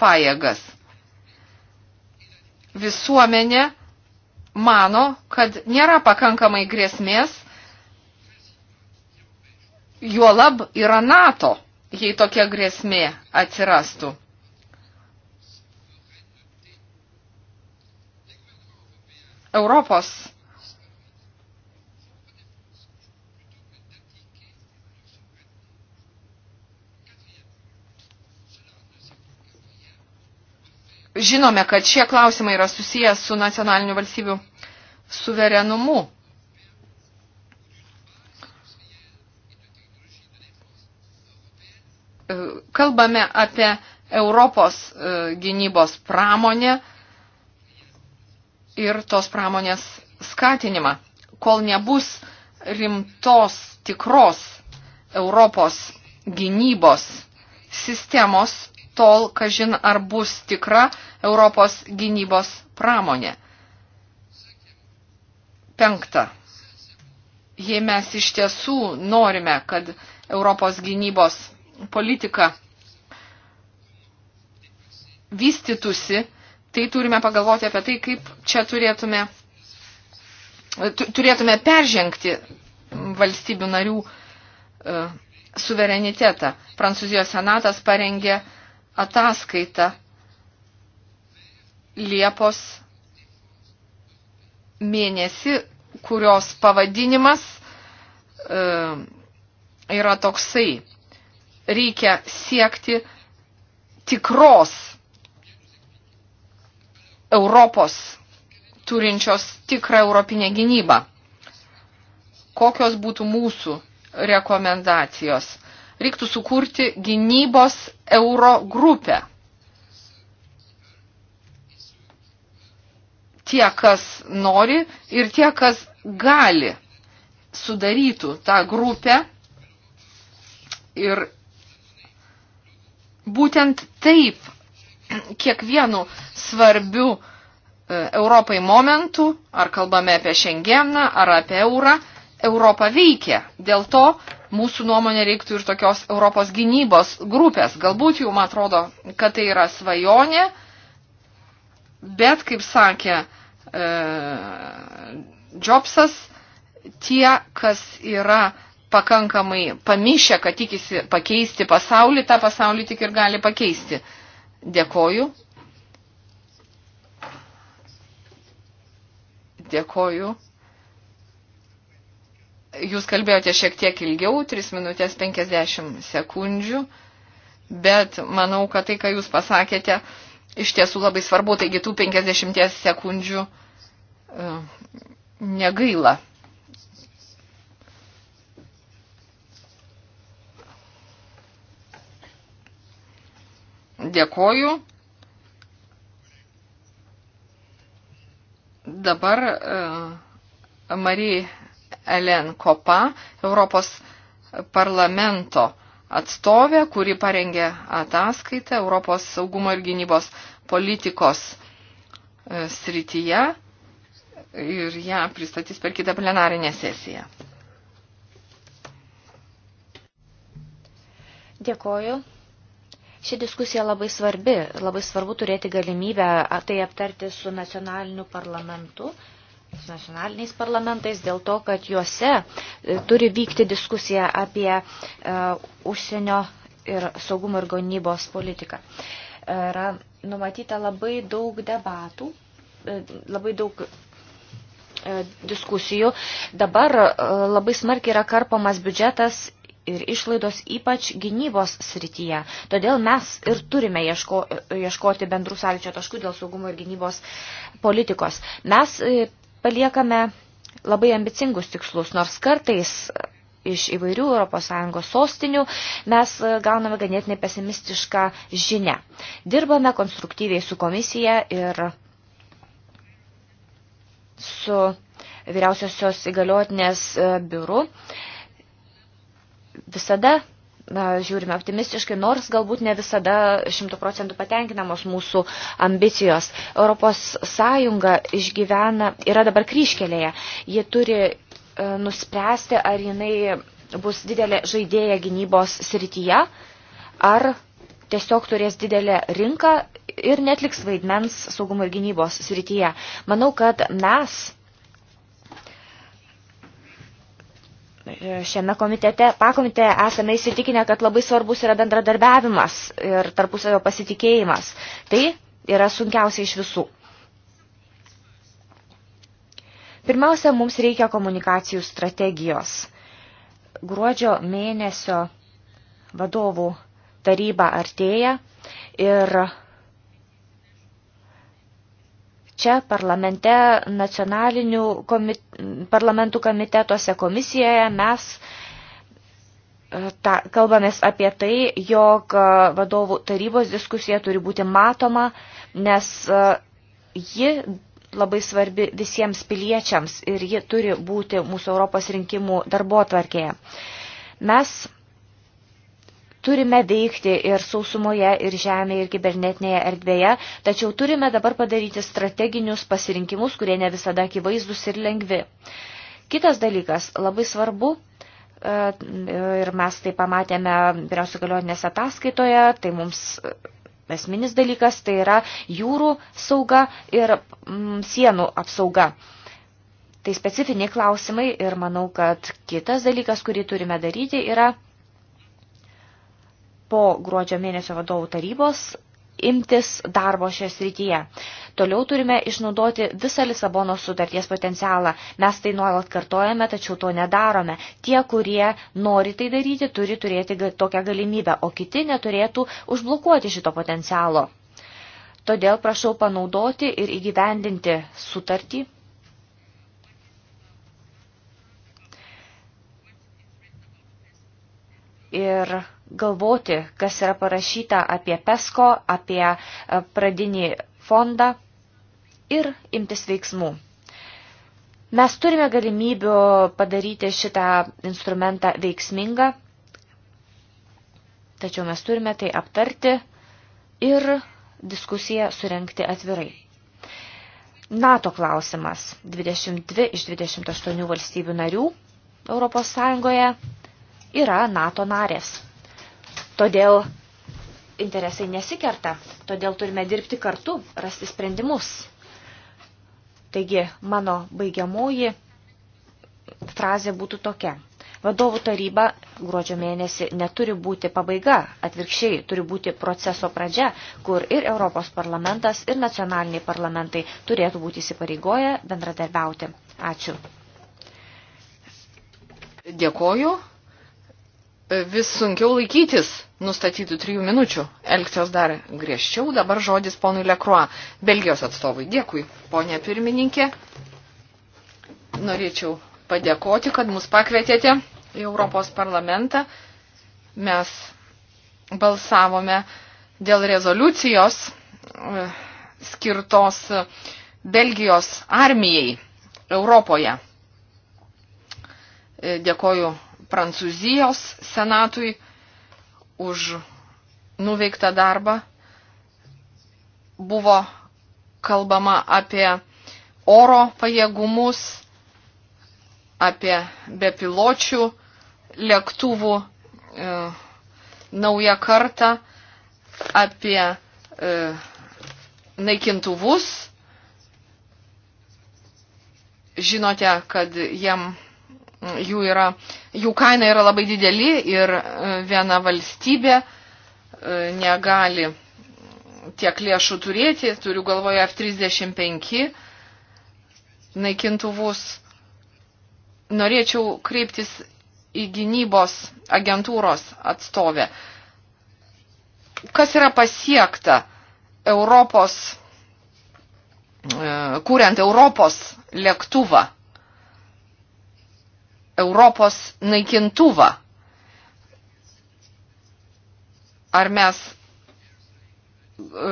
pajėgas. Visuomenė mano, kad nėra pakankamai grėsmės, juolab yra NATO jei tokia grėsmė atsirastų. Europos žinome, kad šie klausimai yra susijęs su nacionaliniu valstybių suverenumu. E, kalbame apie Europos e, gynybos pramonę ir tos pramonės skatinimą. Kol nebus rimtos, tikros Europos gynybos sistemos, tol, kažin ar bus tikra Europos gynybos pramonė. Penkta. Jei mes iš tiesų norime, kad Europos gynybos politika vystytųsi, tai turime pagalvoti apie tai, kaip čia turėtume, turėtume peržengti valstybių narių e, suverenitetą. Prancūzijos senatas parengė ataskaitą Liepos mėnesį, kurios pavadinimas e, yra toksai reikia siekti tikros Europos turinčios tikrą europinę gynybą. Kokios būtų mūsų rekomendacijos? Reiktų sukurti gynybos euro grupę. Tie, kas nori ir tie, kas gali, sudarytų tą grupę ir būtent taip kiekvienu svarbiu e, Europai momentu, ar kalbame apie Šengeną, ar apie eurą, Europa veikia. Dėl to mūsų nuomonė reiktų ir tokios Europos gynybos grupės. Galbūt jums atrodo, kad tai yra svajonė, bet, kaip sakė e, Jobsas, tie, kas yra pakankamai pamišę, kad tikisi pakeisti pasaulį, tą pasaulį tik ir gali pakeisti. Dėkoju. Dėkoju. Jūs kalbėjote šiek tiek ilgiau, 3 minutės 50 sekundžių, bet manau, kad tai, ką jūs pasakėte, iš tiesų labai svarbu, taigi tų 50 sekundžių e, negaila. Dėkoju. Dabar e, Marija Elen Kopa, Europos parlamento atstovė, kuri parengė ataskaitą Europos saugumo ir gynybos politikos e, srityje ir ją pristatys per kitą plenarinę sesiją. Dėkoju. Ši diskusija labai svarbi, labai svarbu turėti galimybę tai aptarti su nacionaliniu parlamentu, su nacionaliniais parlamentais, dėl to, kad juose e, turi vykti diskusija apie uh, užsienio ir saugumo ir gonybos politiką. Yra numatyta labai daug debatų, e, labai daug diskusijų. Dabar labai smarkiai yra karpomas biudžetas ir išlaidos ypač gynybos srityje. Todėl mes ir turime ieško, ieškoti bendrų sąlyčio taškų dėl saugumo ir gynybos politikos. Mes e, paliekame labai ambicingus tikslus, nors kartais e, iš įvairių ES sostinių mes e, gauname ganėtinai pesimistišką žinę. Dirbame konstruktyviai su komisija ir su vyriausiosios įgaliotinės biuru visada na, žiūrime optimistiškai, nors galbūt ne visada šimtų procentų patenkinamos mūsų ambicijos. Europos Sąjunga išgyvena, yra dabar kryškelėje. Ji turi e, nuspręsti, ar jinai bus didelė žaidėja gynybos srityje, ar tiesiog turės didelę rinką ir netliks vaidmens saugumo ir gynybos srityje. Manau, kad mes E, šiame komitete, pakomitete esame įsitikinę, kad labai svarbus yra bendradarbiavimas ir tarpusavio pasitikėjimas. Tai yra sunkiausia iš visų. Pirmiausia, mums reikia komunikacijų strategijos. Gruodžio mėnesio vadovų taryba artėja ir čia parlamente, nacionalinių komit parlamentų komitetuose, komisijoje mes e, ta, kalbamės apie tai, jog e, vadovų tarybos diskusija turi būti matoma, nes e, ji labai svarbi visiems piliečiams ir ji turi būti mūsų Europos rinkimų darbo tvarkėje. Mes Turime veikti ir sausumoje, ir žemėje, ir kibernetinėje erdvėje, tačiau turime dabar padaryti strateginius pasirinkimus, kurie ne visada akivaizdus ir lengvi. Kitas dalykas, labai svarbu, e, ir mes tai pamatėme vyriausio galiotinės ataskaitoje, tai mums e, esminis dalykas, tai yra jūrų sauga ir mm, sienų apsauga. Tai specifiniai klausimai ir manau, kad kitas dalykas, kurį turime daryti, yra po gruodžio mėnesio vadovų tarybos imtis darbo šioje srityje. Toliau turime išnaudoti visą Lisabono sutarties potencialą. Mes tai nuolat kartojame, tačiau to nedarome. Tie, kurie nori tai daryti, turi turėti tokią galimybę, o kiti neturėtų užblokuoti šito potencialo. Todėl prašau panaudoti ir įgyvendinti sutartį ir galvoti, kas yra parašyta apie PESCO, apie e, pradinį fondą ir imtis veiksmų. Mes turime galimybių padaryti šitą instrumentą veiksmingą, tačiau mes turime tai aptarti ir diskusiją surenkti atvirai. NATO klausimas. 22 iš 28 valstybių narių Europos Sąjungoje yra NATO narės. Todėl interesai nesikerta, todėl turime dirbti kartu, rasti sprendimus. Taigi mano baigiamoji frazė būtų tokia. Vadovų taryba gruodžio mėnesį neturi būti pabaiga, atvirkščiai turi būti proceso pradžia, kur ir Europos parlamentas, ir nacionaliniai parlamentai turėtų būti įsipareigoję bendradarbiauti. Ačiū. Dėkoju vis sunkiau laikytis nustatytų trijų minučių. Elgsios dar griežčiau. Dabar žodis ponui Lekruo, Belgijos atstovui. Dėkui, ponė pirmininkė. Norėčiau padėkoti, kad mus pakvietėte į Europos parlamentą. Mes balsavome dėl rezoliucijos e, skirtos Belgijos armijai Europoje. E, dėkoju Prancūzijos senatui už nuveiktą darbą. Buvo kalbama apie oro pajėgumus, apie bepiločių lėktuvų e, naują kartą, apie e, naikintuvus. Žinote, kad jiem jų, yra, jų kaina yra labai dideli ir e, viena valstybė e, negali tiek lėšų turėti, turiu galvoje F-35 naikintuvus. Norėčiau kreiptis į gynybos agentūros atstovę. Kas yra pasiekta Europos, e, kūriant Europos lėktuvą? Europos naikintuvą. Ar mes e,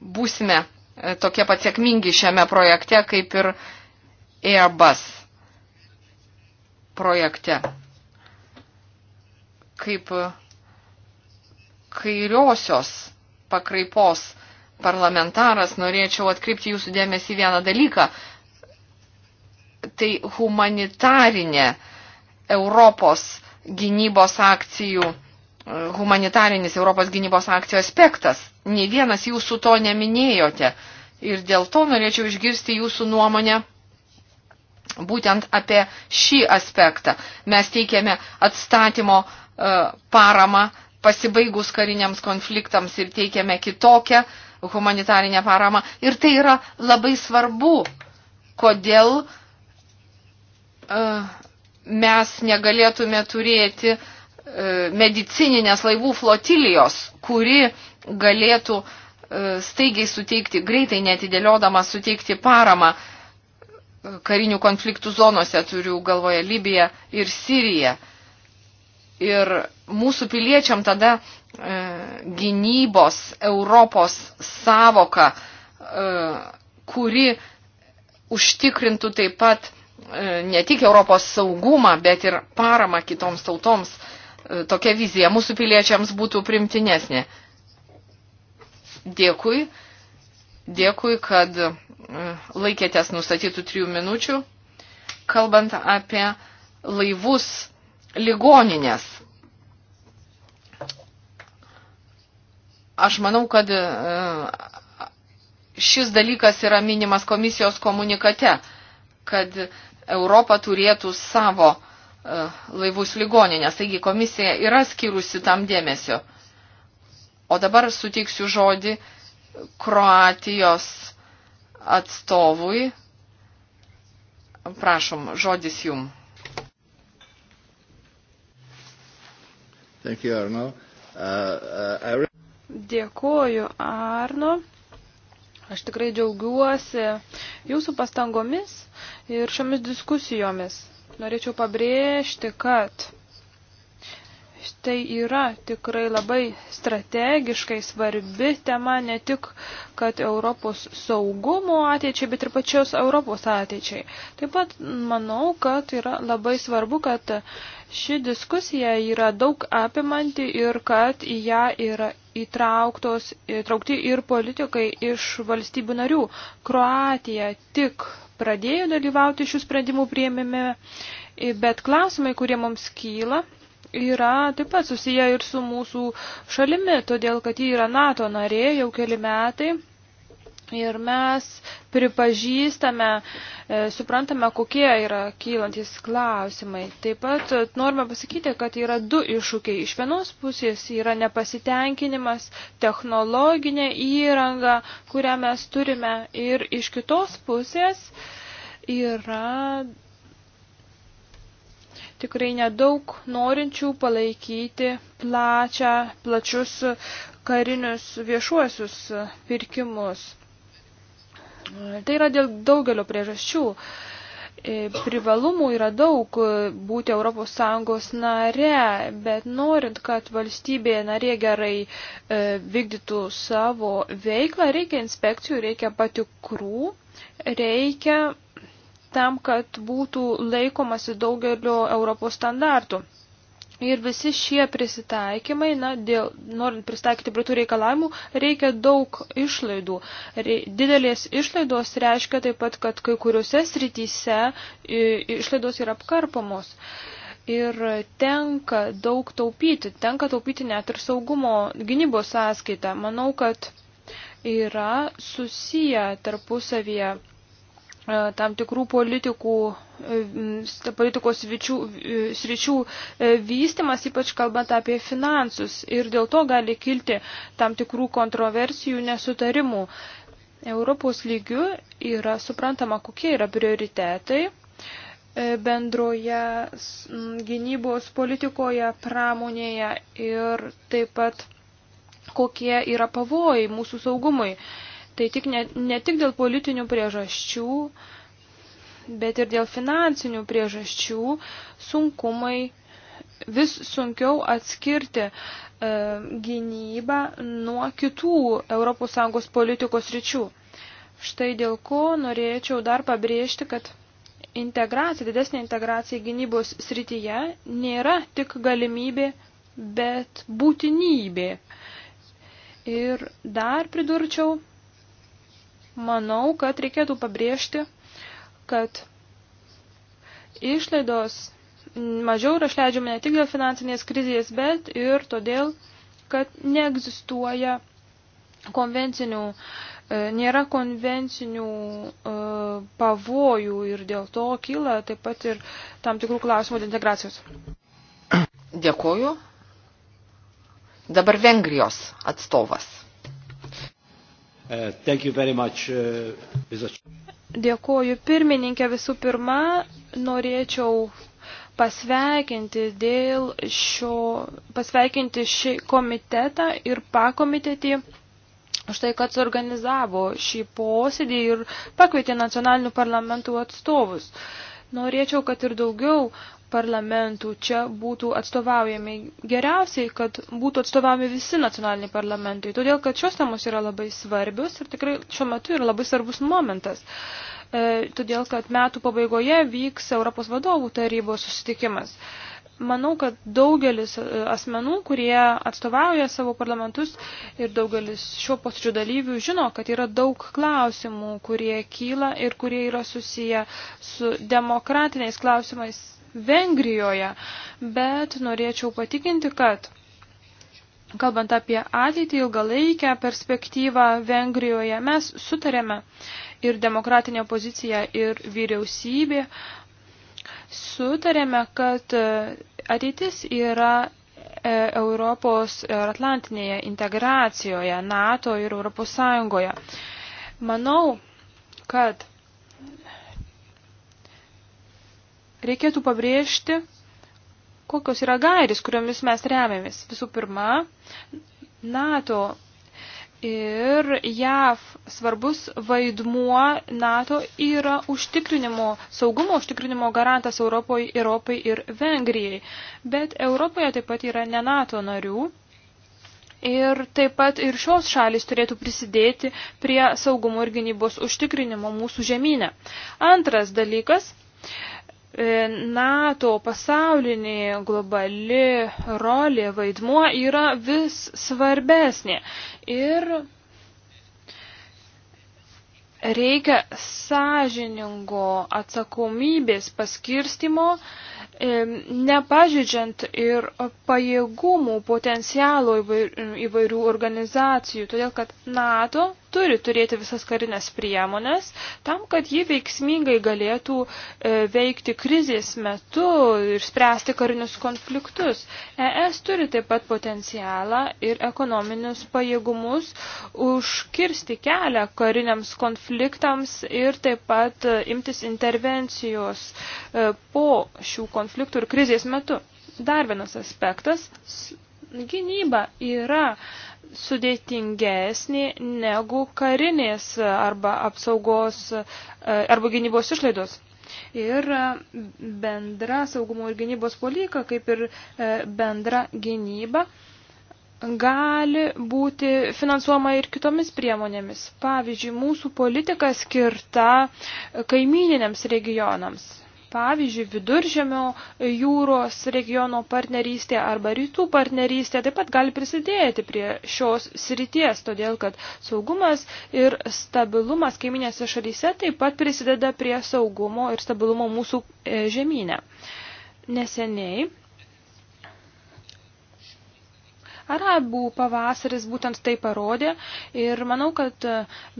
būsime e, tokie pat sėkmingi šiame projekte, kaip ir Airbus projekte. Kaip e, kairiosios pakraipos parlamentaras norėčiau atkreipti jūsų dėmesį vieną dalyką tai humanitarinė Europos gynybos akcijų, humanitarinis Europos gynybos akcijų aspektas. Nei vienas jūsų to neminėjote. Ir dėl to norėčiau išgirsti jūsų nuomonę būtent apie šį aspektą. Mes teikiame atstatymo e, paramą pasibaigus kariniams konfliktams ir teikiame kitokią humanitarinę paramą. Ir tai yra labai svarbu, kodėl uh, mes negalėtume turėti e, medicininės laivų flotilijos, kuri galėtų e, staigiai suteikti, greitai netidėliodama suteikti paramą e, karinių konfliktų zonose, turiu galvoje Libiją ir Siriją. Ir mūsų piliečiam tada e, gynybos Europos savoka, e, kuri užtikrintų taip pat E, ne tik Europos saugumą, bet ir paramą kitoms tautoms, e, tokia vizija mūsų piliečiams būtų primtinesnė. Dėkui, dėkui, kad e, laikėtės nustatytų trijų minučių, kalbant apie laivus ligoninės. Aš manau, kad šis dalykas yra minimas komisijos komunikate, kad Europa turėtų savo e, laivus ligoninės. Taigi komisija yra skirusi tam dėmesio. O dabar sutiksiu žodį Kroatijos atstovui. Prašom, žodis jum. Thank you, Arno. Uh, uh, I... Dėkuoju, Arno. Aš tikrai džiaugiuosi jūsų pastangomis ir šiomis diskusijomis. Norėčiau pabrėžti, kad tai yra tikrai labai strategiškai svarbi tema ne tik, kad Europos saugumo ateičiai, bet ir pačios Europos ateičiai. Taip pat manau, kad yra labai svarbu, kad ši diskusija yra daug apimanti ir kad į ją yra įtrauktos, įtraukti ir politikai iš valstybių narių. Kroatija tik pradėjo dalyvauti šių sprendimų prieimime, bet klausimai, kurie mums kyla, yra taip pat susiję ir su mūsų šalimi, todėl kad ji yra NATO narė jau keli metai. Ir mes pripažįstame, e, suprantame, kokie yra kylantis klausimai. Taip pat e, norime pasakyti, kad yra du iššūkiai. Iš vienos pusės yra nepasitenkinimas technologinė įranga, kurią mes turime. Ir iš kitos pusės yra tikrai nedaug norinčių palaikyti plačią, plačius karinius viešuosius pirkimus. Tai yra dėl daugelio priežasčių e, privalumų yra daug būti ES nare, bet norint, kad valstybė narė gerai e, vykdytų savo veiklą, reikia inspekcijų, reikia patikrų, reikia tam, kad būtų laikomasi daugelio Europos standartų. Ir visi šie prisitaikymai, na, dėl, norint pristaikyti prie tų reikalavimų, reikia daug išlaidų. Re, didelės išlaidos reiškia taip pat, kad kai kuriuose srityse išlaidos yra apkarpamos. Ir tenka daug taupyti, tenka taupyti net ir saugumo gynybos sąskaitą. Manau, kad yra susiję tarpusavyje E, tam tikrų politikų, e, politikos vičių, e, sričių vystimas, ypač kalbant apie finansus. Ir dėl to gali kilti tam tikrų kontroversijų, nesutarimų. Europos lygių yra suprantama, kokie yra prioritetai bendroje gynybos politikoje, pramonėje ir taip pat kokie yra pavojai mūsų saugumui. Tai tik ne, ne tik dėl politinių priežasčių, bet ir dėl finansinių priežasčių sunkumai vis sunkiau atskirti e, gynybą nuo kitų ES politikos ryčių. Štai dėl ko norėčiau dar pabrėžti, kad integracija, didesnė integracija gynybos srityje nėra tik galimybė, bet būtinybė. Ir dar pridurčiau, manau, kad reikėtų pabrėžti, kad išlaidos mažiau yra išleidžiama ne tik dėl finansinės krizės, bet ir todėl, kad neegzistuoja konvencinių, e, nėra konvencinių e, pavojų ir dėl to kyla taip pat ir tam tikrų klausimų dėl integracijos. Dėkoju. Dabar Vengrijos atstovas. Uh, uh, Dėkuoju pirmininkė visų pirma, norėčiau pasveikinti dėl šio, pasveikinti šį komitetą ir pakomitetį už tai, kad suorganizavo šį posėdį ir pakvietė nacionalinių parlamentų atstovus. Norėčiau, kad ir daugiau parlamentų čia būtų atstovaujami geriausiai, kad būtų atstovaujami visi nacionaliniai parlamentai, todėl kad šios temos yra labai svarbios ir tikrai šiuo metu yra labai svarbus momentas, e, todėl kad metų pabaigoje vyks Europos vadovų tarybos susitikimas. Manau, kad daugelis e, asmenų, kurie atstovauja savo parlamentus ir daugelis šio posėdžio dalyvių žino, kad yra daug klausimų, kurie kyla ir kurie yra susiję su demokratiniais klausimais Vengrijoje, bet norėčiau patikinti, kad kalbant apie ateitį ilgalaikę perspektyvą Vengrijoje, mes sutarėme ir demokratinė pozicija, ir vyriausybė, sutarėme, kad e, ateitis yra e, Europos ir Atlantinėje integracijoje, NATO ir Europos Sąjungoje. Manau, kad reikėtų pabrėžti, kokios yra gairis, kuriomis mes remiamės. Visų pirma, NATO ir JAV svarbus vaidmuo NATO yra užtikrinimo, saugumo užtikrinimo garantas Europoje, Europai ir Vengrijai. Bet Europoje taip pat yra ne NATO narių. Ir taip pat ir šios šalis turėtų prisidėti prie saugumo ir gynybos užtikrinimo mūsų žemynę. Antras dalykas E, NATO pasaulinė globali rolė, vaidmuo yra vis svarbesnė. Ir reikia sąžiningo atsakomybės paskirstimo, e, nepažydžiant ir pajėgumų potencialo įvairių organizacijų, todėl kad NATO turi turėti visas karinės priemonės tam, kad ji veiksmingai galėtų e, veikti krizės metu ir spręsti karinius konfliktus. ES turi taip pat potencialą ir ekonominius pajėgumus užkirsti kelią kariniams konfliktams ir taip pat e, imtis intervencijos e, po šių konfliktų ir krizės metu. Dar vienas aspektas - gynyba yra sudėtingesnė negu karinės arba apsaugos e, arba gynybos išlaidos. Ir e, bendra saugumo ir gynybos politika, kaip ir e, bendra gynyba, gali būti finansuojama ir kitomis priemonėmis. Pavyzdžiui, mūsų politika skirta kaimininėms regionams. Pavyzdžiui, viduržėmio jūros regiono partnerystė arba rytų partnerystė taip pat gali prisidėti prie šios srities, todėl kad saugumas ir stabilumas kaiminėse šalyse taip pat prisideda prie saugumo ir stabilumo mūsų e, žemynė. Neseniai Arabų pavasaris būtent tai parodė ir manau, kad e,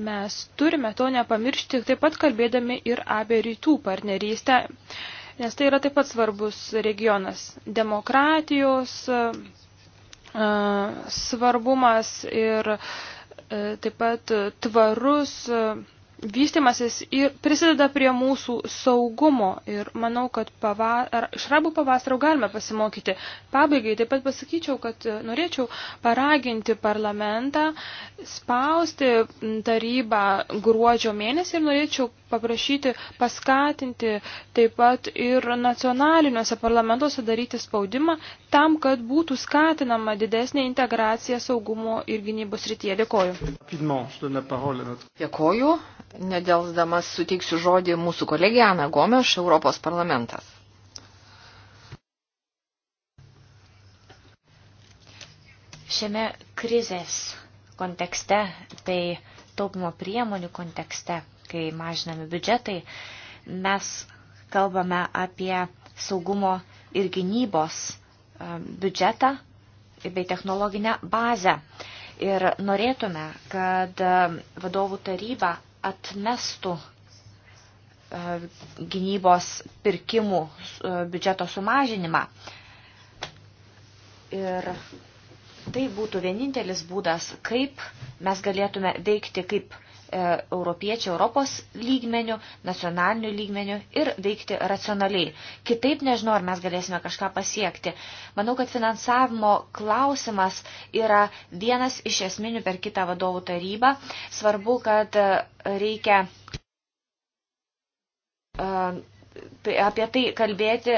mes turime to nepamiršti, taip pat kalbėdami ir apie rytų partnerystę, nes tai yra taip pat svarbus regionas demokratijos e, e, svarbumas ir taip pat tvarus vystimasis prisideda prie mūsų saugumo ir manau, kad pava, iš rabų pavasarų galime pasimokyti. Pabaigai taip pat pasakyčiau, kad e, norėčiau paraginti parlamentą, spausti tarybą gruodžio mėnesį ir norėčiau paprašyti, paskatinti taip pat ir nacionaliniuose parlamentuose daryti spaudimą tam, kad būtų skatinama didesnė integracija saugumo ir gynybos rytyje. Dėkoju. Dėkoju nedelsdamas suteiksiu žodį mūsų kolegė Ana Gomeš, Europos parlamentas. Šiame krizės kontekste, tai taupimo priemonių kontekste, kai mažinami biudžetai, mes kalbame apie saugumo ir gynybos um, biudžetą bei technologinę bazę. Ir norėtume, kad um, vadovų taryba atmestų e, gynybos pirkimų e, biudžeto sumažinimą. Ir tai būtų vienintelis būdas, kaip mes galėtume veikti kaip E, europiečių Europos lygmenių, nacionalinių lygmenių ir veikti racionaliai. Kitaip nežinau, ar mes galėsime kažką pasiekti. Manau, kad finansavimo klausimas yra vienas iš esminių per kitą vadovų tarybą. Svarbu, kad e, reikia e, tai apie tai kalbėti.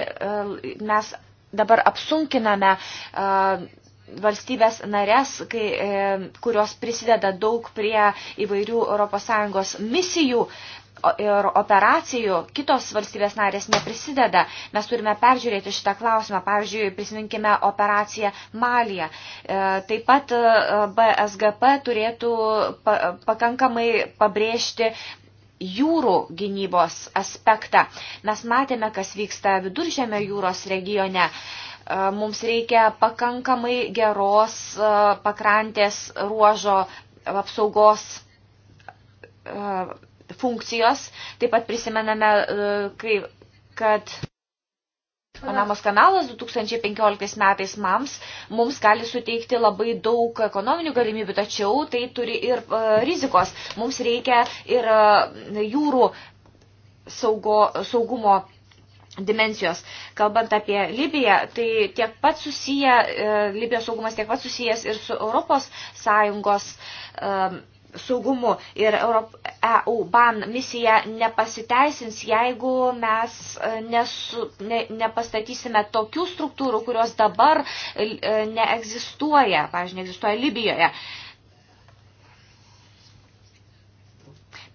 Mes dabar apsunkiname valstybės narės, kai, e, kurios prisideda daug prie įvairių ES misijų ir operacijų, kitos valstybės narės neprisideda. Mes turime peržiūrėti šitą klausimą. Pavyzdžiui, prisiminkime operaciją Malija. E, taip pat e, BSGP turėtų pakankamai pabrėžti jūrų gynybos aspektą. Mes matėme, kas vyksta viduržėme jūros regione. Mums reikia pakankamai geros pakrantės ruožo apsaugos funkcijos. Taip pat prisimename, kad Panamos kanalas 2015 metais MAMS mums gali suteikti labai daug ekonominių galimybių, tačiau tai turi ir rizikos. Mums reikia ir jūrų saugo, saugumo dimensijos. Kalbant apie Libiją, tai tiek pat susiję, e, Libijos saugumas tiek pat susijęs ir su Europos Sąjungos um, saugumu ir EU e ban misija nepasiteisins, jeigu mes nesu, ne, nepastatysime tokių struktūrų, kurios dabar neegzistuoja, pavyzdžiui, neegzistuoja Libijoje. Uh,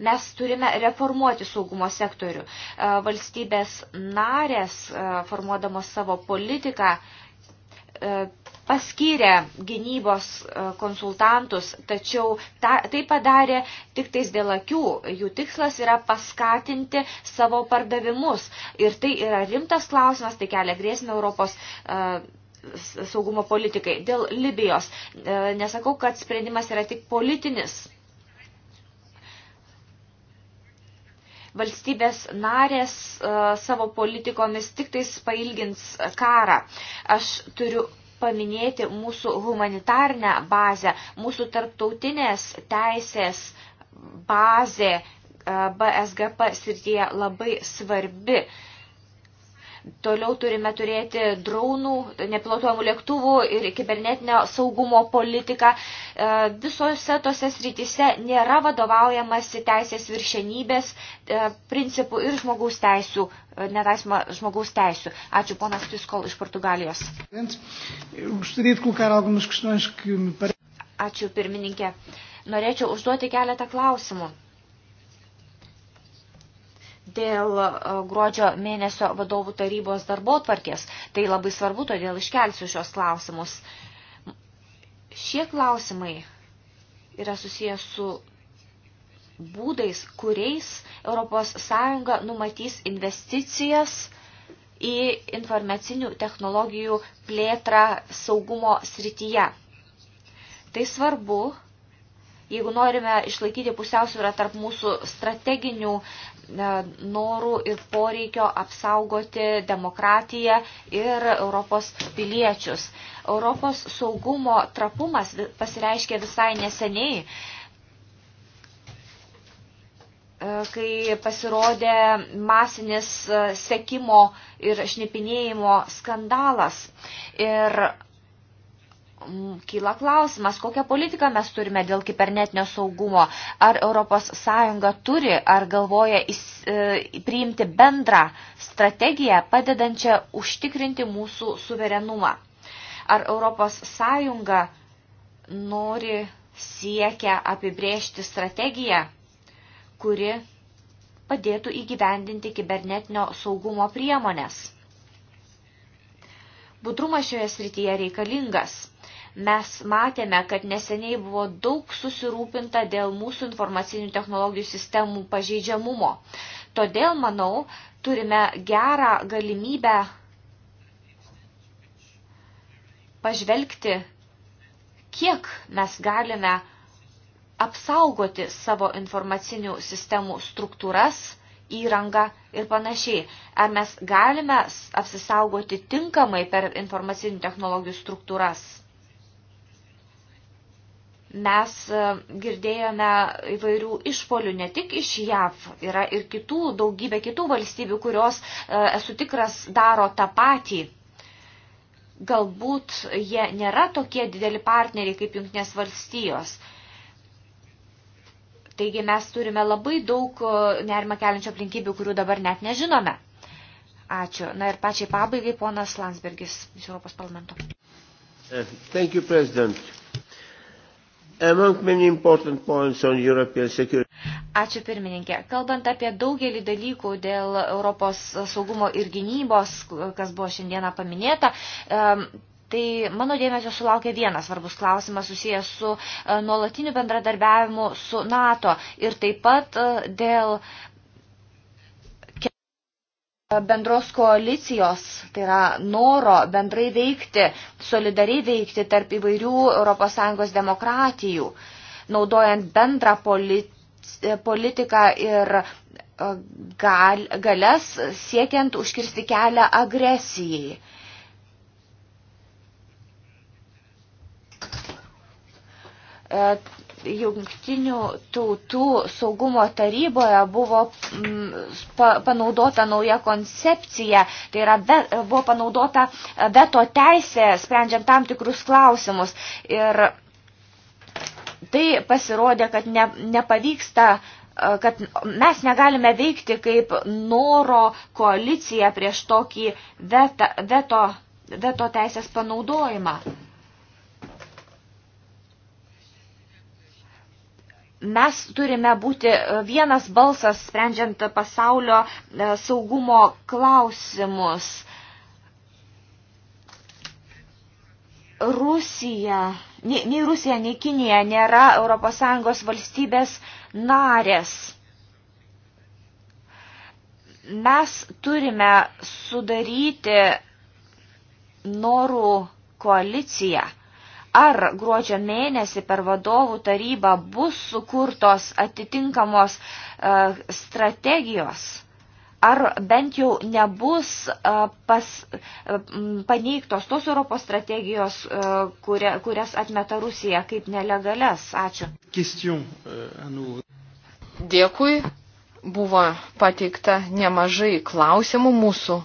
Mes turime reformuoti saugumo sektorių. E, valstybės narės, e, formuodamos savo politiką, e, paskyrė gynybos konsultantus, tačiau ta, tai padarė tik tais dėl akių. Jų tikslas yra paskatinti savo pardavimus. Ir tai yra rimtas klausimas, tai kelia grėsmę Europos. Uh, saugumo politikai. Dėl Libijos. Nesakau, kad sprendimas yra tik politinis. valstybės narės e, savo politikomis tik tais pailgins karą. Aš turiu paminėti mūsų humanitarnę bazę, mūsų tarptautinės teisės bazė e, BSGP srityje labai svarbi. Toliau turime turėti dronų, nepilotuojamų lėktuvų ir kibernetinio saugumo politiką. E, visose tose srityse nėra vadovaujamasi teisės viršenybės e, principų ir žmogaus teisų, e, netaisma žmogaus teisų. Ačiū ponas Piskol iš Portugalijos. Ačiū pirmininkė. Norėčiau užduoti keletą klausimų dėl e, gruodžio mėnesio vadovų tarybos darbo tvarkės. Tai labai svarbu, todėl iškelsiu šios klausimus. Šie klausimai yra susijęs su būdais, kuriais ES numatys investicijas į informacinių technologijų plėtrą saugumo srityje. Tai svarbu, jeigu norime išlaikyti pusiausvyrą tarp mūsų strateginių e, norų ir poreikio apsaugoti demokratiją ir Europos piliečius. Europos saugumo trapumas pasireiškia visai neseniai, e, kai pasirodė masinis e, sekimo ir šnipinėjimo skandalas. Ir Mm, kyla klausimas, kokią politiką mes turime dėl kibernetinio saugumo. Ar ES turi, ar galvoja įs, e, priimti bendrą strategiją, padedančią užtikrinti mūsų suverenumą. Ar ES nori siekia apibrėžti strategiją, kuri padėtų įgyvendinti kibernetinio saugumo priemonės. Budrumas šioje srityje reikalingas Mes matėme, kad neseniai buvo daug susirūpinta dėl mūsų informacinių technologijų sistemų pažeidžiamumo. Todėl, manau, turime gerą galimybę pažvelgti, kiek mes galime apsaugoti savo informacinių sistemų struktūras, įrangą ir panašiai. Ar mes galime apsisaugoti tinkamai per informacinių technologijų struktūras? Mes e, girdėjome įvairių išpolių ne tik iš JAV, yra ir kitų, daugybė kitų valstybių, kurios, e, esu tikras, daro tą patį galbūt jie nėra tokie dideli partneriai kaip Junktinės valstijos. Taigi mes turime labai daug e, nerima keliančių aplinkybių, kurių dabar net nežinome. Ačiū. Na ir pačiai pabaigai ponas Landsbergis iš Europos parlamento. Thank you, President. Ačiū pirmininkė. Kalbant apie daugelį dalykų dėl Europos saugumo ir gynybos, kas buvo šiandieną paminėta, tai mano dėmesio sulaukė vienas svarbus klausimas susijęs su e, nuolatiniu bendradarbiavimu su NATO ir taip pat e, dėl bendros koalicijos, tai yra noro bendrai veikti, solidariai veikti tarp įvairių ES demokratijų, naudojant bendrą politiką ir e, gal, galės siekiant užkirsti kelią agresijai. E, jungtinių tautų saugumo taryboje buvo mm, panaudota nauja koncepcija, tai yra be, buvo panaudota veto teisė, sprendžiant tam tikrus klausimus. Ir tai pasirodė, kad ne, nepavyksta e, kad mes negalime veikti kaip noro koalicija prieš tokį veto, veto, veto teisės panaudojimą. Mes turime būti e, vienas balsas sprendžiant pasaulio e, saugumo klausimus. Rusija, nei, nei Rusija, nei Kinija nėra ES valstybės narės. Mes turime sudaryti norų koaliciją ar gruodžio mėnesį per vadovų tarybą bus sukurtos atitinkamos uh, strategijos, ar bent jau nebus uh, pas, uh, paneigtos tos Europos strategijos, uh, kuria, kurias atmeta Rusija kaip nelegales. Ačiū. Question, uh, Dėkui. Buvo pateikta nemažai klausimų mūsų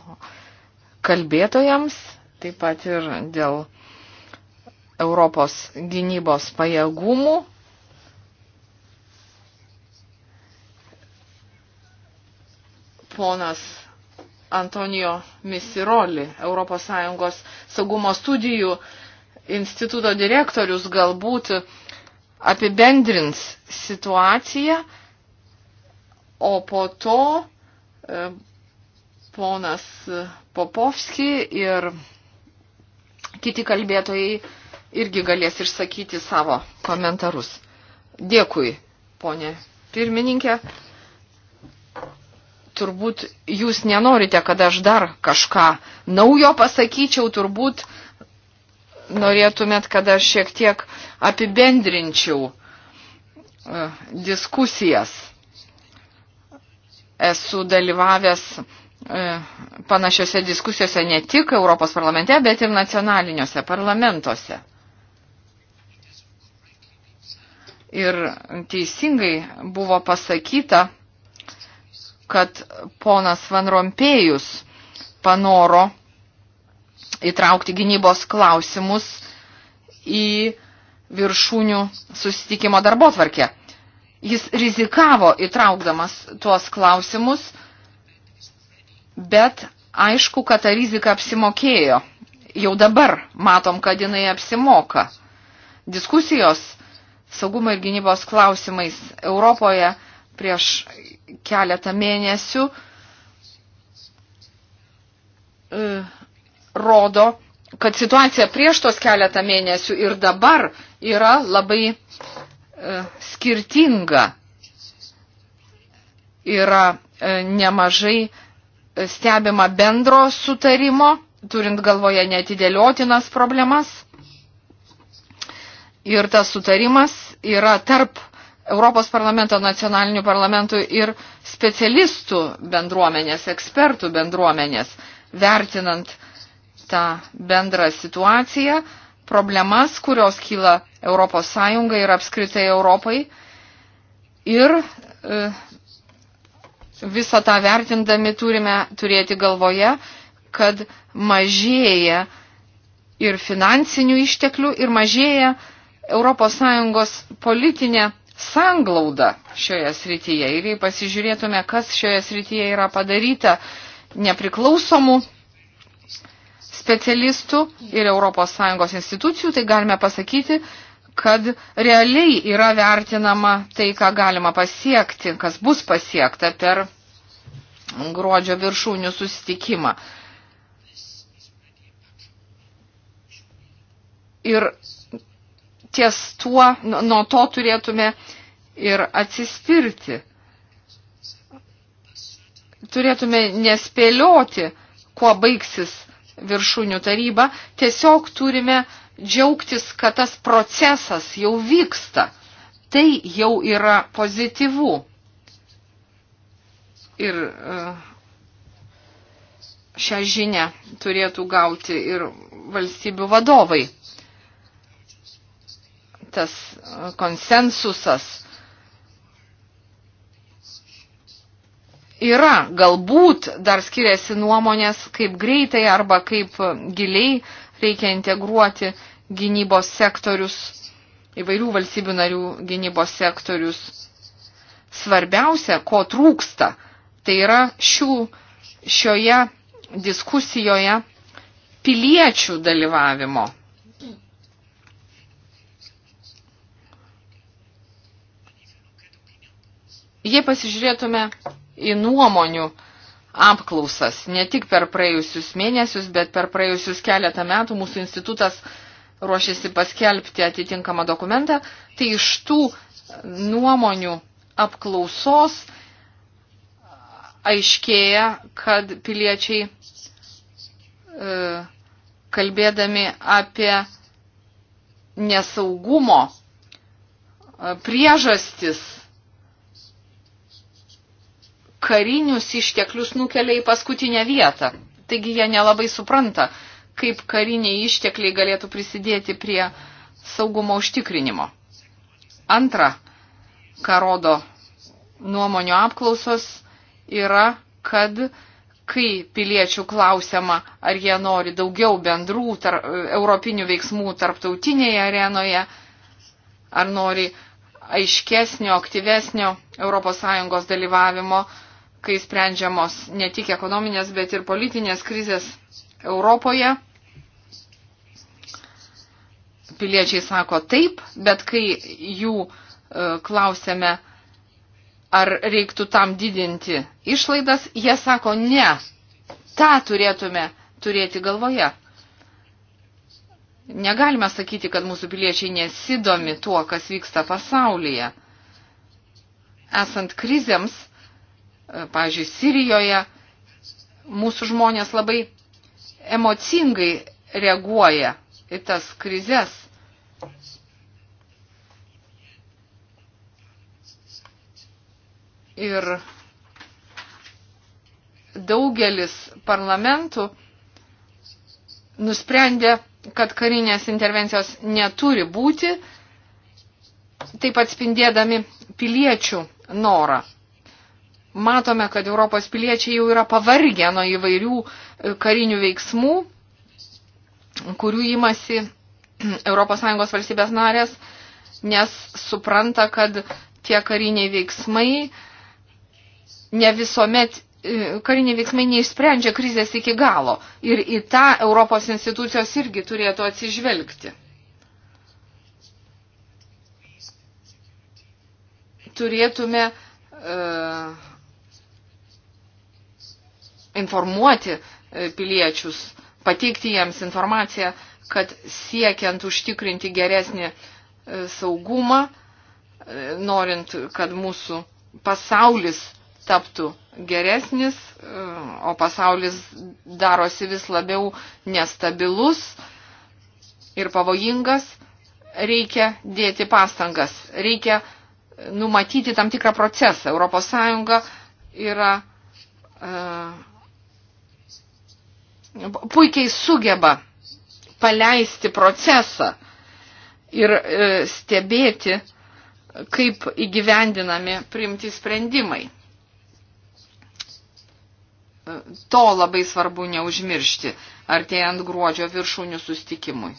kalbėtojams, taip pat ir dėl Europos gynybos pajėgumų. Ponas Antonijo Misiroli, ES saugumo studijų instituto direktorius, galbūt apibendrins situaciją, o po to e, ponas Popovski ir kiti kalbėtojai irgi galės išsakyti savo komentarus. Dėkui, ponė pirmininkė. Turbūt jūs nenorite, kad aš dar kažką naujo pasakyčiau, turbūt norėtumėt, kad aš šiek tiek apibendrinčiau e, diskusijas. Esu dalyvavęs e, panašiose diskusijose ne tik Europos parlamente, bet ir nacionaliniuose parlamentuose. ir teisingai buvo pasakyta, kad ponas Van Rompėjus panoro įtraukti gynybos klausimus į viršūnių susitikimo darbo tvarkę. Jis rizikavo įtraukdamas tuos klausimus, bet aišku, kad ta rizika apsimokėjo. Jau dabar matom, kad jinai apsimoka. Diskusijos saugumo ir gynybos klausimais Europoje prieš keletą mėnesių e, rodo, kad situacija prieš tos keletą mėnesių ir dabar yra labai e, skirtinga. Yra e, nemažai stebima bendro sutarimo, turint galvoje netidėliotinas problemas. Ir tas sutarimas yra tarp Europos parlamento, nacionalinių parlamentų ir specialistų bendruomenės, ekspertų bendruomenės, vertinant tą bendrą situaciją, problemas, kurios kyla Europos Sąjungai ir apskritai Europai. Ir e, visą tą vertindami turime turėti galvoje, kad mažėja ir finansinių išteklių, ir mažėja e, ES politinę sanglaudą šioje srityje. Ir jei pasižiūrėtume, kas šioje srityje yra padaryta nepriklausomų specialistų ir ES institucijų, tai galime pasakyti, kad realiai yra vertinama tai, ką galima pasiekti, kas bus pasiekta per gruodžio viršūnių susitikimą. Ir ties tuo, nuo to turėtume ir atsispirti. Turėtume nespėlioti, kuo baigsis viršūnių taryba, tiesiog turime džiaugtis, kad tas procesas jau vyksta. Tai jau yra pozityvu. Ir e, šią žinę turėtų gauti ir valstybių vadovai tas konsensusas yra. Galbūt dar skiriasi nuomonės, kaip greitai arba kaip giliai reikia integruoti gynybos sektorius, įvairių valstybių narių gynybos sektorius. Svarbiausia, ko trūksta, tai yra šių, šioje diskusijoje piliečių dalyvavimo. Jei pasižiūrėtume į nuomonių apklausas, ne tik per praėjusius mėnesius, bet per praėjusius keletą metų mūsų institutas ruošiasi paskelbti atitinkamą dokumentą, tai iš tų nuomonių apklausos aiškėja, kad piliečiai e, kalbėdami apie nesaugumo e, priežastis karinius išteklius nukelia į paskutinę vietą. Taigi jie nelabai supranta, kaip kariniai ištekliai galėtų prisidėti prie saugumo užtikrinimo. Antra, ką rodo nuomonių apklausos, yra, kad kai piliečių klausiama, ar jie nori daugiau bendrų tar, europinių veiksmų tarptautinėje arenoje, ar nori aiškesnio, aktyvesnio ES dalyvavimo, kai sprendžiamos ne tik ekonominės, bet ir politinės krizės Europoje. Piliečiai sako taip, bet kai jų e, klausėme, ar reiktų tam didinti išlaidas, jie sako ne. Ta turėtume turėti galvoje. Negalime sakyti, kad mūsų piliečiai nesidomi tuo, kas vyksta pasaulyje. Esant krizėms, E, pažiūrėjau, Sirijoje mūsų žmonės labai emocingai reaguoja į tas krizės. Ir daugelis parlamentų nusprendė, kad karinės intervencijos neturi būti, taip atspindėdami piliečių norą. Matome, kad Europos piliečiai jau yra pavargę nuo įvairių e, karinių veiksmų, kurių įmasi ES valstybės narės, nes supranta, kad tie kariniai veiksmai ne visuomet e, kariniai veiksmai neišsprendžia krizės iki galo. Ir į tą Europos institucijos irgi turėtų atsižvelgti. Turėtume uh, informuoti e, piliečius, pateikti jiems informaciją, kad siekiant užtikrinti geresnį e, saugumą, e, norint, kad mūsų pasaulis taptų geresnis, o pasaulis darosi vis labiau nestabilus ir pavojingas, reikia dėti pastangas, reikia numatyti tam tikrą procesą. Europos Sąjunga yra uh, puikiai sugeba paleisti procesą ir e, stebėti, kaip įgyvendinami priimti sprendimai. To labai svarbu neužmiršti, artėjant gruodžio viršūnių sustikimui.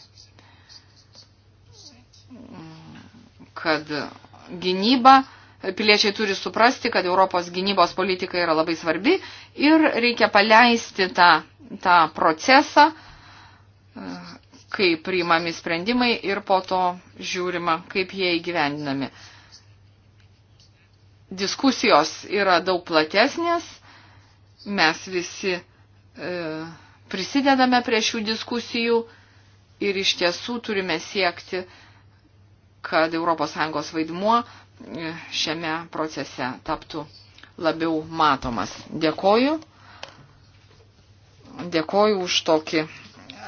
Kad gynyba Piliečiai turi suprasti, kad Europos gynybos politika yra labai svarbi ir reikia paleisti tą, tą procesą, e, kai priimami sprendimai ir po to žiūrima, kaip jie įgyvendinami. Diskusijos yra daug platesnės, mes visi e, prisidedame prie šių diskusijų ir iš tiesų turime siekti kad ES vaidmuo e, šiame procese taptų labiau matomas. Dėkoju. Dėkoju už tokį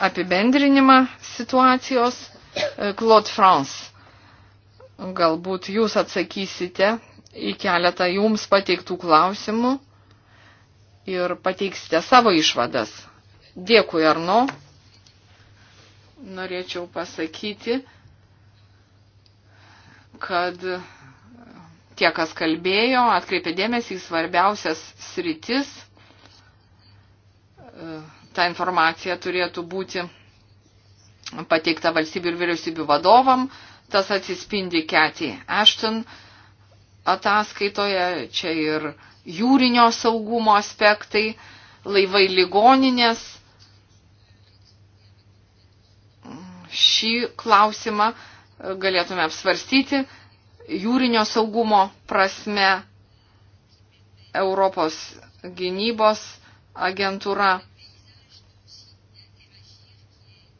apibendrinimą situacijos. E, Claude France, galbūt jūs atsakysite į keletą jums pateiktų klausimų ir pateiksite savo išvadas. Dėkui, Arno. Norėčiau pasakyti, kad tie, kas kalbėjo, atkreipė dėmesį į svarbiausias sritis. Ta informacija turėtų būti pateikta valstybių ir vyriausybių vadovam. Tas atsispindi Keti Ashton ataskaitoje. Čia ir jūrinio saugumo aspektai, laivai ligoninės. Šį klausimą galėtume apsvarstyti jūrinio saugumo prasme Europos gynybos agentūra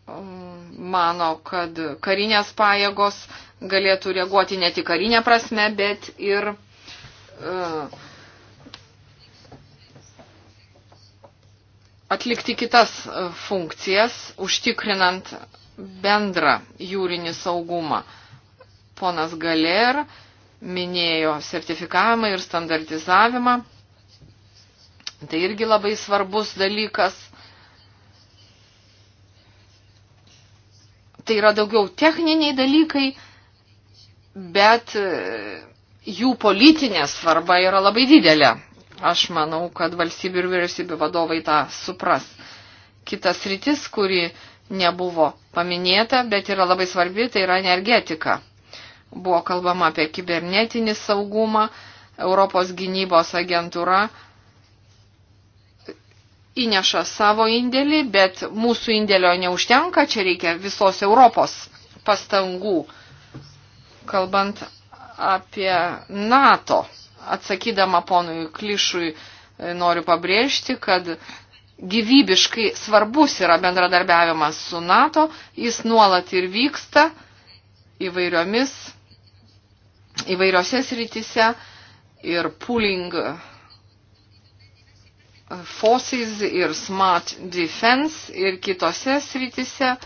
um, mano, kad karinės pajėgos galėtų reaguoti ne tik karinę prasme, bet ir uh, atlikti kitas funkcijas, užtikrinant bendrą jūrinį saugumą. Ponas Galer minėjo sertifikavimą ir standartizavimą. Tai irgi labai svarbus dalykas. Tai yra daugiau techniniai dalykai, bet e, jų politinė svarba yra labai didelė. Aš manau, kad valstybių ir vyriausybių vadovai tą supras. Kitas rytis, kurį nebuvo paminėta, bet yra labai svarbi, tai yra energetika. Buvo kalbama apie kibernetinį saugumą, Europos gynybos agentūra įneša savo indėlį, bet mūsų indėlio neužtenka, čia reikia visos Europos pastangų, kalbant apie NATO. Atsakydama ponui Klišui noriu pabrėžti, kad gyvybiškai svarbus yra bendradarbiavimas su NATO, jis nuolat ir vyksta įvairiomis, įvairiose srityse ir pooling uh, forces ir smart defense ir kitose srityse.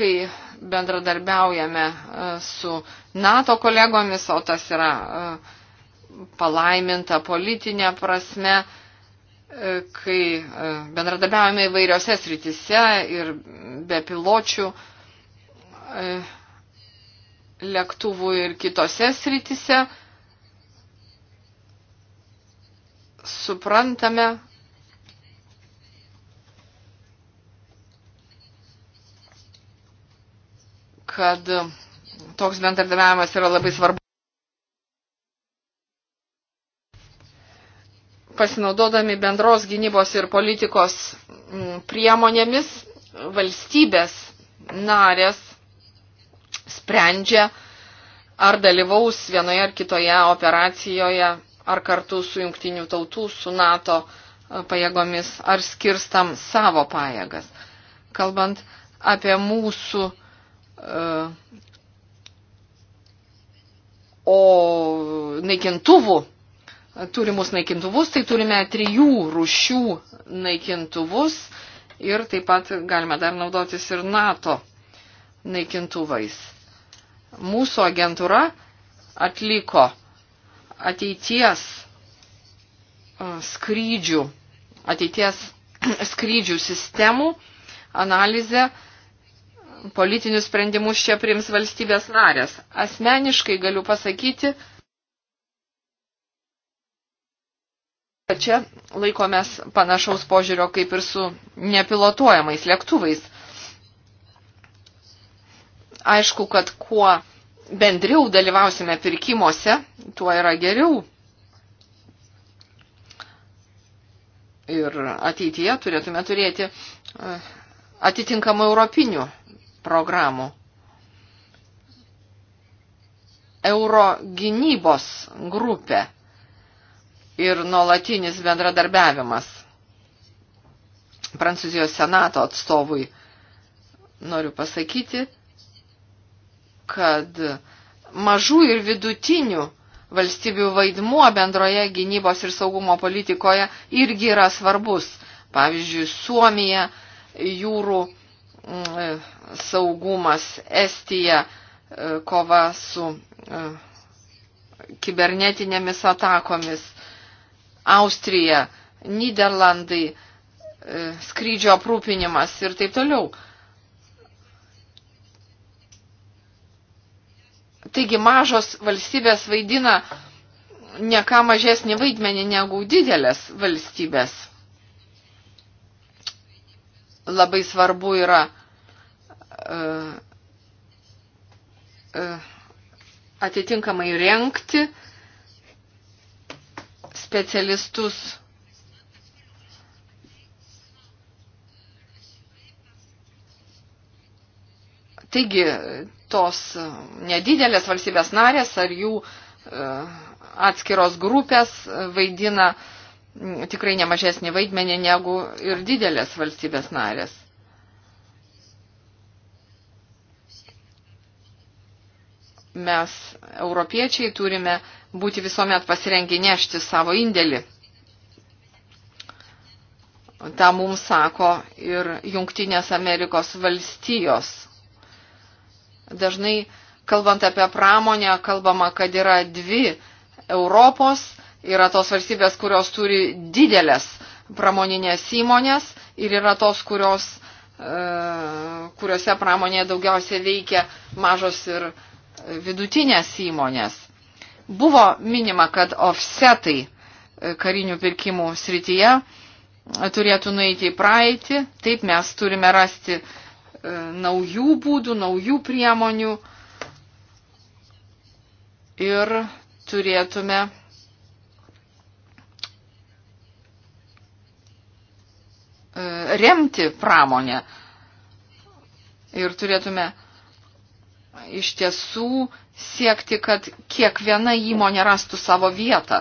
kai bendradarbiaujame e, su NATO kolegomis, o tas yra e, palaiminta politinė prasme, e, kai bendradarbiaujame įvairiose sritise ir be piločių lėktuvų ir kitose sritise, suprantame, kad toks bendradarbiavimas yra labai svarbu. Pasinaudodami bendros gynybos ir politikos mm, priemonėmis valstybės narės sprendžia, ar dalyvaus vienoje ar kitoje operacijoje, ar kartu su jungtinių tautų, su NATO e, pajėgomis, ar skirstam savo pajėgas. Kalbant apie mūsų uh, O naikintuvų, turimus naikintuvus, tai turime trijų rušių naikintuvus ir taip pat galime dar naudotis ir NATO naikintuvais. Mūsų agentūra atliko ateities e, skrydžių, ateities skrydžių sistemų analizę politinius sprendimus čia priims valstybės narės. Asmeniškai galiu pasakyti, kad čia laikomės panašaus požiūrio kaip ir su nepilotuojamais lėktuvais. Aišku, kad kuo bendriau dalyvausime pirkimuose, tuo yra geriau. Ir ateityje turėtume turėti e, atitinkamų europinių programų. Euro gynybos grupė ir nuolatinis bendradarbiavimas. Prancūzijos senato atstovui noriu pasakyti, kad mažų ir vidutinių valstybių vaidmuo bendroje gynybos ir saugumo politikoje irgi yra svarbus. Pavyzdžiui, Suomija jūrų E, saugumas, Estija, e, kova su e, kibernetinėmis atakomis, Austrija, Niderlandai, skrydžio aprūpinimas ir taip toliau. Taigi mažos valstybės vaidina ne ką mažesnį vaidmenį negu didelės valstybės labai svarbu yra e, e, atitinkamai renkti specialistus Taigi tos nedidelės valstybės narės ar jų e, atskiros grupės vaidina uh, tikrai nemažesnį vaidmenį negu ir didelės valstybės narės. Mes, europiečiai, turime būti visuomet pasirengę nešti savo indėlį. Ta mums sako ir Jungtinės Amerikos valstijos. Dažnai, kalbant apie pramonę, kalbama, kad yra dvi Europos – Yra tos valstybės, kurios turi didelės pramoninės įmonės ir yra tos, kurios, e, kuriuose pramonėje daugiausia veikia mažos ir e, vidutinės įmonės. Buvo minima, kad offsetai e, karinių pirkimų srityje turėtų nueiti į praeitį. Taip mes turime rasti naujų būdų, naujų priemonių ir turėtume E, remti pramonę. Ir turėtume iš tiesų siekti, kad kiekviena įmonė rastų savo vietą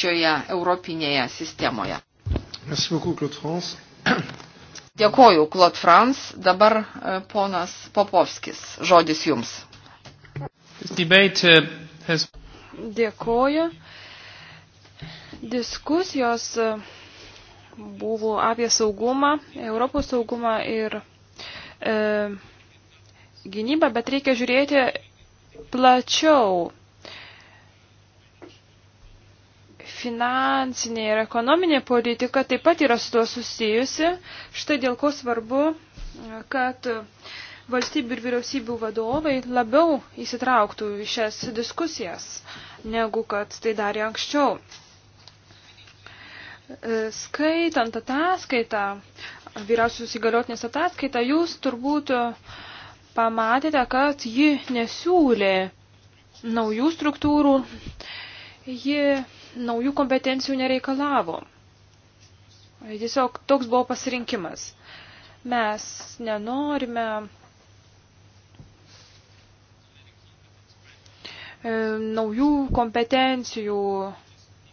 šioje europinėje sistemoje. Merci beaucoup, Claude France. Dėkoju, Claude France. Dabar e, ponas Popovskis. Žodis jums. Uh, Dėkoju. Diskusijos e, buvo apie saugumą, Europos saugumą ir e, gynybą, bet reikia žiūrėti plačiau. Finansinė ir ekonominė politika taip pat yra su tuo susijusi. Štai dėl ko svarbu, kad valstybių ir vyriausybių vadovai labiau įsitrauktų į šias diskusijas, negu kad tai darė anksčiau. E, skaitant ataskaitą, vyriausius įgaliotinės ataskaitą, jūs turbūt e, pamatėte, kad ji nesiūlė naujų struktūrų, ji naujų kompetencijų nereikalavo. Tiesiog toks buvo pasirinkimas. Mes nenorime e, naujų kompetencijų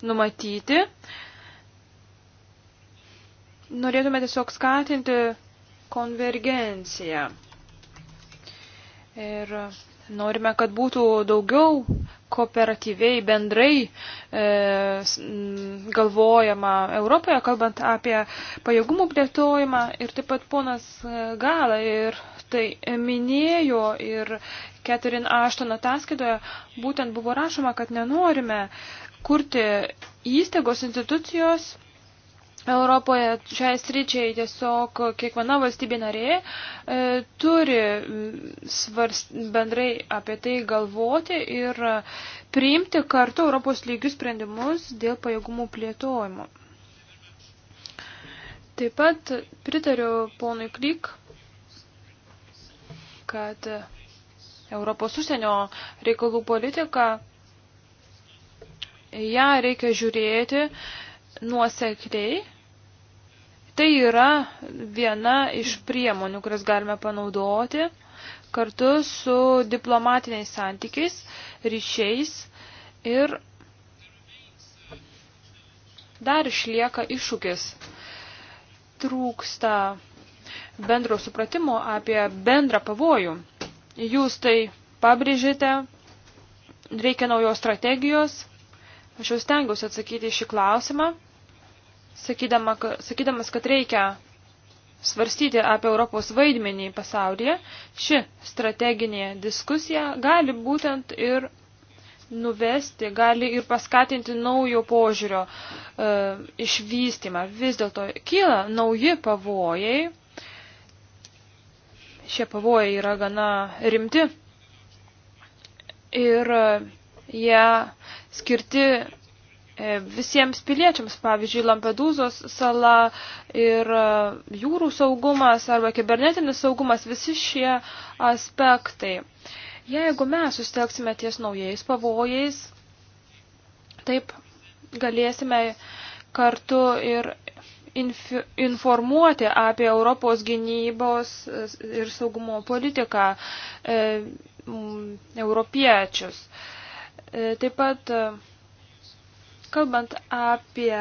numatyti, norėtume tiesiog skatinti konvergenciją. Ir norime, kad būtų daugiau kooperatyviai bendrai e, galvojama Europoje, kalbant apie pajėgumų plėtojimą ir taip pat ponas e, Gala ir tai minėjo ir Keterin Ašton ataskaitoje būtent buvo rašoma, kad nenorime kurti įstaigos institucijos Europoje šiai sričiai tiesiog kiekviena valstybė narė e, turi svarst, bendrai apie tai galvoti ir priimti kartu Europos lygių sprendimus dėl pajėgumų plėtojimo. Taip pat pritariu ponui Klyk, kad Europos užsienio reikalų politika, ją reikia žiūrėti nuosekliai Tai yra viena iš priemonių, kurias galime panaudoti kartu su diplomatiniais santykiais, ryšiais ir dar išlieka iššūkis. Trūksta bendro supratimo apie bendrą pavojų. Jūs tai pabrėžite, reikia naujos strategijos. Aš jau stengiuosi atsakyti šį klausimą sakydama, sakydamas, kad reikia svarstyti apie Europos vaidmenį pasaulyje, ši strateginė diskusija gali būtent ir nuvesti, gali ir paskatinti naujo požiūrio e, išvystymą. Vis dėlto kyla nauji pavojai. Šie pavojai yra gana rimti ir e, jie skirti E, visiems piliečiams, pavyzdžiui, Lampedūzos sala ir e, jūrų saugumas arba kibernetinis saugumas, visi šie aspektai. Jeigu mes sustelksime ties naujais pavojais, taip galėsime kartu ir informuoti apie Europos gynybos ir saugumo politiką e, europiečius. E, taip pat e, Kalbant apie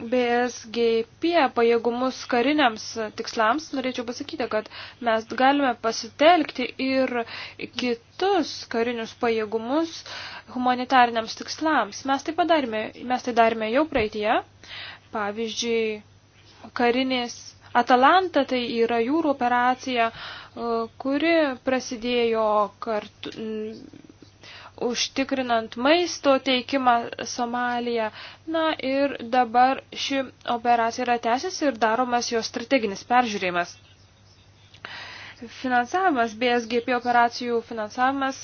BSGP pajėgumus kariniams tikslams, norėčiau pasakyti, kad mes galime pasitelkti ir kitus karinius pajėgumus humanitariniams tikslams. Mes tai padarėme, mes tai darėme jau praeitie. Pavyzdžiui, karinės Atalanta tai yra jūrų operacija, kuri prasidėjo kartu užtikrinant maisto teikimą Somalija. Na ir dabar ši operacija yra tęsiasi ir daromas jos strateginis peržiūrėjimas. Finansavimas, BSGP operacijų finansavimas,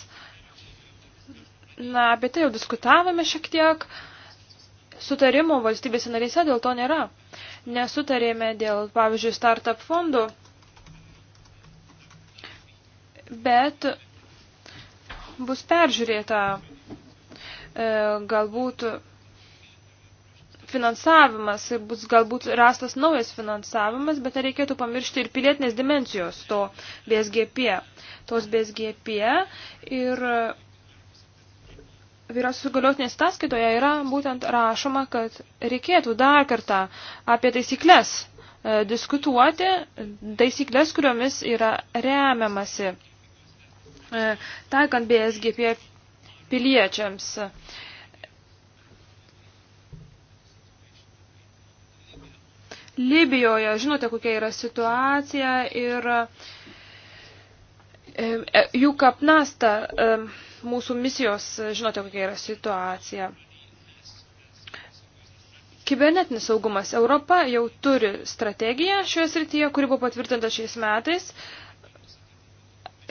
na, apie tai jau diskutavome šiek tiek, sutarimo valstybėse narėse dėl to nėra. Nesutarėme dėl, pavyzdžiui, startup fondų, bet bus peržiūrėta. E, galbūt finansavimas ir bus galbūt rastas naujas finansavimas, bet nereikėtų pamiršti ir pilietinės dimensijos to BSGP. Tos BSGP ir vyriausios galiotinės taskaitoje yra būtent rašoma, kad reikėtų dar kartą apie taisyklės e, diskutuoti, taisyklės, kuriomis yra remiamasi. E, taikant BSGP piliečiams. Libijoje, žinote, kokia yra situacija ir e, e, jų kapnasta mūsų misijos, žinote, kokia yra situacija. Kibernetinis saugumas. Europa jau turi strategiją šioje srityje, kuri buvo patvirtinta šiais metais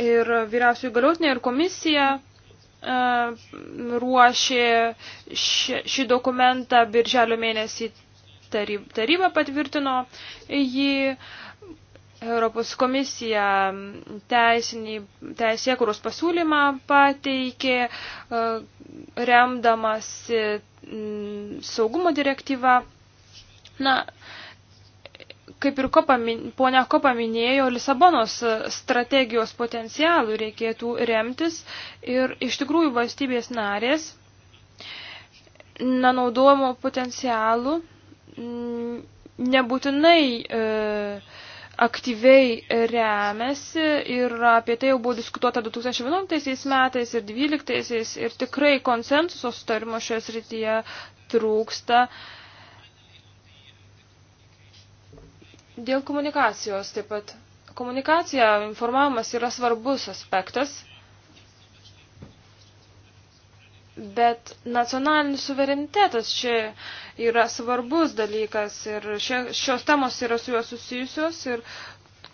ir vyriausių įgaliotinė ir komisija uh, ruošė šį, šį dokumentą birželio mėnesį taryb, taryba patvirtino jį. Europos komisija teisinį, teisėkurus pasiūlymą pateikė, uh, e, remdamas uh, saugumo direktyvą. Na, uh, kaip ir Kopa, ponia Kopa minėjo, Lisabonos strategijos potencialų reikėtų remtis ir iš tikrųjų valstybės narės nenaudojimo potencialų nebūtinai e, aktyviai remiasi ir apie tai jau buvo diskutuota 2011 metais ir 2012 ir tikrai konsensuso sutarimo šioje srityje trūksta. E, Dėl komunikacijos taip pat. Komunikacija, informavimas yra svarbus aspektas, bet nacionalinis suverenitetas čia yra svarbus dalykas ir šie, šios temos yra su juo susijusios ir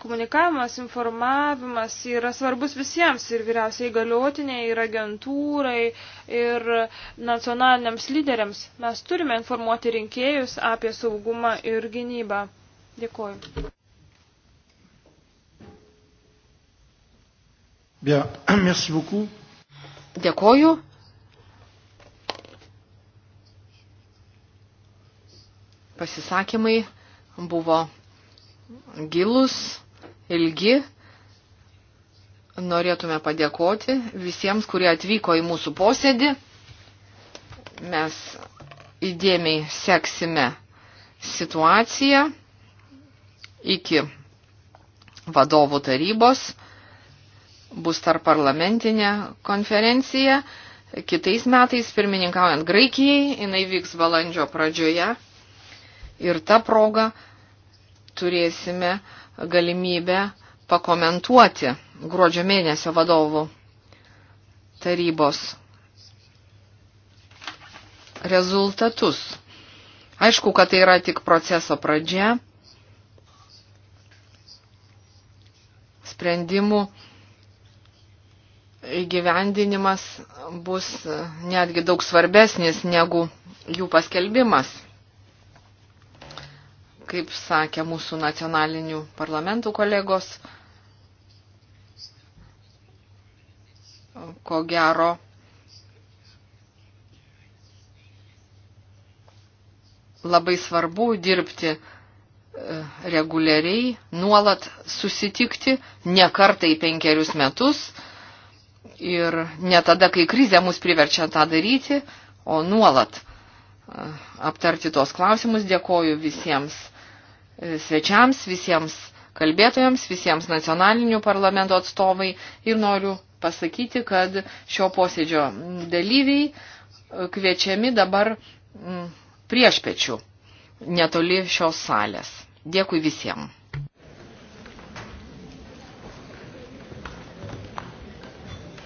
komunikavimas, informavimas yra svarbus visiems ir vyriausiai galiotiniai, ir agentūrai, ir nacionaliniams lyderiams. Mes turime informuoti rinkėjus apie saugumą ir gynybą. Dėkuoju. Bien, merci beaucoup. Dėkoju. Pasisakymai buvo gilus, ilgi. Norėtume padėkoti visiems, kurie atvyko į mūsų posėdį. Mes įdėmiai seksime situaciją iki vadovų tarybos bus tarp parlamentinė konferencija. Kitais metais, pirmininkaujant Graikijai, jinai vyks balandžio pradžioje. Ir tą progą turėsime galimybę pakomentuoti gruodžio mėnesio vadovų tarybos rezultatus. Aišku, kad tai yra tik proceso pradžia sprendimų įgyvendinimas bus netgi daug svarbesnis negu jų paskelbimas. Kaip sakė mūsų nacionalinių parlamentų kolegos, ko gero labai svarbu dirbti E, reguliariai, nuolat susitikti, ne kartai penkerius metus ir ne tada, kai krizė mus priverčia tą daryti, o nuolat e, aptarti tos klausimus. Dėkoju visiems e, svečiams, visiems kalbėtojams, visiems nacionalinių parlamento atstovai ir noriu pasakyti, kad šio posėdžio dalyviai kviečiami dabar priešpečių netoli šios salės. Dėkui visiems.